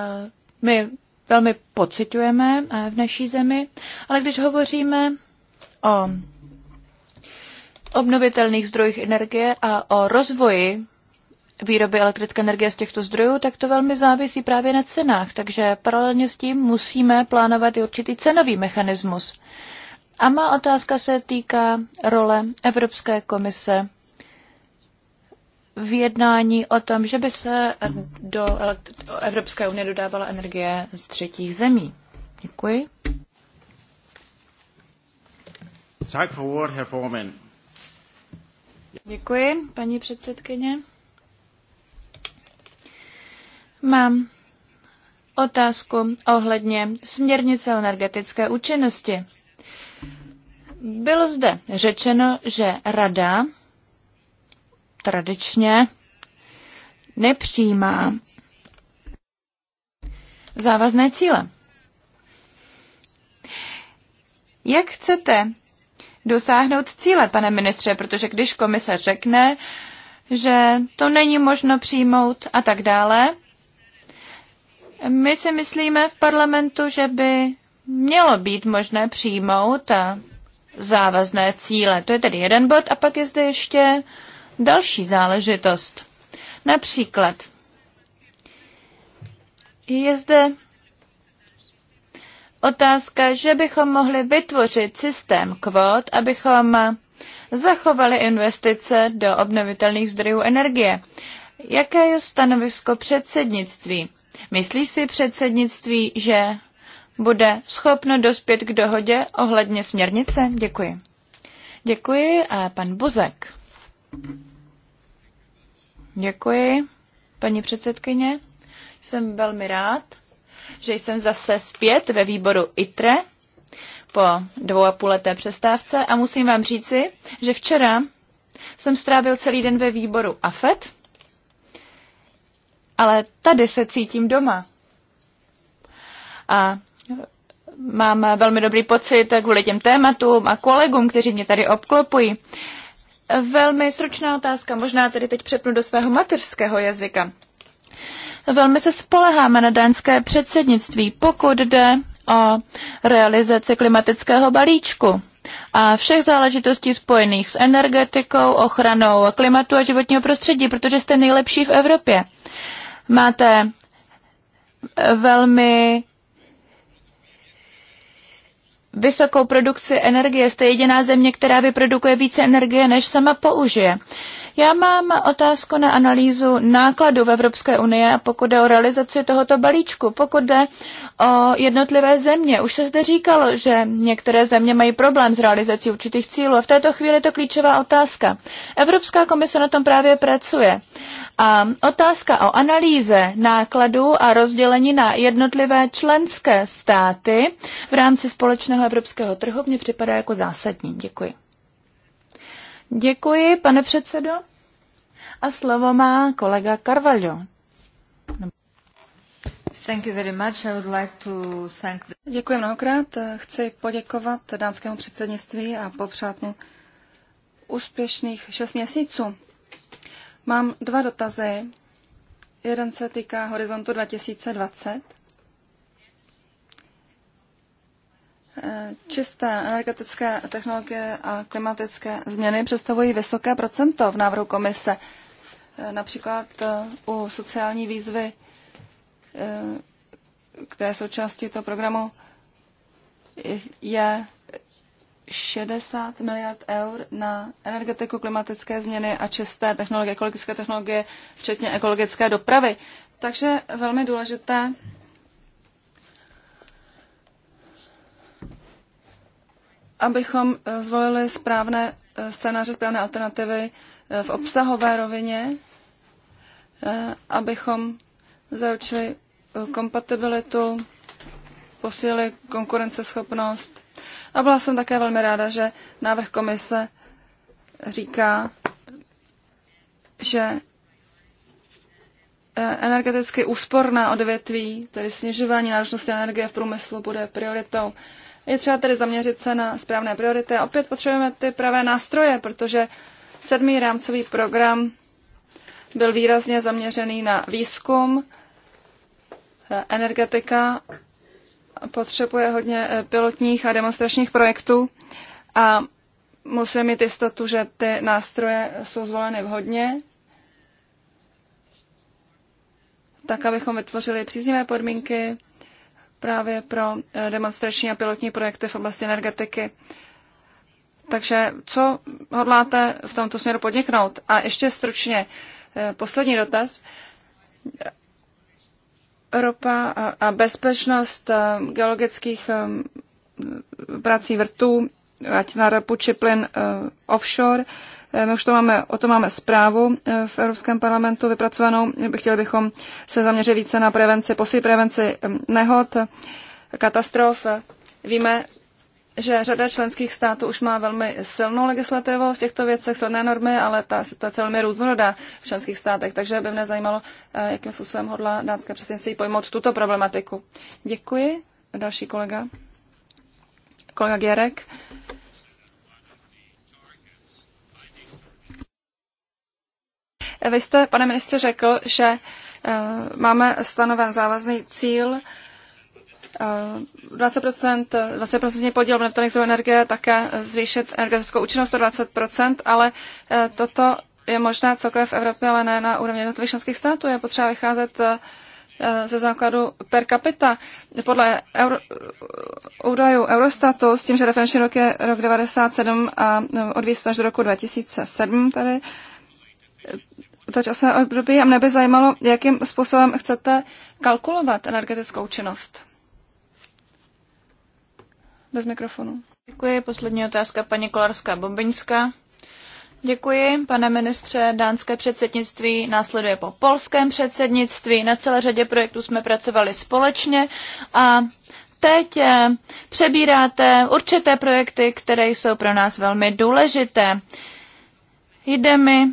Speaker 3: my velmi pocitujeme eh, v naší zemi, ale když hovoříme o obnovitelných zdrojích energie a o rozvoji výroby elektrické energie z těchto zdrojů, tak to velmi závisí právě na cenách. Takže paralelně s tím musíme plánovat i určitý cenový mechanismus. A má otázka se týká role Evropské komise jednání o tom, že by se do Evropské unie dodávala energie z třetích zemí. Děkuji.
Speaker 2: Tak for ordet, herr
Speaker 3: Děkuji, paní předsedkyně. Mám otázku ohledně směrnice o energetické účinnosti. Bylo zde řečeno, že Rada tradičně nepřijímá závazné cíle. Jak chcete dosáhnout cíle, pane ministře, protože když komise řekne, že to není možno přijmout a tak dále, my si myslíme v parlamentu, že by mělo být možné přijmout a závazné cíle. To je tedy jeden bod. A pak je zde ještě další záležitost. Například je zde otázka, že bychom mohli vytvořit systém kvót, abychom zachovali investice do obnovitelných zdrojů energie. Jaké je stanovisko předsednictví? Myslí si předsednictví, že bude schopno dospět k dohodě ohledně směrnice? Děkuji. Děkuji a pan Buzek. Děkuji, paní předsedkyně. Jsem velmi rád, že jsem zase zpět ve výboru ITRE po dvou a půl leté přestávce a musím vám říci, že včera jsem strávil celý den ve výboru AFET, ale tady se cítím doma. A mám velmi dobrý pocit kvůli těm tématům a kolegům, kteří mě tady obklopují. Velmi stručná otázka, možná tedy teď přepnu do svého mateřského jazyka. Velmi se spoleháme na dánské předsednictví, pokud jde o realizaci klimatického balíčku a všech záležitostí spojených s energetikou, ochranou klimatu a životního prostředí, protože jste nejlepší v Evropě. Máte velmi vysokou produkci energie. Jste jediná země, která vyprodukuje více energie, než sama použije. Já mám otázku na analýzu nákladů v Evropské unii a pokud jde o realizaci tohoto balíčku, pokud jde o jednotlivé země. Už se zde říkalo, že některé země mají problém s realizací určitých cílů a v této chvíli je to klíčová otázka. Evropská komise na tom právě pracuje. A otázka o analýze nákladů a rozdělení na jednotlivé členské státy v rámci společného evropského trhu mě připadá jako zásadní. Děkuji. Děkuji, pane předsedo. A slovo má kolega Carvalho.
Speaker 4: Děkuji mnohokrát. Chci poděkovat dánskému předsednictví a popřát mu úspěšných šest měsíců. Mám dva dotazy. Jeden se týká horizontu 2020. Eh, čisté energetické technologie a klimatické změny představují vysoké procento v návrhu komise. Eh, například eh, u sociální výzvy, které jsou částí toho programu, je 60 miliard eur na energetiku, klimatické změny a čisté technologie, ekologické technologie, včetně ekologické dopravy. Takže velmi důležité abychom eh, zvolili správné eh, scénáře, správné alternativy eh, v obsahové rovině, abychom zaručili kompatibilitu, posílili konkurenceschopnost a byla jsem také velmi ráda, že návrh komise říká, že eh, energeticky úsporná odvětví, tedy snižování náročnosti energie v průmyslu, bude prioritou. Je třeba tedy zaměřit se na správné priority a opět potřebujeme ty pravé nástroje, protože sedmý rámcový program byl výrazně zaměřený na výzkum, eh, energetika potřebuje hodně eh, pilotních a demonstračních projektů a musíme mít jistotu, že ty nástroje jsou zvoleny vhodně, tak abychom vytvořili příznivé podmínky právě pro eh, demonstrační a pilotní projekty v oblasti energetiky. Takže co hodláte v tomto směru podniknout? A ještě stručně eh, poslední dotaz ropa a bezpečnost eh, geologických eh, prací vrtů, ať na ropu či plyn eh, offshore. My už to máme, o to máme zprávu v Evropském parlamentu vypracovanou. Chtěli bychom se zaměřit více na prevenci, posí prevenci nehod, katastrof. Víme, že řada členských států už má velmi silnou legislativu v těchto věcech, silné normy, ale ta situace je velmi různorodá v členských státech, takže by mě zajímalo, eh, jakým způsobem hodla dánské předsednictví pojmout tuto problematiku. Děkuji. Další kolega. Kolega Gerek. Vy jste, pane ministře, řekl, že eh, máme stanoven závazný cíl 20%, eh, 20% podíl obnovitelných zdrojů energie, také eh, zvýšit energetickou účinnost o 20%, ale eh, toto je možné celkově v Evropě, ale ne na úrovni jednotlivých členských států. Je potřeba vycházet ze základu per capita. Podle euro, údajů Eurostatu, s tím, že referenční rok je rok 97 a no, odvíjí se až do roku 2007 tady, to časové období a mě by zajímalo, jakým způsobem chcete kalkulovat energetickou činnost bez mikrofonu.
Speaker 3: Děkuji. Poslední otázka paní Kolarská Bombeňská. Děkuji, pane ministře. Dánské předsednictví následuje po polském předsednictví. Na celé řadě projektů jsme pracovali společně a teď eh, přebíráte určité projekty, které jsou pro nás velmi důležité. Jde mi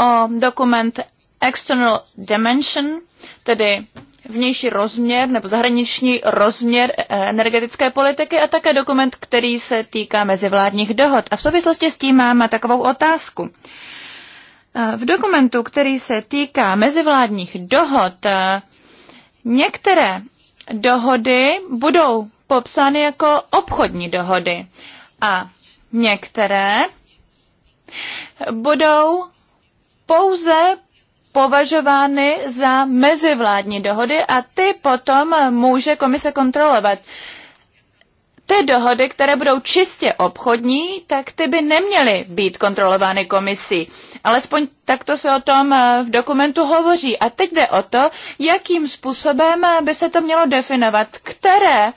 Speaker 3: o dokument External Dimension, tedy vnější rozměr nebo zahraniční rozměr eh, energetické politiky a také dokument, který se týká mezivládních dohod. A v souvislosti s tím máme takovou otázku. Eh, v dokumentu, který se týká mezivládních dohod, eh, některé dohody budou popsány jako obchodní dohody a některé budou pouze považovány za mezivládní dohody a ty potom může komise kontrolovat. Ty dohody, které budou čistě obchodní, tak ty by neměly být kontrolovány komisí. Alespoň takto se o tom eh, v dokumentu hovoří. A teď jde o to, jakým způsobem by se to mělo definovat, které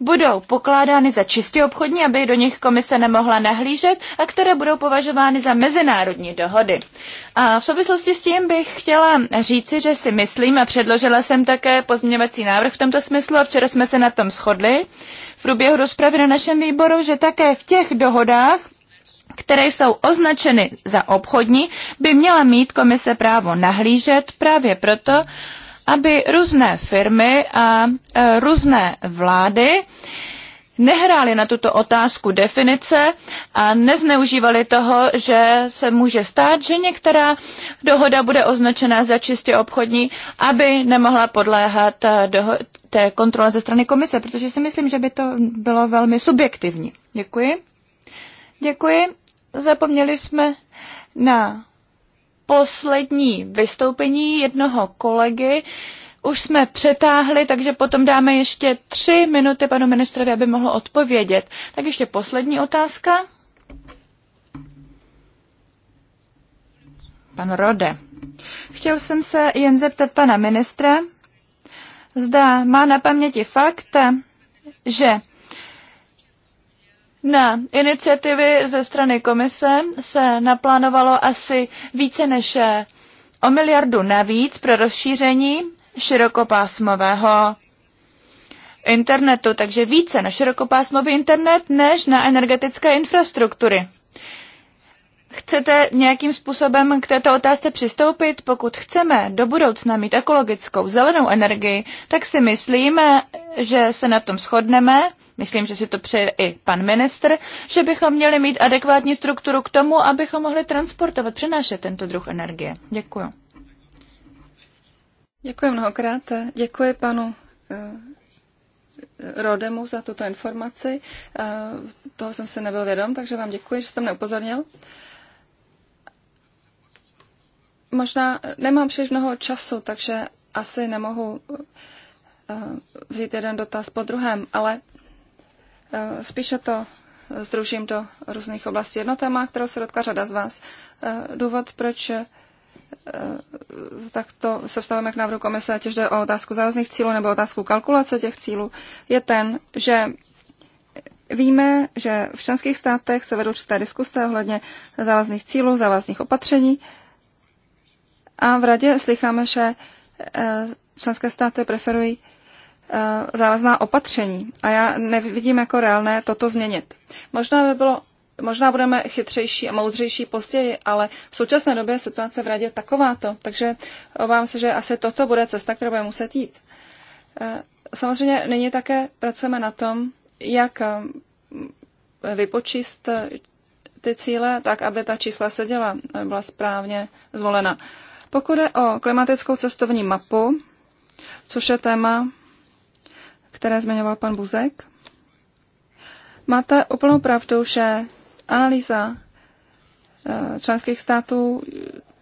Speaker 3: budou pokládány za čistě obchodní, aby do nich komise nemohla nahlížet a které budou považovány za mezinárodní dohody. A v souvislosti s tím bych chtěla říci, že si myslím a předložila jsem také pozměňovací návrh v tomto smyslu a včera jsme se na tom shodli v průběhu rozpravy na našem výboru, že také v těch dohodách, které jsou označeny za obchodní, by měla mít komise právo nahlížet právě proto, aby různé firmy a e, různé vlády nehráli na tuto otázku definice a nezneužívali toho, že se může stát, že některá dohoda bude označena za čistě obchodní, aby nemohla podléhat e, doho- té kontrole ze strany komise, protože si myslím, že by to bylo velmi subjektivní. Děkuji. Děkuji. Zapomněli jsme na poslední vystoupení jednoho kolegy. Už jsme přetáhli, takže potom dáme ještě tři minuty panu ministrovi, aby mohl odpovědět. Tak ještě poslední otázka. Pan Rode. Chtěl jsem se jen zeptat pana ministra, zda má na paměti fakt, že na iniciativy ze strany komise se naplánovalo asi více než eh, o miliardu navíc pro rozšíření širokopásmového internetu, takže více na širokopásmový internet než na energetické infrastruktury. Chcete nějakým způsobem k této otázce přistoupit? Pokud chceme do budoucna mít ekologickou zelenou energii, tak si myslíme, že se na tom shodneme myslím, že si to přeje i pan ministr, že bychom měli mít adekvátní strukturu k tomu, abychom mohli transportovat, přenášet tento druh energie. Děkuji.
Speaker 4: Děkuji mnohokrát. Děkuji panu eh, Rodemu za tuto informaci. Eh, toho jsem se nebyl vědom, takže vám děkuji, že jste mě upozornil. Možná nemám příliš mnoho času, takže asi nemohu eh, vzít jeden dotaz po druhém, ale Eh, spíše to eh, združím do různých oblastí. Jedno téma, kterou se dotká řada z vás. Eh, důvod, proč takto se vstavujeme k návrhu komise, ať jde o otázku závazných cílů nebo otázku kalkulace těch cílů, je ten, že víme, že v členských státech se vedou určité diskuse ohledně závazných cílů, závazných opatření a v radě slycháme, že členské státy preferují Eh, závazná opatření a já nevidím jako reálné toto změnit. Možná by bylo Možná budeme chytřejší a moudřejší později, ale v současné době je situace v radě takováto, takže obávám se, že asi toto bude cesta, kterou bude muset jít. Eh, samozřejmě nyní také pracujeme na tom, jak eh, vypočíst ty cíle tak, aby ta čísla seděla, byla správně zvolena. Pokud je o klimatickou cestovní mapu, což je téma, které zmiňoval pan Buzek. Máte úplnou pravdu, že analýza eh, členských států,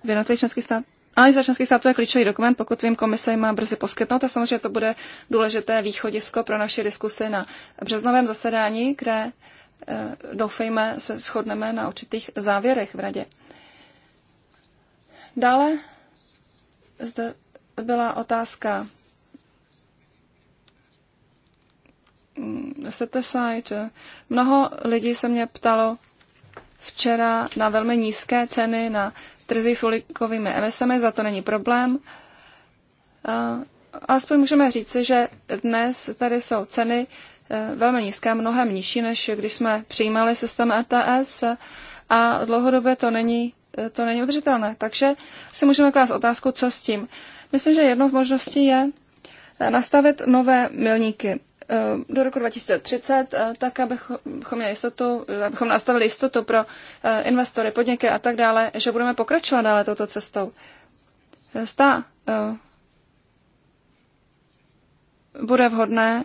Speaker 4: v jednotlivých členských států, analýza členských států je klíčový dokument, pokud vím, komise má brzy poskytnout a samozřejmě to bude důležité východisko pro naše diskusy na březnovém zasedání, kde eh, doufejme se shodneme na určitých závěrech v radě. Dále zde byla otázka set aside. Mnoho lidí se mě ptalo včera na velmi nízké ceny na trzích s ulikovými MSM, za to není problém. Alespoň můžeme říci, že dnes tady jsou ceny e, velmi nízké, mnohem nižší, než když jsme přijímali systém ETS a dlouhodobě to není, e, to není udržitelné. Takže si můžeme klást otázku, co s tím. Myslím, že jednou z možností je e, nastavit nové milníky. Eh, do roku 2030, eh, tak abychom, měli jistotu, abychom nastavili jistotu pro eh, investory, podniky a tak dále, že budeme pokračovat dále touto cestou. Stá bude vhodné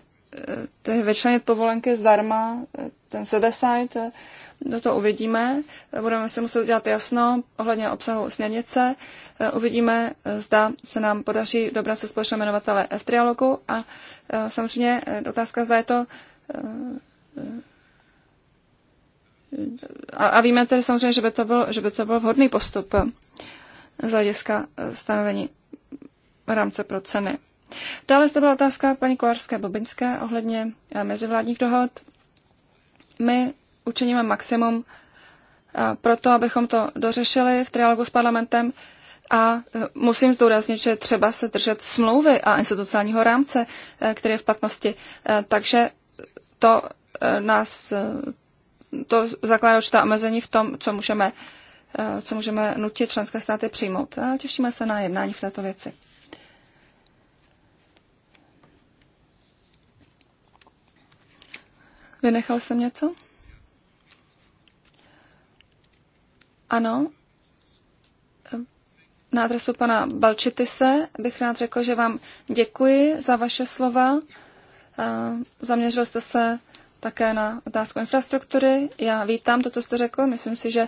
Speaker 4: vyčlenit povolenky zdarma, ten set aside, do toho uvidíme. Budeme se muset udělat jasno ohledně obsahu směrnice. Uvidíme, zda se nám podaří dobrat se společného jmenovatele v trialogu a e, samozřejmě e, otázka, zda je to e, a, a víme tedy samozřejmě, že by, to byl, že by to byl vhodný postup z hlediska stanovení rámce pro ceny. Dále zde byla otázka paní Kolarské Bobinské ohledně mezivládních dohod. My učiníme maximum eh, pro to, abychom to dořešili v trialogu s parlamentem. A eh, musím zdůraznit, že třeba se držet smlouvy a institucionálního rámce, eh, který je v platnosti. Takže to nás to zakládá určitá omezení v tom, co můžeme, co můžeme nutit členské státy přijmout. A těšíme se na jednání v této věci. Vynechal jsem něco? Ano, na adresu pana Balčitise bych rád řekl, že vám děkuji za vaše slova. Zaměřil jste se také na otázku infrastruktury. Já vítám to, co jste řekl. Myslím si, že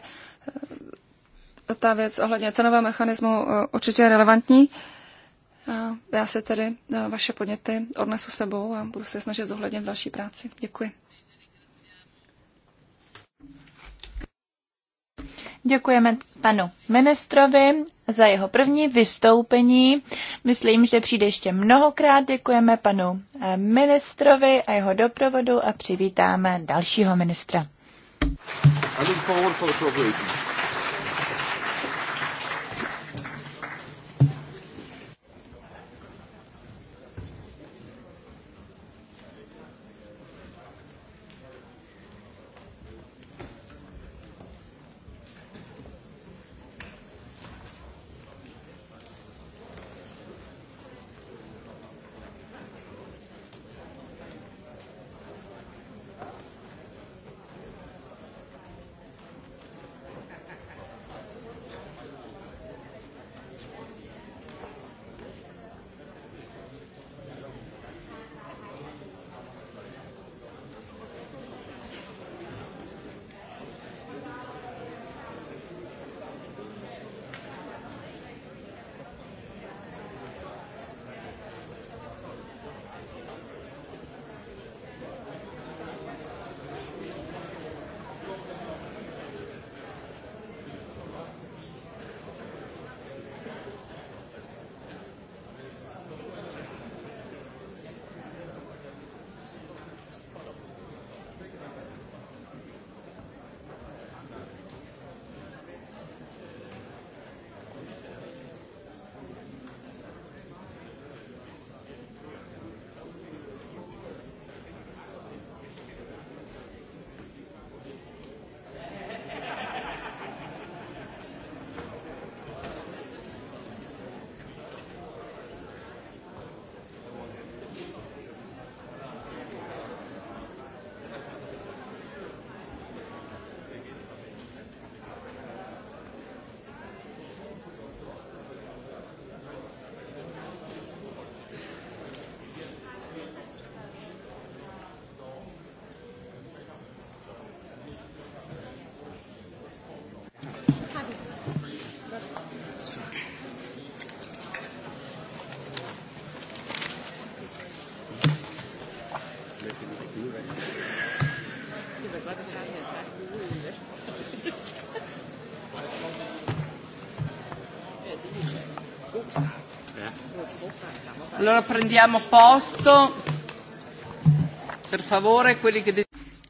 Speaker 4: eh, ta věc ohledně cenového mechanismu eh, určitě je relevantní. Já si tedy eh, vaše podněty odnesu sebou a budu se snažit zohlednit v další práci. Děkuji.
Speaker 3: Děkujeme panu ministrovi za jeho první vystoupení. Myslím, že přijde ještě mnohokrát. Děkujeme panu eh, ministrovi a jeho doprovodu a přivítáme dalšího ministra.
Speaker 2: I look forward for the
Speaker 1: Allora prendiamo
Speaker 3: posto. Per favore, quelli che...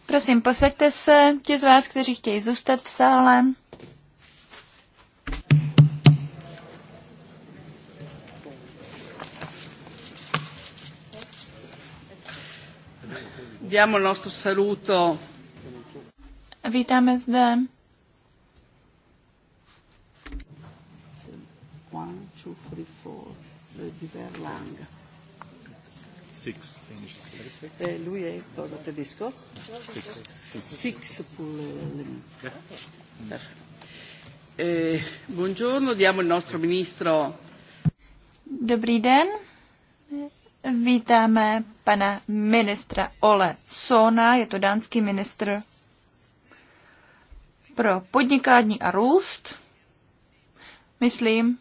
Speaker 3: Prosím, posaďte se, ti z vás, kteří chtějí zůstat v sále. Diamo il nostro saluto. Vítáme zde
Speaker 2: vote des scores Six. Six pour le... Eh, buongiorno, diamo il nostro
Speaker 4: ministro.
Speaker 3: Dobrý den. Vítáme pana ministra Ole Sona, je to dánský ministr pro podnikání a růst. Myslím,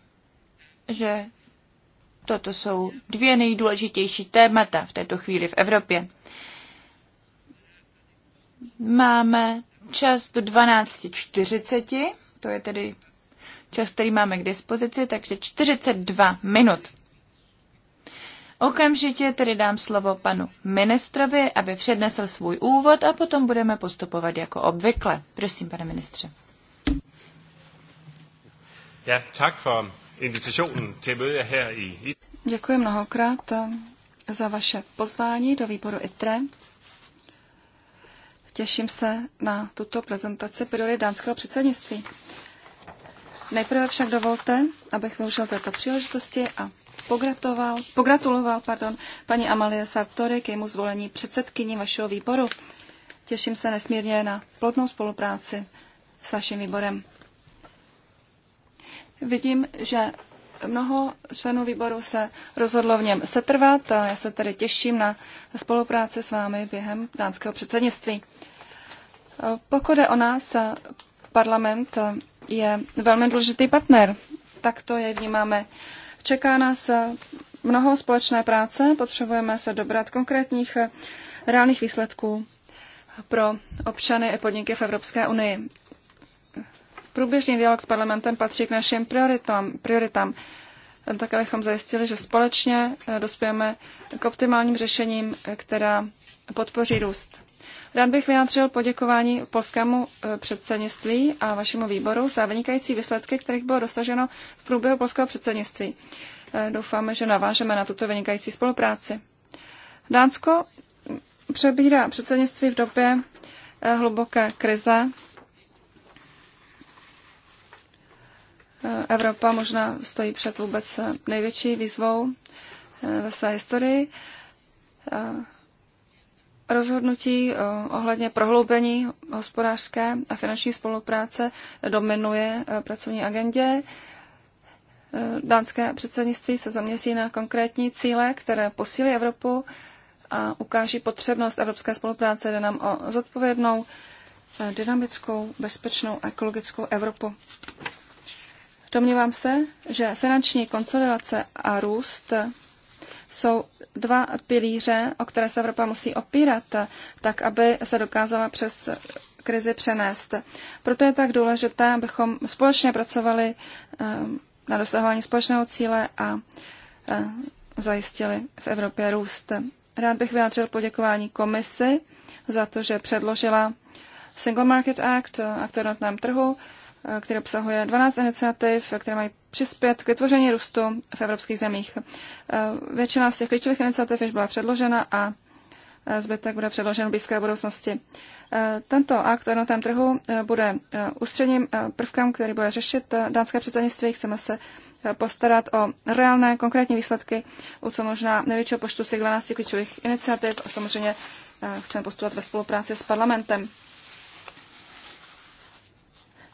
Speaker 3: že toto jsou dvě nejdůležitější témata v této chvíli v Evropě máme čas do 12.40, to je tedy čas, který máme k dispozici, takže 42 minut. Okamžitě tedy dám slovo panu ministrovi, aby přednesl svůj úvod a potom budeme postupovat jako obvykle. Prosím, pane ministře.
Speaker 2: Ja, tak for invitationen til møde her i...
Speaker 4: Děkuji mnohokrát za vaše pozvání do výboru ITRE. Těším se na tuto prezentaci priory dánského předsednictví. Nejprve však dovolte, abych využil této příležitosti a pogratuloval, pogratuloval pardon, paní Amalie Sartori k jejímu zvolení předsedkyní vašeho výboru. Těším se nesmírně na plodnou spolupráci s vaším výborem. Vidím, že Mnoho členů výboru se rozhodlo v něm setrvat a já se tedy těším na spolupráci s vámi během dánského předsednictví. Pokud je o nás, parlament je velmi důležitý partner. Tak to je vnímáme. Čeká nás mnoho společné práce, potřebujeme se dobrat konkrétních reálných výsledků pro občany i podniky v Evropské unii. Průběžný dialog s parlamentem patří k našim prioritám, prioritám tak abychom zajistili, že společně eh, dospějeme k optimálním řešením, eh, která podpoří růst. Rád bych vyjádřil poděkování polskému eh, předsednictví a vašemu výboru za vynikající výsledky, kterých bylo dosaženo v průběhu polského předsednictví. Doufáme, že navážeme na tuto vynikající spolupráci. Dánsko přebírá předsednictví v době hluboké krize Evropa možná stojí před vůbec největší výzvou eh, ve své historii. Rozhodnutí eh, ohledně prohloubení hospodářské a finanční spolupráce dominuje eh, pracovní agendě. Dánské předsednictví se zaměří na konkrétní cíle, které posílí Evropu a ukáží potřebnost evropské spolupráce. Jde nám o zodpovědnou, dynamickou, bezpečnou a ekologickou Evropu. Domnívám se, že finanční konsolidace a růst jsou dva pilíře, o které se Evropa musí opírat, tak aby se dokázala přes krizi přenést. Proto je tak důležité, abychom společně pracovali ehm, na dosahování společného cíle a ehm, zajistili v Evropě růst. Rád bych vyjádřil poděkování komisi za to, že předložila Single Market Act, akt o trhu, který obsahuje 12 iniciativ, které mají přispět k vytvoření růstu v evropských zemích. E, většina z těch klíčových iniciativ již byla předložena a e, zbytek bude předložen v blízké budoucnosti. E, tento akt o jednotném trhu bude ústředním prvkem, který bude řešit dánské předsednictví. Chceme se postarat o reálné, konkrétní výsledky u co možná největšího počtu z 12 klíčových iniciativ a samozřejmě chceme postupovat ve spolupráci s parlamentem.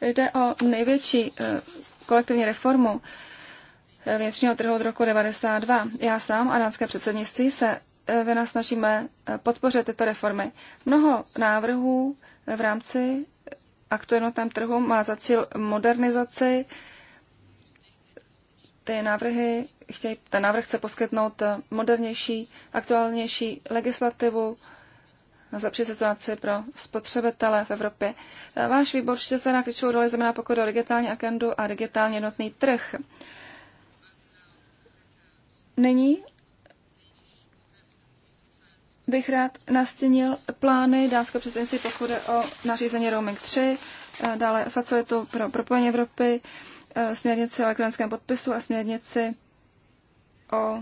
Speaker 4: Jde o největší eh, kolektivní reformu eh, vnitřního trhu od roku 1992. Já sám a dánské předsednictví se eh, snažíme podpořit tyto reformy. Mnoho návrhů v rámci aktu jednotném trhu má za cíl modernizaci. Ty návrhy chtějí, ten návrh chce poskytnout modernější, aktuálnější legislativu, zlepší situaci pro spotřebitele v Evropě. Váš výbor určitě se na klíčovou roli znamená pokud o digitální agendu a digitálně jednotný trh. Nyní bych rád nastínil plány dánského předsednictví, pokud o nařízení Roaming 3, dále facilitu pro propojení Evropy, eh, směrnici o elektronickém podpisu a směrnici o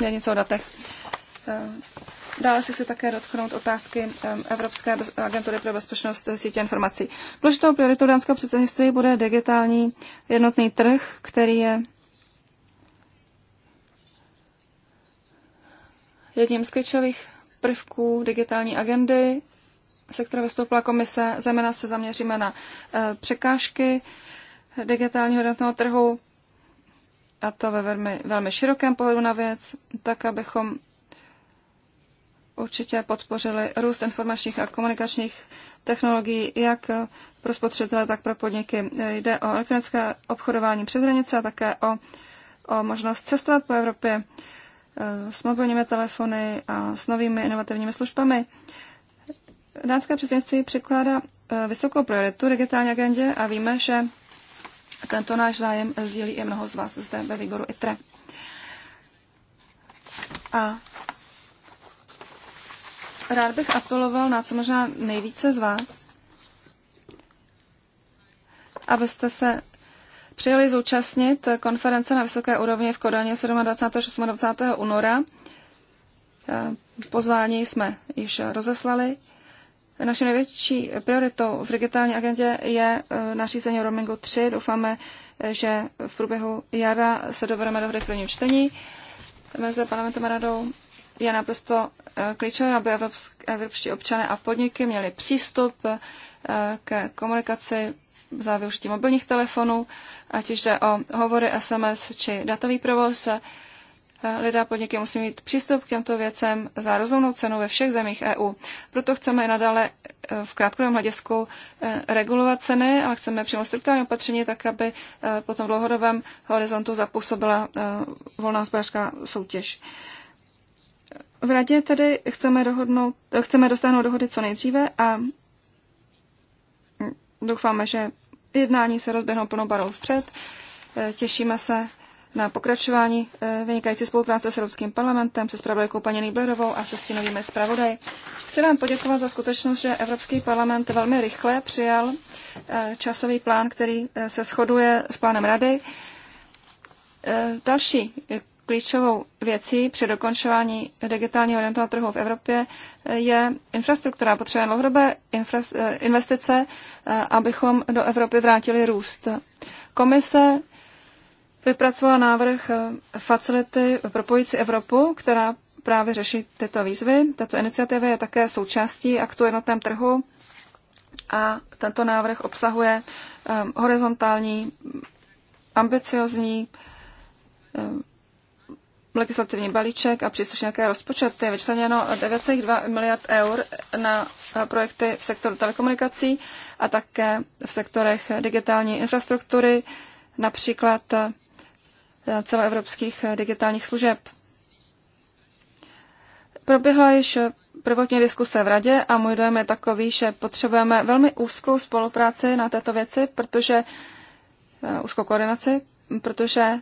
Speaker 4: směrnici o datech. Dále se chci také dotknout otázky Evropské agentury pro bezpečnost sítě informací. Důležitou prioritou dánského předsednictví bude digitální jednotný trh, který je jedním z klíčových prvků digitální agendy, se kterou vystoupila komise. Zejména se zaměříme na eh, překážky digitálního jednotného trhu, a to ve velmi, velmi širokém pohledu na věc, tak abychom určitě podpořili růst informačních a komunikačních technologií jak pro spotřebitele, tak pro podniky. Jde o elektronické obchodování přes hranice a také o, o možnost cestovat po Evropě eh, s mobilními telefony a s novými inovativními službami. Dánské předsednictví přikládá eh, vysokou prioritu digitální agendě a víme, že tento náš zájem sdílí i mnoho z vás zde ve výboru ITRE. A rád bych apeloval na co možná nejvíce z vás, abyste se přijeli zúčastnit konference na vysoké úrovni v Kodaně 27. 28. února. Pozvání jsme již rozeslali. Naše největší prioritou v digitální agendě je eh, nařízení o roamingu 3. Doufáme, že v průběhu jara se dovedeme do hry v prvním čtení. Mezi parlamentem a radou je naprosto eh, klíčové, aby evropští občané a podniky měli přístup eh, ke komunikaci za využití mobilních telefonů, ať už jde o hovory, SMS či datový provoz. Eh, lidé a podniky musí mít přístup k těmto věcem za rozumnou cenu ve všech zemích EU. Proto chceme i nadále v krátkodobém hledisku regulovat ceny, ale chceme přímo strukturální opatření tak, aby po tom dlouhodobém horizontu zapůsobila volná hospodářská soutěž. V radě tedy chceme, dohodnout, chceme dostáhnout dohody co nejdříve a doufáme, že jednání se rozběhnou plnou barou vpřed. Eh, těšíme se na pokračování eh, vynikající spolupráce s Evropským parlamentem, se spravodajkou paní Nýblerovou a se stínovými zpravodaj. Chci vám poděkovat za skutečnost, že Evropský parlament velmi rychle přijal eh, časový plán, který se shoduje s plánem Rady. Další klíčovou věcí při dokončování digitálního jednotného trhu v Evropě eh, je infrastruktura. Potřebujeme dlouhodobé eh, investice, eh, abychom do Evropy vrátili růst. Komise vypracovala návrh facility propojící Evropu, která právě řeší tyto výzvy. Tato iniciativa je také součástí aktu jednotném trhu a tento návrh obsahuje horizontální, ambiciozní legislativní balíček a příslušně nějaké rozpočty. vyčleněno 9,2 miliard eur na eh, projekty v sektoru telekomunikací a také v sektorech digitální infrastruktury, například eh, celoevropských eh, digitálních služeb. Proběhla již prvotní diskuse v radě a můj dojem je takový, že potřebujeme velmi úzkou spolupráci na této věci, protože úzkou koordinaci, protože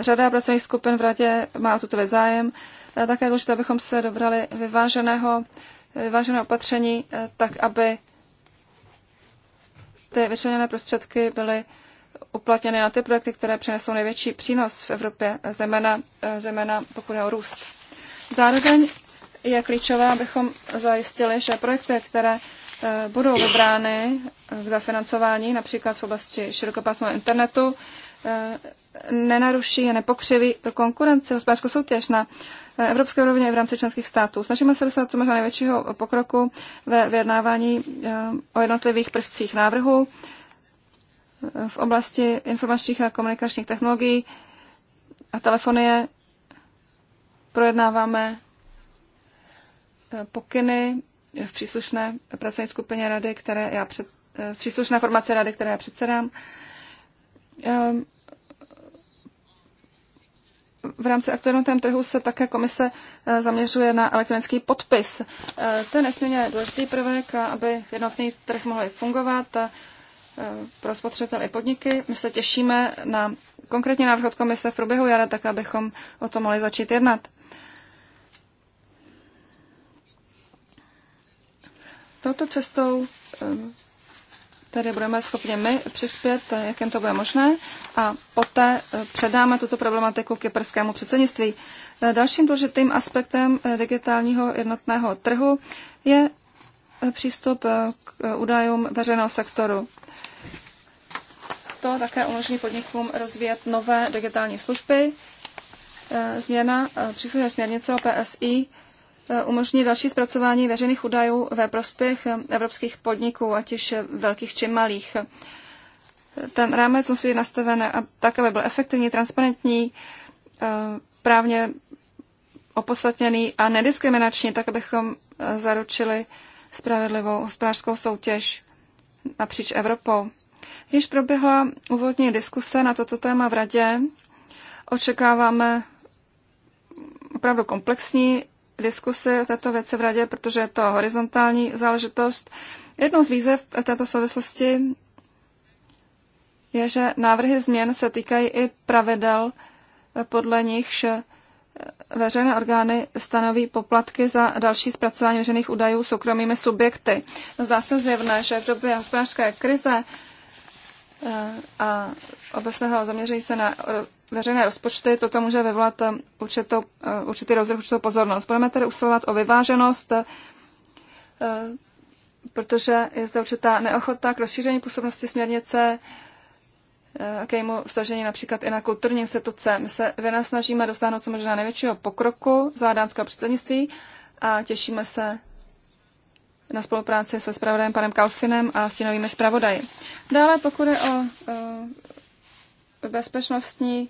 Speaker 4: Řada pracovních skupin v radě má o tuto věc zájem. Také je důležité, abychom se dobrali vyváženého, vyváženého opatření, eh, tak aby ty vyčleněné prostředky byly uplatněny na ty projekty, které přinesou největší přínos v Evropě, zejména, eh, zejména pokud je o růst. Zároveň je klíčové, abychom zajistili, že projekty, které eh, budou vybrány k zafinancování, například v oblasti širokopásmového internetu, nenaruší a nepokřiví konkurenci, hospodářskou soutěž na eh, evropské úrovni v rámci členských států. Snažíme se dostat co možná největšího pokroku ve vyjednávání eh, o jednotlivých prvcích návrhu eh, v oblasti informačních a komunikačních technologií a telefonie. Projednáváme pokyny v příslušné pracovní skupině rady, které já před, v příslušné formaci rady, které já předsedám. Ehm, v rámci aktuálního trhu se také komise eh, zaměřuje na elektronický podpis. Eh, to je nesmírně důležitý prvek, aby jednotný trh mohl fungovat eh, pro spotřebitel i podniky. My se těšíme na konkrétní návrh od komise v průběhu jara, tak abychom o tom mohli začít jednat. Touto cestou tedy budeme schopni my přispět, eh, jak jim to bude možné, a poté eh, předáme tuto problematiku kyperskému předsednictví. Eh, dalším důležitým aspektem digitálního jednotného trhu je přístup k údajům veřejného sektoru. To také umožní podnikům rozvíjet nové digitální služby. Změna příslušné směrnice o PSI Eh, umožní další zpracování veřejných údajů ve prospěch eh, evropských podniků, ať už velkých či malých. Ten rámec musí být nastaven tak, aby byl efektivní, transparentní, eh, právně opodstatněný a nediskriminační, tak abychom zaručili spravedlivou hospodářskou soutěž napříč Evropou. Již proběhla úvodní diskuse na toto téma v Radě. Očekáváme opravdu komplexní diskusi o této věci v radě, protože je to horizontální záležitost. Jednou z výzev této souvislosti je, že návrhy změn se týkají i pravidel, podle nichž veřejné orgány stanoví poplatky za další zpracování veřejných údajů soukromými subjekty. Zdá se zjevné, že v době hospodářské krize eh, a obecného zaměření se na eh, veřejné rozpočty, toto může vyvolat eh, určitou, eh, určitý rozdíl, určitou pozornost. Budeme tedy usilovat o vyváženost, eh, protože je zde určitá neochota k rozšíření působnosti směrnice, k jejímu vstažení například i na kulturní instituce. My se vy nás snažíme dosáhnout co možná největšího pokroku za dánského předsednictví a těšíme se na spolupráci se spravodajem panem Kalfinem a s novými zpravodaji. Dále, pokud je o bezpečnostní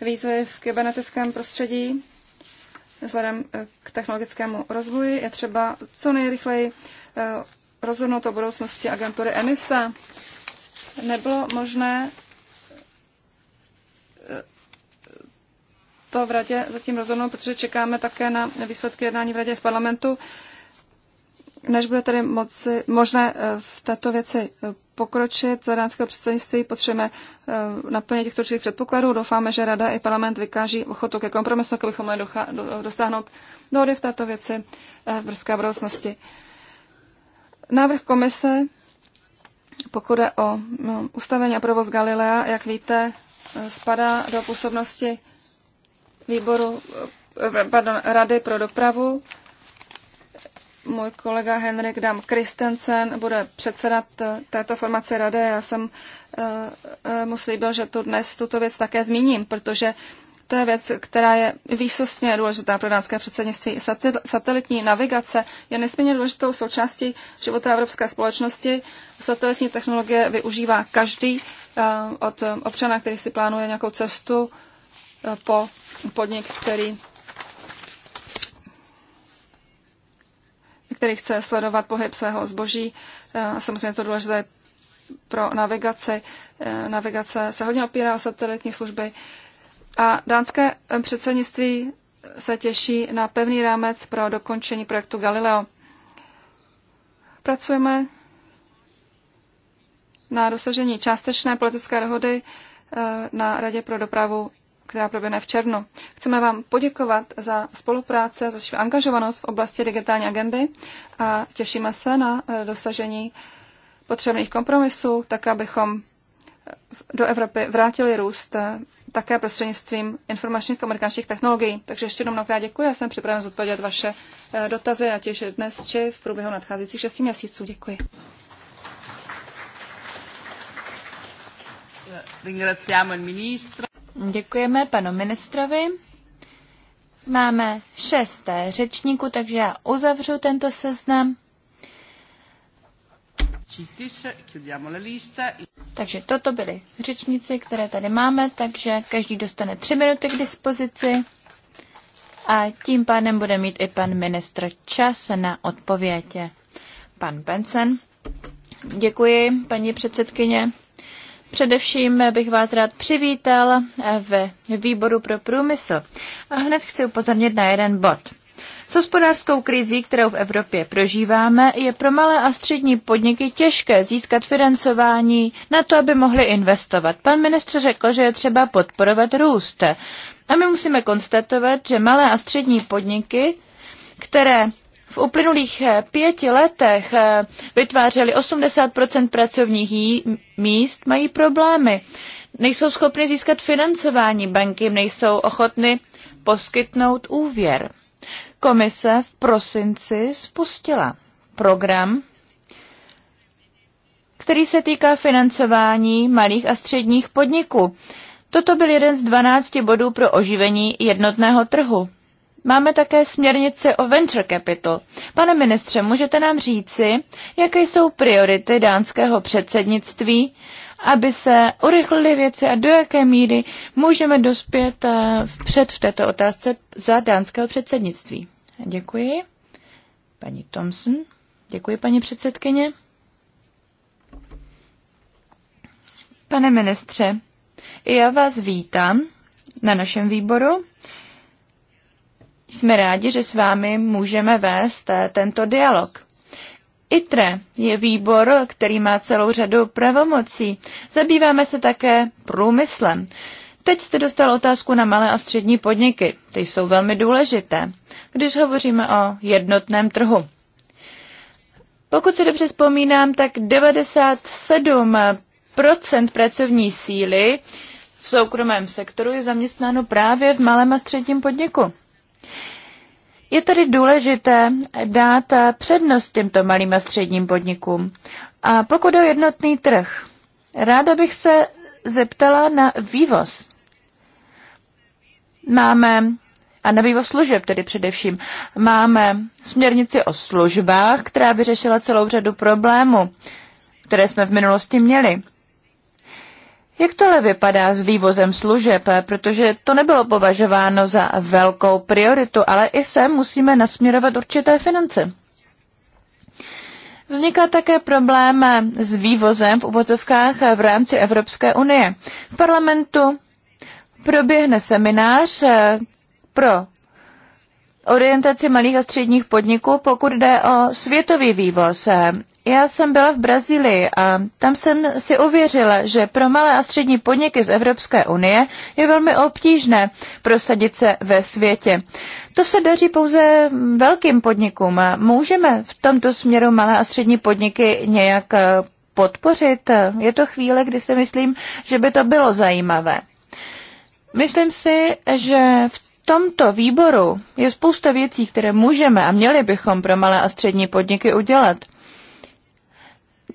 Speaker 4: výzvy v kybernetickém prostředí vzhledem eh, k technologickému rozvoji je třeba co nejrychleji eh, rozhodnout o budoucnosti agentury ENISA. Nebylo možné eh, to v radě zatím rozhodnout, protože čekáme také na výsledky jednání v radě v parlamentu. Než bude tady moci, možné eh, v této věci eh, pokročit za dánského předsednictví, potřebujeme eh, naplnit těchto určitých předpokladů. Doufáme, že Rada i parlament vykáží ochotu ke kompromisu, aby bychom mohli dosáhnout dohody v této věci v brzké budoucnosti. Návrh komise, pokud je o no, ustavení a provoz Galilea, jak víte, spadá do působnosti výboru, pardon, Rady pro dopravu můj kolega Henrik Dam Kristensen bude předsedat eh, této formace rady. Já jsem eh, eh, mu slíbil, že tu dnes tuto věc také zmíním, protože to je věc, která je výsostně důležitá pro dánské předsednictví. Satel, satelitní navigace je nesmírně důležitou součástí života evropské společnosti. Satelitní technologie využívá každý od občana, který si plánuje nějakou cestu po podnik, který který chce sledovat pohyb svého zboží. Eh, a samozřejmě to důležité pro navigaci. Eh, navigace se hodně opírá o satelitní služby. A dánské předsednictví se těší na pevný rámec pro dokončení projektu Galileo. Pracujeme na dosažení částečné politické dohody eh, na Radě pro dopravu která proběhne v červnu. Chceme vám poděkovat za spolupráce, za svou angažovanost v oblasti digitální agendy a těšíme se na eh, dosažení potřebných kompromisů, tak abychom eh, do Evropy vrátili růst eh, také prostřednictvím informačních komunikačních technologií. Takže ještě jednou mnohokrát děkuji a jsem připraven zodpovědět vaše dotazy, a již dnes či v průběhu
Speaker 3: nadcházejících 6 měsíců. Děkuji. Děkujeme panu ministrovi. Máme šesté řečníku, takže já uzavřu tento seznam. Takže toto byly řečníci, které tady máme, takže každý dostane tři minuty k dispozici a tím pádem bude mít i pan ministr čas na odpovědě. Pan Benson. Děkuji, paní předsedkyně. Především bych vás rád přivítal ve výboru pro průmysl. A hned chci upozornit na jeden bod. S hospodářskou krizí, kterou v Evropě prožíváme, je pro malé a střední podniky těžké získat financování na to, aby mohli investovat. Pan ministr řekl, že je třeba podporovat růst. A my musíme konstatovat, že malé a střední podniky, které v uplynulých eh, pěti letech eh, vytvářeli 80 pracovních míst, mají problémy. Nejsou schopny získat financování, banky nejsou ochotny poskytnout úvěr. Komise v prosinci spustila program, který se týká financování malých a středních podniků. Toto byl jeden z 12 bodů pro oživení jednotného trhu. Máme také směrnici o venture capital. Pane ministře, můžete nám říci, jaké jsou priority dánského předsednictví, aby se urychlily věci a do jaké míry můžeme dospět eh, vpřed v této otázce za dánského předsednictví. Děkuji. Paní Thompson. Děkuji, paní předsedkyně. Pane ministře, já vás vítám na našem výboru. Jsme rádi, že s vámi můžeme vést eh, tento dialog. ITRE je výbor, který má celou řadu pravomocí. Zabýváme se také průmyslem. Teď jste dostal otázku na malé a střední podniky. Ty jsou velmi důležité, když hovoříme o jednotném trhu. Pokud si dobře vzpomínám, tak 97% pracovní síly v soukromém sektoru je zaměstnáno právě v malém a středním podniku. Je tedy důležité dát přednost těmto malým a středním podnikům. A pokud o jednotný trh, ráda bych se zeptala na vývoz. Máme, a na vývoz služeb tedy především, máme směrnici o službách, která by řešila celou řadu problémů, které jsme v minulosti měli. Jak tohle vypadá s vývozem služeb, protože to nebylo považováno za velkou prioritu, ale i se musíme nasměrovat určité finance. Vzniká také problém s vývozem v uvozovkách v rámci Evropské unie. V parlamentu proběhne seminář pro orientaci malých a středních podniků, pokud jde o světový vývoz. Já jsem byla v Brazílii a tam jsem si uvěřila, že pro malé a střední podniky z Evropské unie je velmi obtížné prosadit se ve světě. To se daří pouze velkým podnikům. Můžeme v tomto směru malé a střední podniky nějak eh, podpořit? Je to chvíle, kdy si myslím, že by to bylo zajímavé. Myslím si, že v tomto výboru je spousta věcí, které můžeme a měli bychom pro malé a střední podniky udělat.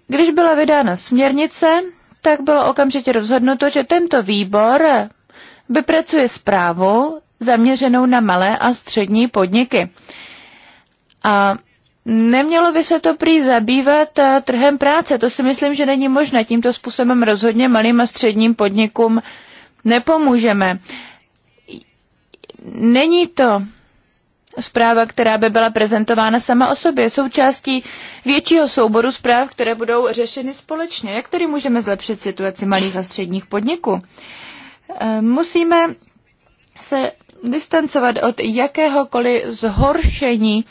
Speaker 3: Když byla vydána směrnice, tak bylo okamžitě rozhodnuto, že tento výbor vypracuje zprávu zaměřenou na malé a střední podniky. A nemělo by se to prý zabývat eh, trhem práce. To si myslím, že není možné. Tímto způsobem rozhodně malým a středním podnikům nepomůžeme není to zpráva, která by byla prezentována sama o sobě, je součástí většího souboru zpráv, které budou řešeny společně. Jak tedy můžeme zlepšit situaci malých a středních podniků? Eh, musíme se distancovat od jakéhokoliv zhoršení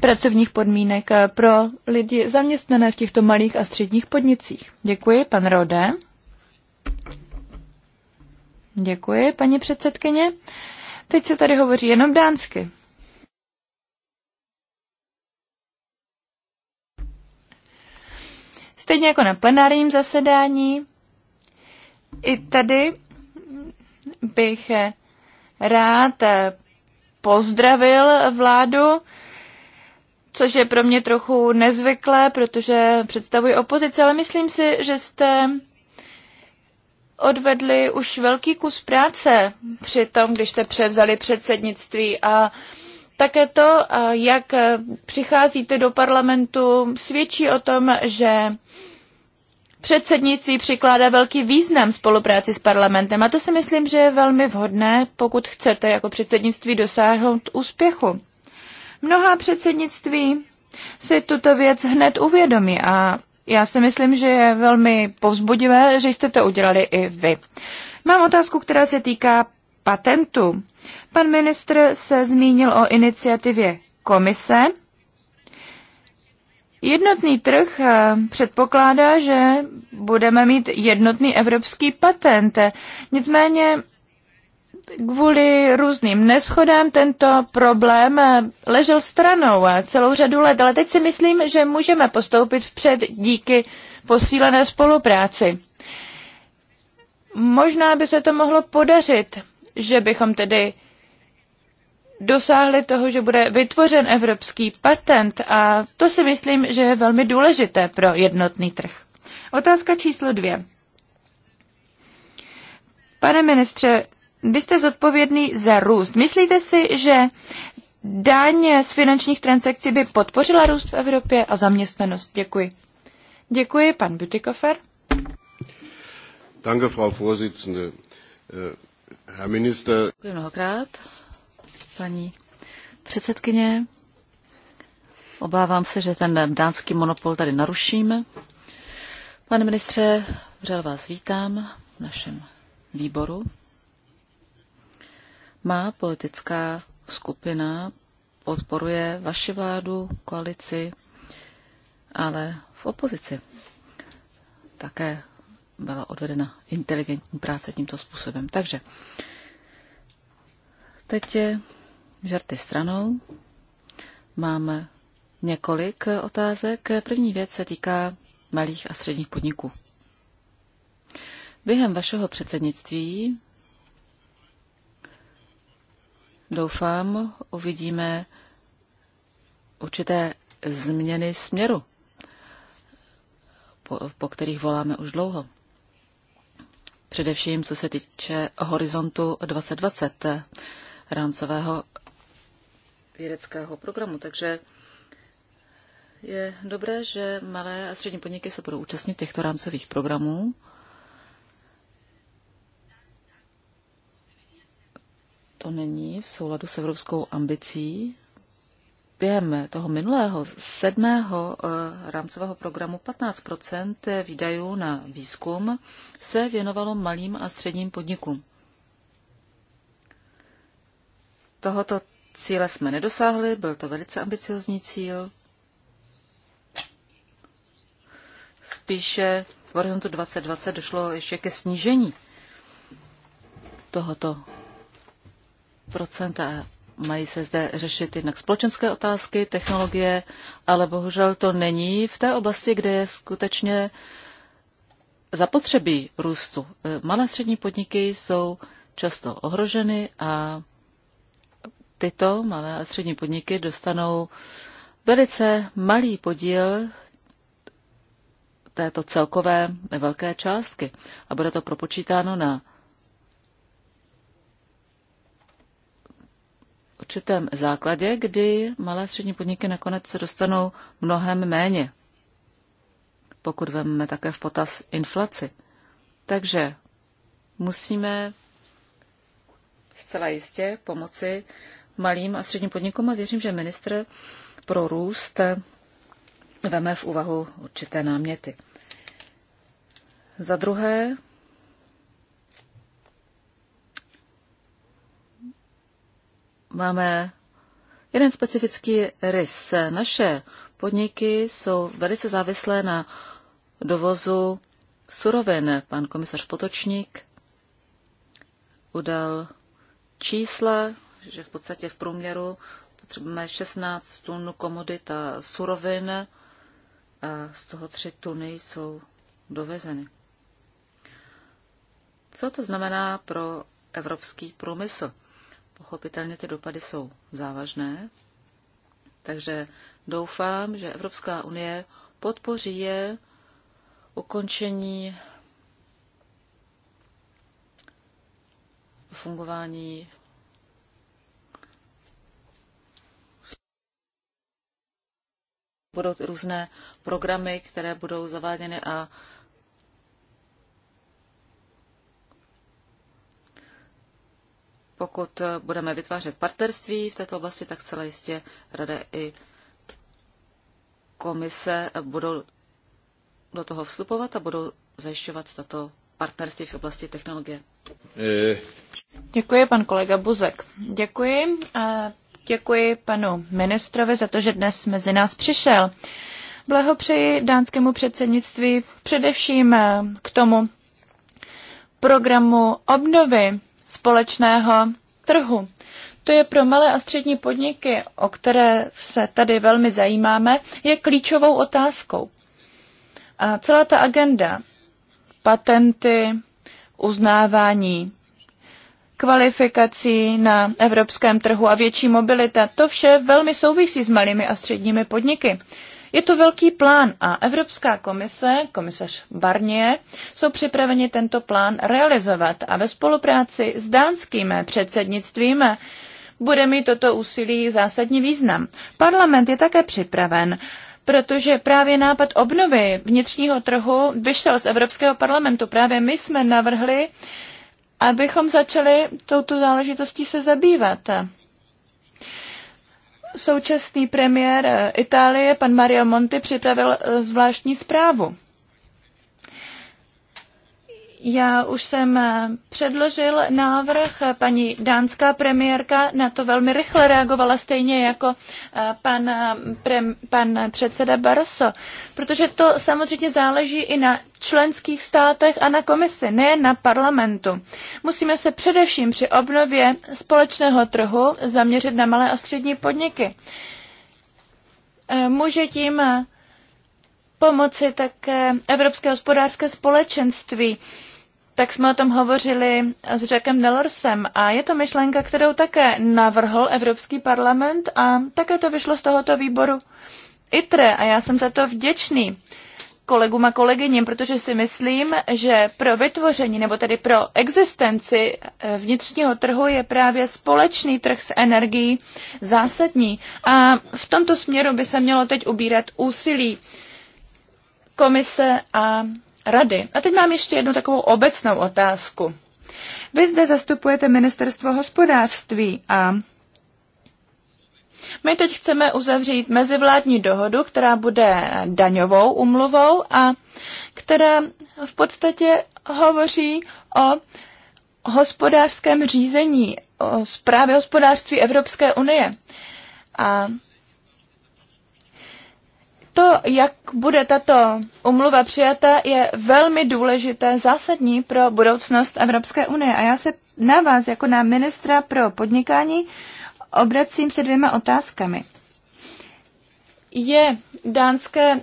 Speaker 3: pracovních podmínek pro lidi zaměstnané v těchto malých a středních podnicích. Děkuji, pan Rode. Děkuji, paní předsedkyně. Uh, Teď se tady hovoří jenom dánsky. Stejně jako na plenárním zasedání, i tady bych rád pozdravil vládu, což je pro mě trochu nezvyklé, protože představuji opozici, ale myslím si, že jste odvedli už velký kus práce při tom, když jste převzali předsednictví a také to, jak přicházíte do parlamentu, svědčí o tom, že předsednictví přikládá velký význam spolupráci s parlamentem a to si myslím, že je velmi vhodné, pokud chcete jako předsednictví dosáhnout úspěchu. Mnohá předsednictví si tuto věc hned uvědomí a já si myslím, že je velmi povzbudivé, že jste to udělali i vy. Mám otázku, která se týká patentu. Pan ministr se zmínil o iniciativě komise. Jednotný trh eh, předpokládá, že budeme mít jednotný evropský patent. Nicméně kvůli různým neschodám tento problém eh, ležel stranou eh, celou řadu let, ale teď si myslím, že můžeme postoupit vpřed díky posílené spolupráci. Možná by se to mohlo podařit, že bychom tedy dosáhli toho, že bude vytvořen evropský patent a to si myslím, že je velmi důležité pro jednotný trh. Otázka číslo dvě. Pane ministře, vy jste zodpovědný za růst. Myslíte si, že daň z finančních transakcí by podpořila růst v Evropě a zaměstnanost? Děkuji. Děkuji, pan Bütikofer.
Speaker 2: Danke, Frau Vorsitzende. Äh, Herr Minister.
Speaker 3: Děkuji mnohokrát,
Speaker 1: paní předsedkyně. Obávám se, že ten dánský monopol tady narušíme. Pane ministře, vřel vás vítám v našem výboru. Má politická skupina podporuje vaši vládu, koalici, ale v opozici. Také byla odvedena inteligentní práce tímto způsobem. Takže teď je žarty stranou. Máme několik otázek. První věc se týká malých a středních podniků. Během vašeho předsednictví doufám, uvidíme určité změny směru, po, po kterých voláme už dlouho. Především co se týče horizontu 2020 rámcového vědeckého programu. Takže je dobré, že malé a střední podniky se budou účastnit těchto rámcových programů. to není v souladu s evropskou ambicí. Během toho minulého sedmého eh, rámcového programu 15 výdajů na výzkum se věnovalo malým a středním podnikům. Tohoto cíle jsme nedosáhli, byl to velice ambiciozní cíl. Spíše v horizontu 2020 došlo ještě ke snížení tohoto a mají se zde řešit jednak společenské otázky, technologie, ale bohužel to není v té oblasti, kde je skutečně zapotřebí růstu. E, malé střední podniky jsou často ohroženy a tyto malé a střední podniky dostanou velice malý podíl této celkové velké částky a bude to propočítáno na určitém základě, kdy malé střední podniky nakonec se dostanou mnohem méně, pokud vezmeme také v potaz inflaci. Takže musíme zcela jistě pomoci malým a středním podnikům a věřím, že ministr pro růst veme v úvahu určité náměty. Za druhé, máme jeden specifický rys. Naše podniky jsou velice závislé na dovozu surovin. Pan komisař Potočník udal čísla, že v podstatě v průměru potřebujeme 16 tun komodit a surovin a z toho 3 tuny jsou dovezeny. Co to znamená pro evropský průmysl? Pochopitelně ty dopady jsou závažné, takže doufám, že Evropská unie podpoří je ukončení fungování budou různé programy, které budou zaváděny a Pokud eh, budeme vytvářet partnerství v této oblasti, tak celé jistě Rada i komise budou do toho vstupovat a budou zajišťovat tato partnerství v oblasti
Speaker 3: technologie. Eh. Děkuji, pan kolega Buzek. Děkuji. A děkuji panu ministrovi za to, že dnes mezi nás přišel. Blahopřeji dánskému předsednictví především eh, k tomu programu obnovy společného trhu. To je pro malé a střední podniky, o které se tady velmi zajímáme, je klíčovou otázkou. A celá ta agenda, patenty, uznávání kvalifikací na evropském trhu a větší mobilita, to vše velmi souvisí s malými a středními podniky. Je to velký plán a Evropská komise, komisař Barnier, jsou připraveni tento plán realizovat a ve spolupráci s dánským předsednictvím bude mít toto úsilí zásadní význam. Parlament je také připraven protože právě nápad obnovy vnitřního trhu vyšel z Evropského parlamentu. Právě my jsme navrhli, abychom začali touto záležitostí se zabývat. Současný premiér eh, Itálie, pan Mario Monti, připravil eh, zvláštní zprávu já už jsem eh, předložil návrh, paní dánská premiérka na to velmi rychle reagovala, stejně jako eh, pan, eh, prem, pan předseda Barroso, protože to samozřejmě záleží i na členských státech a na komisi, nejen na parlamentu. Musíme se především při obnově společného trhu zaměřit na malé a střední podniky. Může tím pomoci také Evropské hospodářské společenství tak jsme o tom hovořili s Jackem Nellorsem a je to myšlenka, kterou také navrhl Evropský parlament a také to vyšlo z tohoto výboru ITRE a já jsem za to vděčný kolegům a kolegyním, protože si myslím, že pro vytvoření nebo tedy pro existenci eh, vnitřního trhu je právě společný trh s energií zásadní. A v tomto směru by se mělo teď ubírat úsilí komise a rady. A teď mám ještě jednu takovou obecnou otázku. Vy zde zastupujete ministerstvo hospodářství a my teď chceme uzavřít mezivládní dohodu, která bude daňovou umluvou a která v podstatě hovoří o hospodářském řízení, o zprávě hospodářství Evropské unie. A to, jak bude tato umluva přijata, je velmi důležité, zásadní pro budoucnost Evropské unie. A já se na vás, jako na ministra pro podnikání, obracím se dvěma otázkami. Je dánské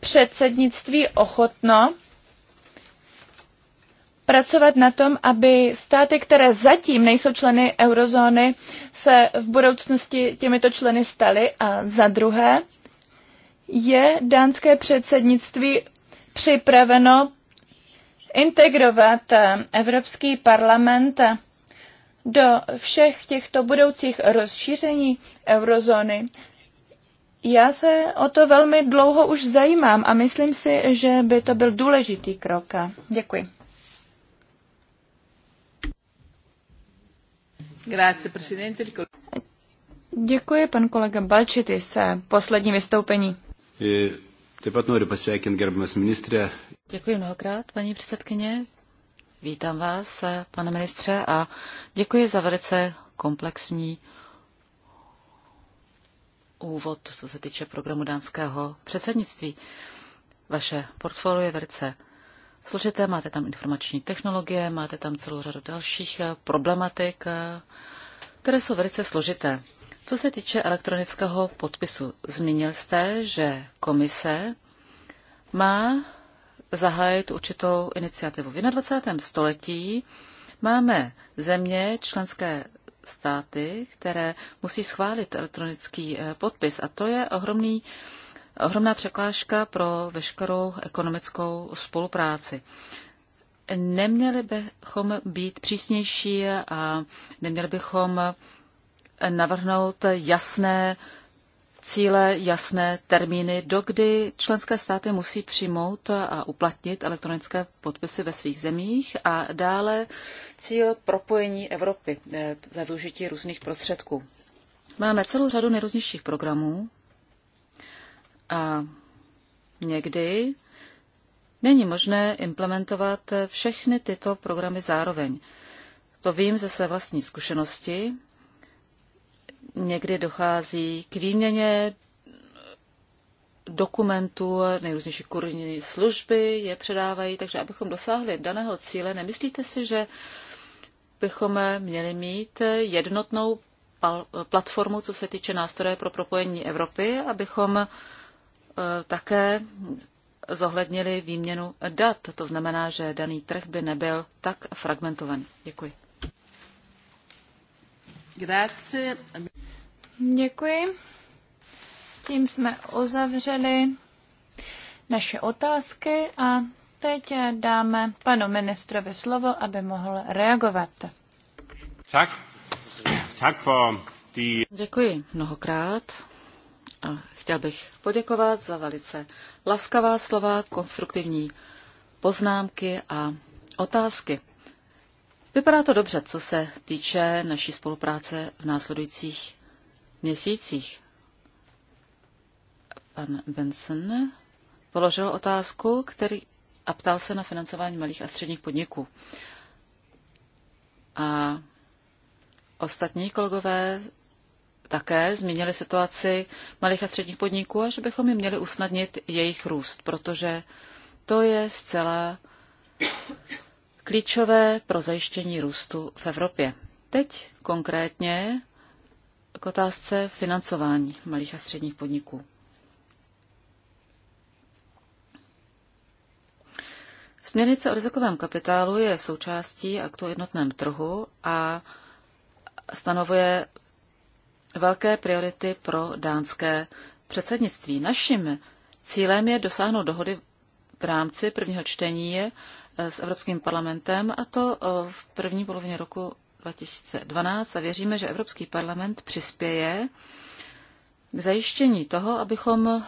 Speaker 3: předsednictví ochotno pracovat na tom, aby státy, které zatím nejsou členy eurozóny, se v budoucnosti těmito členy staly? A za druhé, je dánské předsednictví připraveno integrovat eh, Evropský parlament do všech těchto budoucích rozšíření eurozóny. Já se o to velmi dlouho už zajímám a myslím si, že by to byl důležitý krok. Eh, děkuji. Děkuji, pan kolega Balčity, se eh, poslední vystoupení.
Speaker 2: E, taip pat noriu pasveikinti gerbimas ministrė.
Speaker 3: Děkuji mnohokrát, paní předsedkyně.
Speaker 1: Vítám vás, e, pane ministře, a děkuji za velice komplexní úvod, co se týče programu dánského předsednictví. Vaše portfolio je velice složité, máte tam informační technologie, máte tam celou řadu dalších e, problematik, které jsou velice složité. Co se týče elektronického podpisu, zmínil jste, že komise má zahájit určitou iniciativu. V 21. století máme země, členské státy, které musí schválit elektronický eh, podpis a to je ohromný, ohromná překážka pro veškerou ekonomickou spolupráci. Neměli bychom být přísnější a neměli bychom navrhnout jasné cíle, jasné termíny, dokdy členské státy musí přijmout a uplatnit elektronické podpisy ve svých zemích a dále cíl propojení Evropy eh, za využití různých prostředků. Máme celou řadu nejrůznějších programů a někdy není možné implementovat všechny tyto programy zároveň. To vím ze své vlastní zkušenosti, Někdy dochází k výměně dokumentů, nejrůznější kurní služby je předávají, takže abychom dosáhli daného cíle, nemyslíte si, že bychom měli mít jednotnou platformu, co se týče nástroje pro propojení Evropy, abychom e, také zohlednili výměnu dat. To znamená, že daný trh by nebyl
Speaker 3: tak fragmentovaný. Děkuji. Grazie. Děkuji. Tím jsme uzavřeli naše otázky a teď dáme panu ministrovi slovo, aby mohl reagovat.
Speaker 2: Tak. tak po tý.
Speaker 1: Děkuji mnohokrát a chtěl bych poděkovat za velice laskavá slova, konstruktivní poznámky a otázky. Vypadá to dobře, co se týče naší spolupráce v následujících měsících. Pan Benson položil otázku který, a ptal se na financování malých a středních podniků. A ostatní kolegové také zmínili situaci malých a středních podniků a že bychom jim měli usnadnit jejich růst, protože to je zcela klíčové pro zajištění růstu v Evropě. Teď konkrétně k otázce financování malých a středních podniků. Směrnice o rizikovém kapitálu je součástí aktu jednotném trhu a stanovuje velké priority pro dánské předsednictví. Naším cílem je dosáhnout dohody v rámci prvního čtení s Evropským parlamentem, a to eh, v první polovině roku 2012 a věříme, že Evropský parlament přispěje k zajištění toho, abychom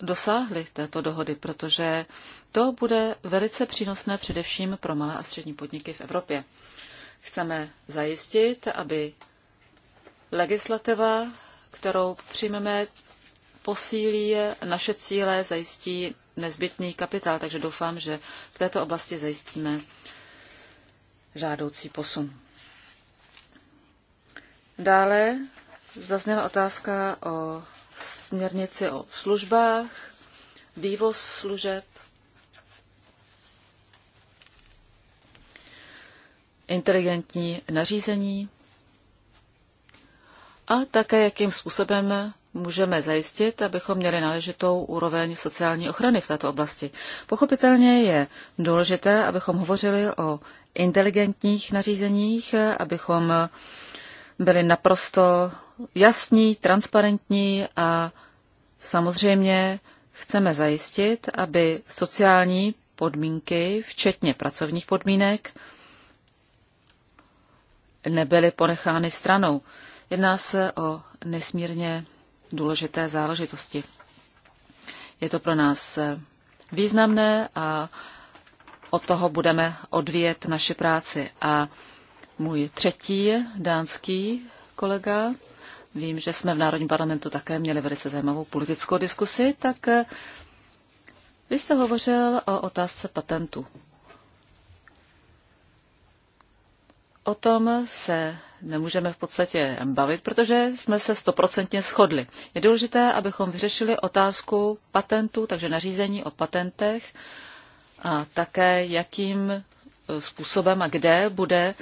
Speaker 1: dosáhli této dohody, protože to bude velice přínosné především pro malé a střední podniky v Evropě. Chceme zajistit, aby legislativa, kterou přijmeme, posílí naše cíle, zajistí nezbytný kapitál, takže doufám, že v této oblasti zajistíme žádoucí posun. Dále zazněla otázka o směrnici o službách, vývoz služeb, inteligentní nařízení a také, jakým způsobem můžeme zajistit, abychom měli náležitou úroveň sociální ochrany v této oblasti. Pochopitelně je důležité, abychom hovořili o inteligentních nařízeních, abychom byli naprosto jasní, transparentní a samozřejmě chceme zajistit, aby sociální podmínky, včetně pracovních podmínek, nebyly ponechány stranou. Jedná se o nesmírně důležité záležitosti. Je to pro nás eh, významné a od toho budeme odvíjet naši práci. A můj třetí dánský kolega, vím, že jsme v Národním parlamentu také měli velice zajímavou politickou diskusi, tak eh, vy jste hovořil o otázce patentu. O tom se nemůžeme v podstatě bavit, protože jsme se stoprocentně shodli. Je důležité, abychom vyřešili otázku patentu, takže nařízení o patentech a také jakým e, způsobem a kde bude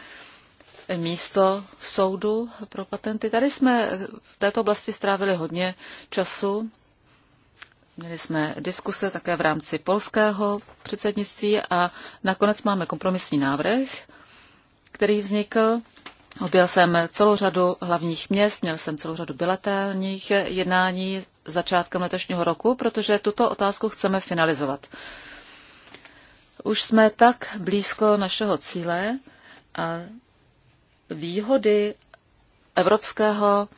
Speaker 1: místo soudu pro patenty. Tady jsme e, v této oblasti strávili hodně času. Měli jsme diskuse také v rámci polského předsednictví a nakonec máme kompromisní návrh který vznikl. Objel jsem celou řadu hlavních měst, měl jsem celou řadu bilaterálních jednání začátkem letošního roku, protože tuto otázku chceme finalizovat. Už jsme tak blízko našeho cíle a výhody evropského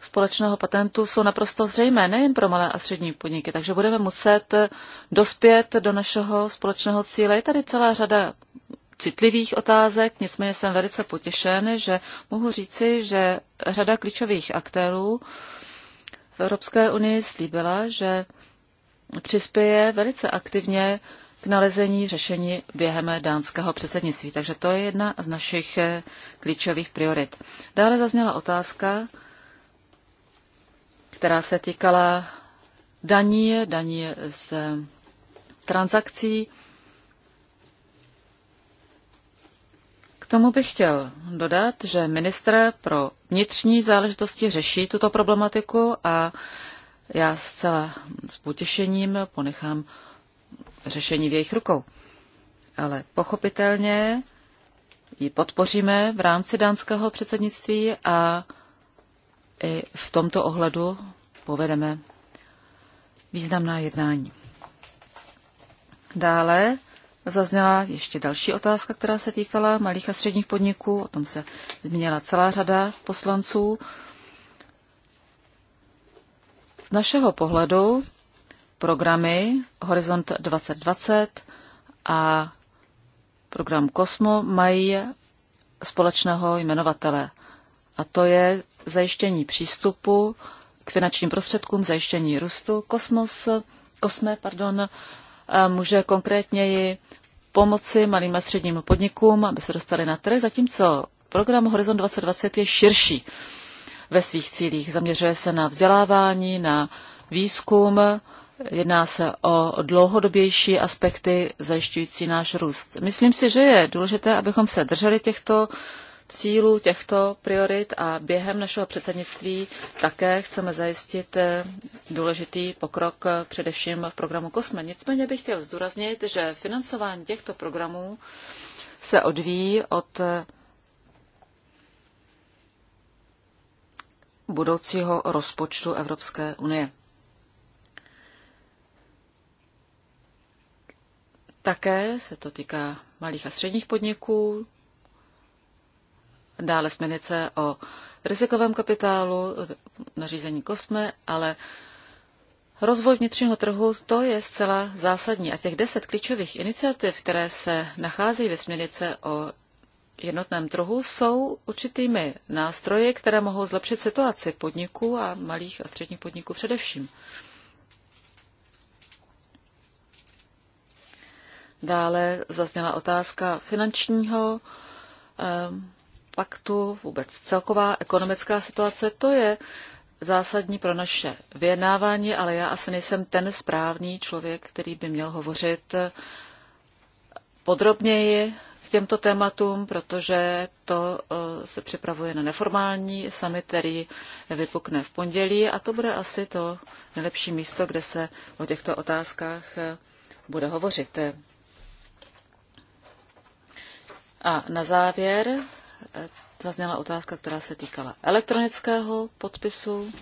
Speaker 1: společného patentu jsou naprosto zřejmé nejen pro malé a střední podniky, takže budeme muset dospět do našeho společného cíle. Je tady celá řada citlivých otázek, nicméně jsem velice potěšen, že mohu říci, že řada klíčových aktérů v Evropské unii slíbila, že přispěje velice aktivně k nalezení řešení během dánského předsednictví. Takže to je jedna z našich eh, klíčových priorit. Dále zazněla otázka, která se týkala daní, daní z transakcí. tomu bych chtěl dodat, že ministr pro vnitřní záležitosti řeší tuto problematiku a já zcela s potěšením ponechám řešení v jejich rukou. Ale pochopitelně ji podpoříme v rámci dánského předsednictví a i v tomto ohledu povedeme významná jednání. Dále Zazněla ještě další otázka, která se týkala malých a středních podniků. O tom se zmínila celá řada poslanců. Z našeho pohledu programy Horizont 2020 a program Kosmo mají společného jmenovatele. A to je zajištění přístupu k finančním prostředkům, zajištění růstu. Kosmos, Kosme, pardon, může konkrétněji pomoci malým a středním podnikům, aby se dostali na trh, zatímco program Horizon 2020 je širší ve svých cílích. Zaměřuje se na vzdělávání, na výzkum, jedná se o dlouhodobější aspekty zajišťující náš růst. Myslím si, že je důležité, abychom se drželi těchto cílů těchto priorit a během našeho předsednictví také chceme zajistit eh, důležitý pokrok eh, především v programu COSME. Nicméně bych chtěl zdůraznit, že financování těchto programů se odvíjí od eh, budoucího rozpočtu Evropské unie. Také se to týká malých a středních podniků, dále směrnice o rizikovém kapitálu, nařízení kosme, ale rozvoj vnitřního trhu, to je zcela zásadní. A těch deset klíčových iniciativ, které se nacházejí ve směrnice o jednotném trhu, jsou určitými nástroji, které mohou zlepšit situaci podniků a malých a středních podniků především. Dále zazněla otázka finančního ehm, paktu, vůbec celková ekonomická situace, to je zásadní pro naše vyjednávání, ale já asi nejsem ten správný člověk, který by měl hovořit podrobněji k těmto tématům, protože to eh, se připravuje na neformální summit, který vypukne v pondělí a to bude asi to nejlepší místo, kde se o těchto otázkách eh, bude hovořit. A na závěr Eh, zazněla otázka, která se týkala elektronického podpisu.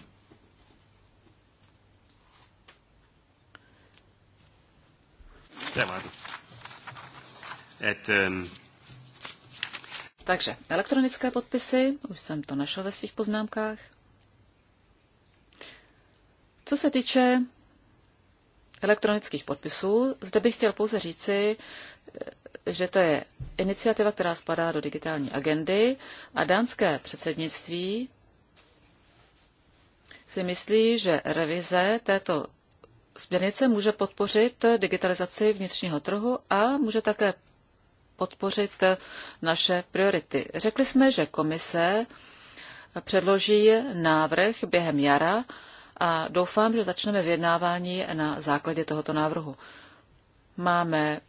Speaker 1: Ehm, Takže elektronické podpisy, už jsem to našel ve svých poznámkách. Co se týče elektronických podpisů, zde bych chtěl pouze říci, že to je iniciativa, která spadá do digitální agendy a dánské předsednictví si myslí, že revize této směrnice může podpořit digitalizaci vnitřního trhu a může také podpořit naše priority. Řekli jsme, že komise předloží návrh během jara a doufám, že začneme vyjednávání na základě tohoto návrhu. Máme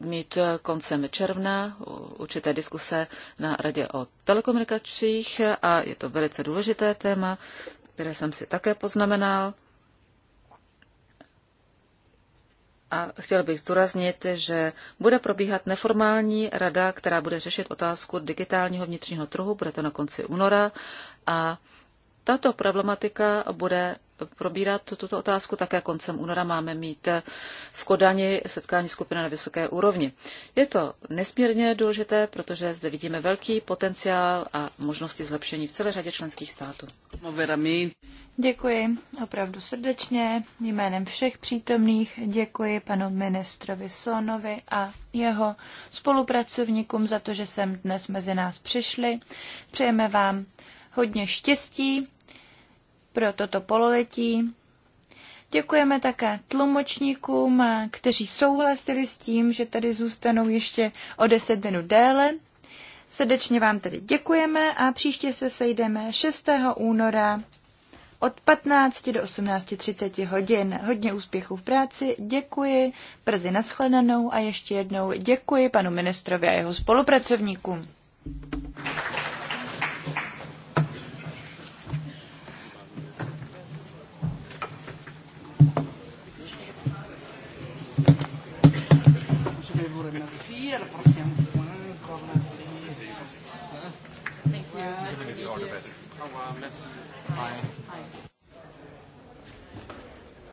Speaker 1: mít koncem června určité diskuse na Radě o telekomunikacích a je to velice důležité téma, které jsem si také poznamenal. A chtěl bych zdůraznit, že bude probíhat neformální rada, která bude řešit otázku digitálního vnitřního trhu, bude to na konci února a tato problematika bude probírat tuto otázku. Také koncem února máme mít v Kodani setkání skupiny na vysoké úrovni. Je to nesmírně důležité, protože zde vidíme velký potenciál a možnosti zlepšení v celé řadě členských států.
Speaker 3: Děkuji opravdu srdečně. Jménem všech přítomných děkuji panu ministrovi Sonovi a jeho spolupracovníkům za to, že sem dnes mezi nás přišli. Přejeme vám hodně štěstí pro toto pololetí. Děkujeme také tlumočníkům, kteří souhlasili s tím, že tady zůstanou ještě o 10 minut déle. Srdečně vám tedy děkujeme a příště se sejdeme 6. února od 15 do 18.30 hodin. Hodně úspěchů v práci, děkuji, brzy naschledanou a ještě jednou děkuji panu ministrovi a jeho spolupracovníkům.
Speaker 2: via la prossima ancora sì. Sì, sì. Thank you. All the best. Oh, Bye.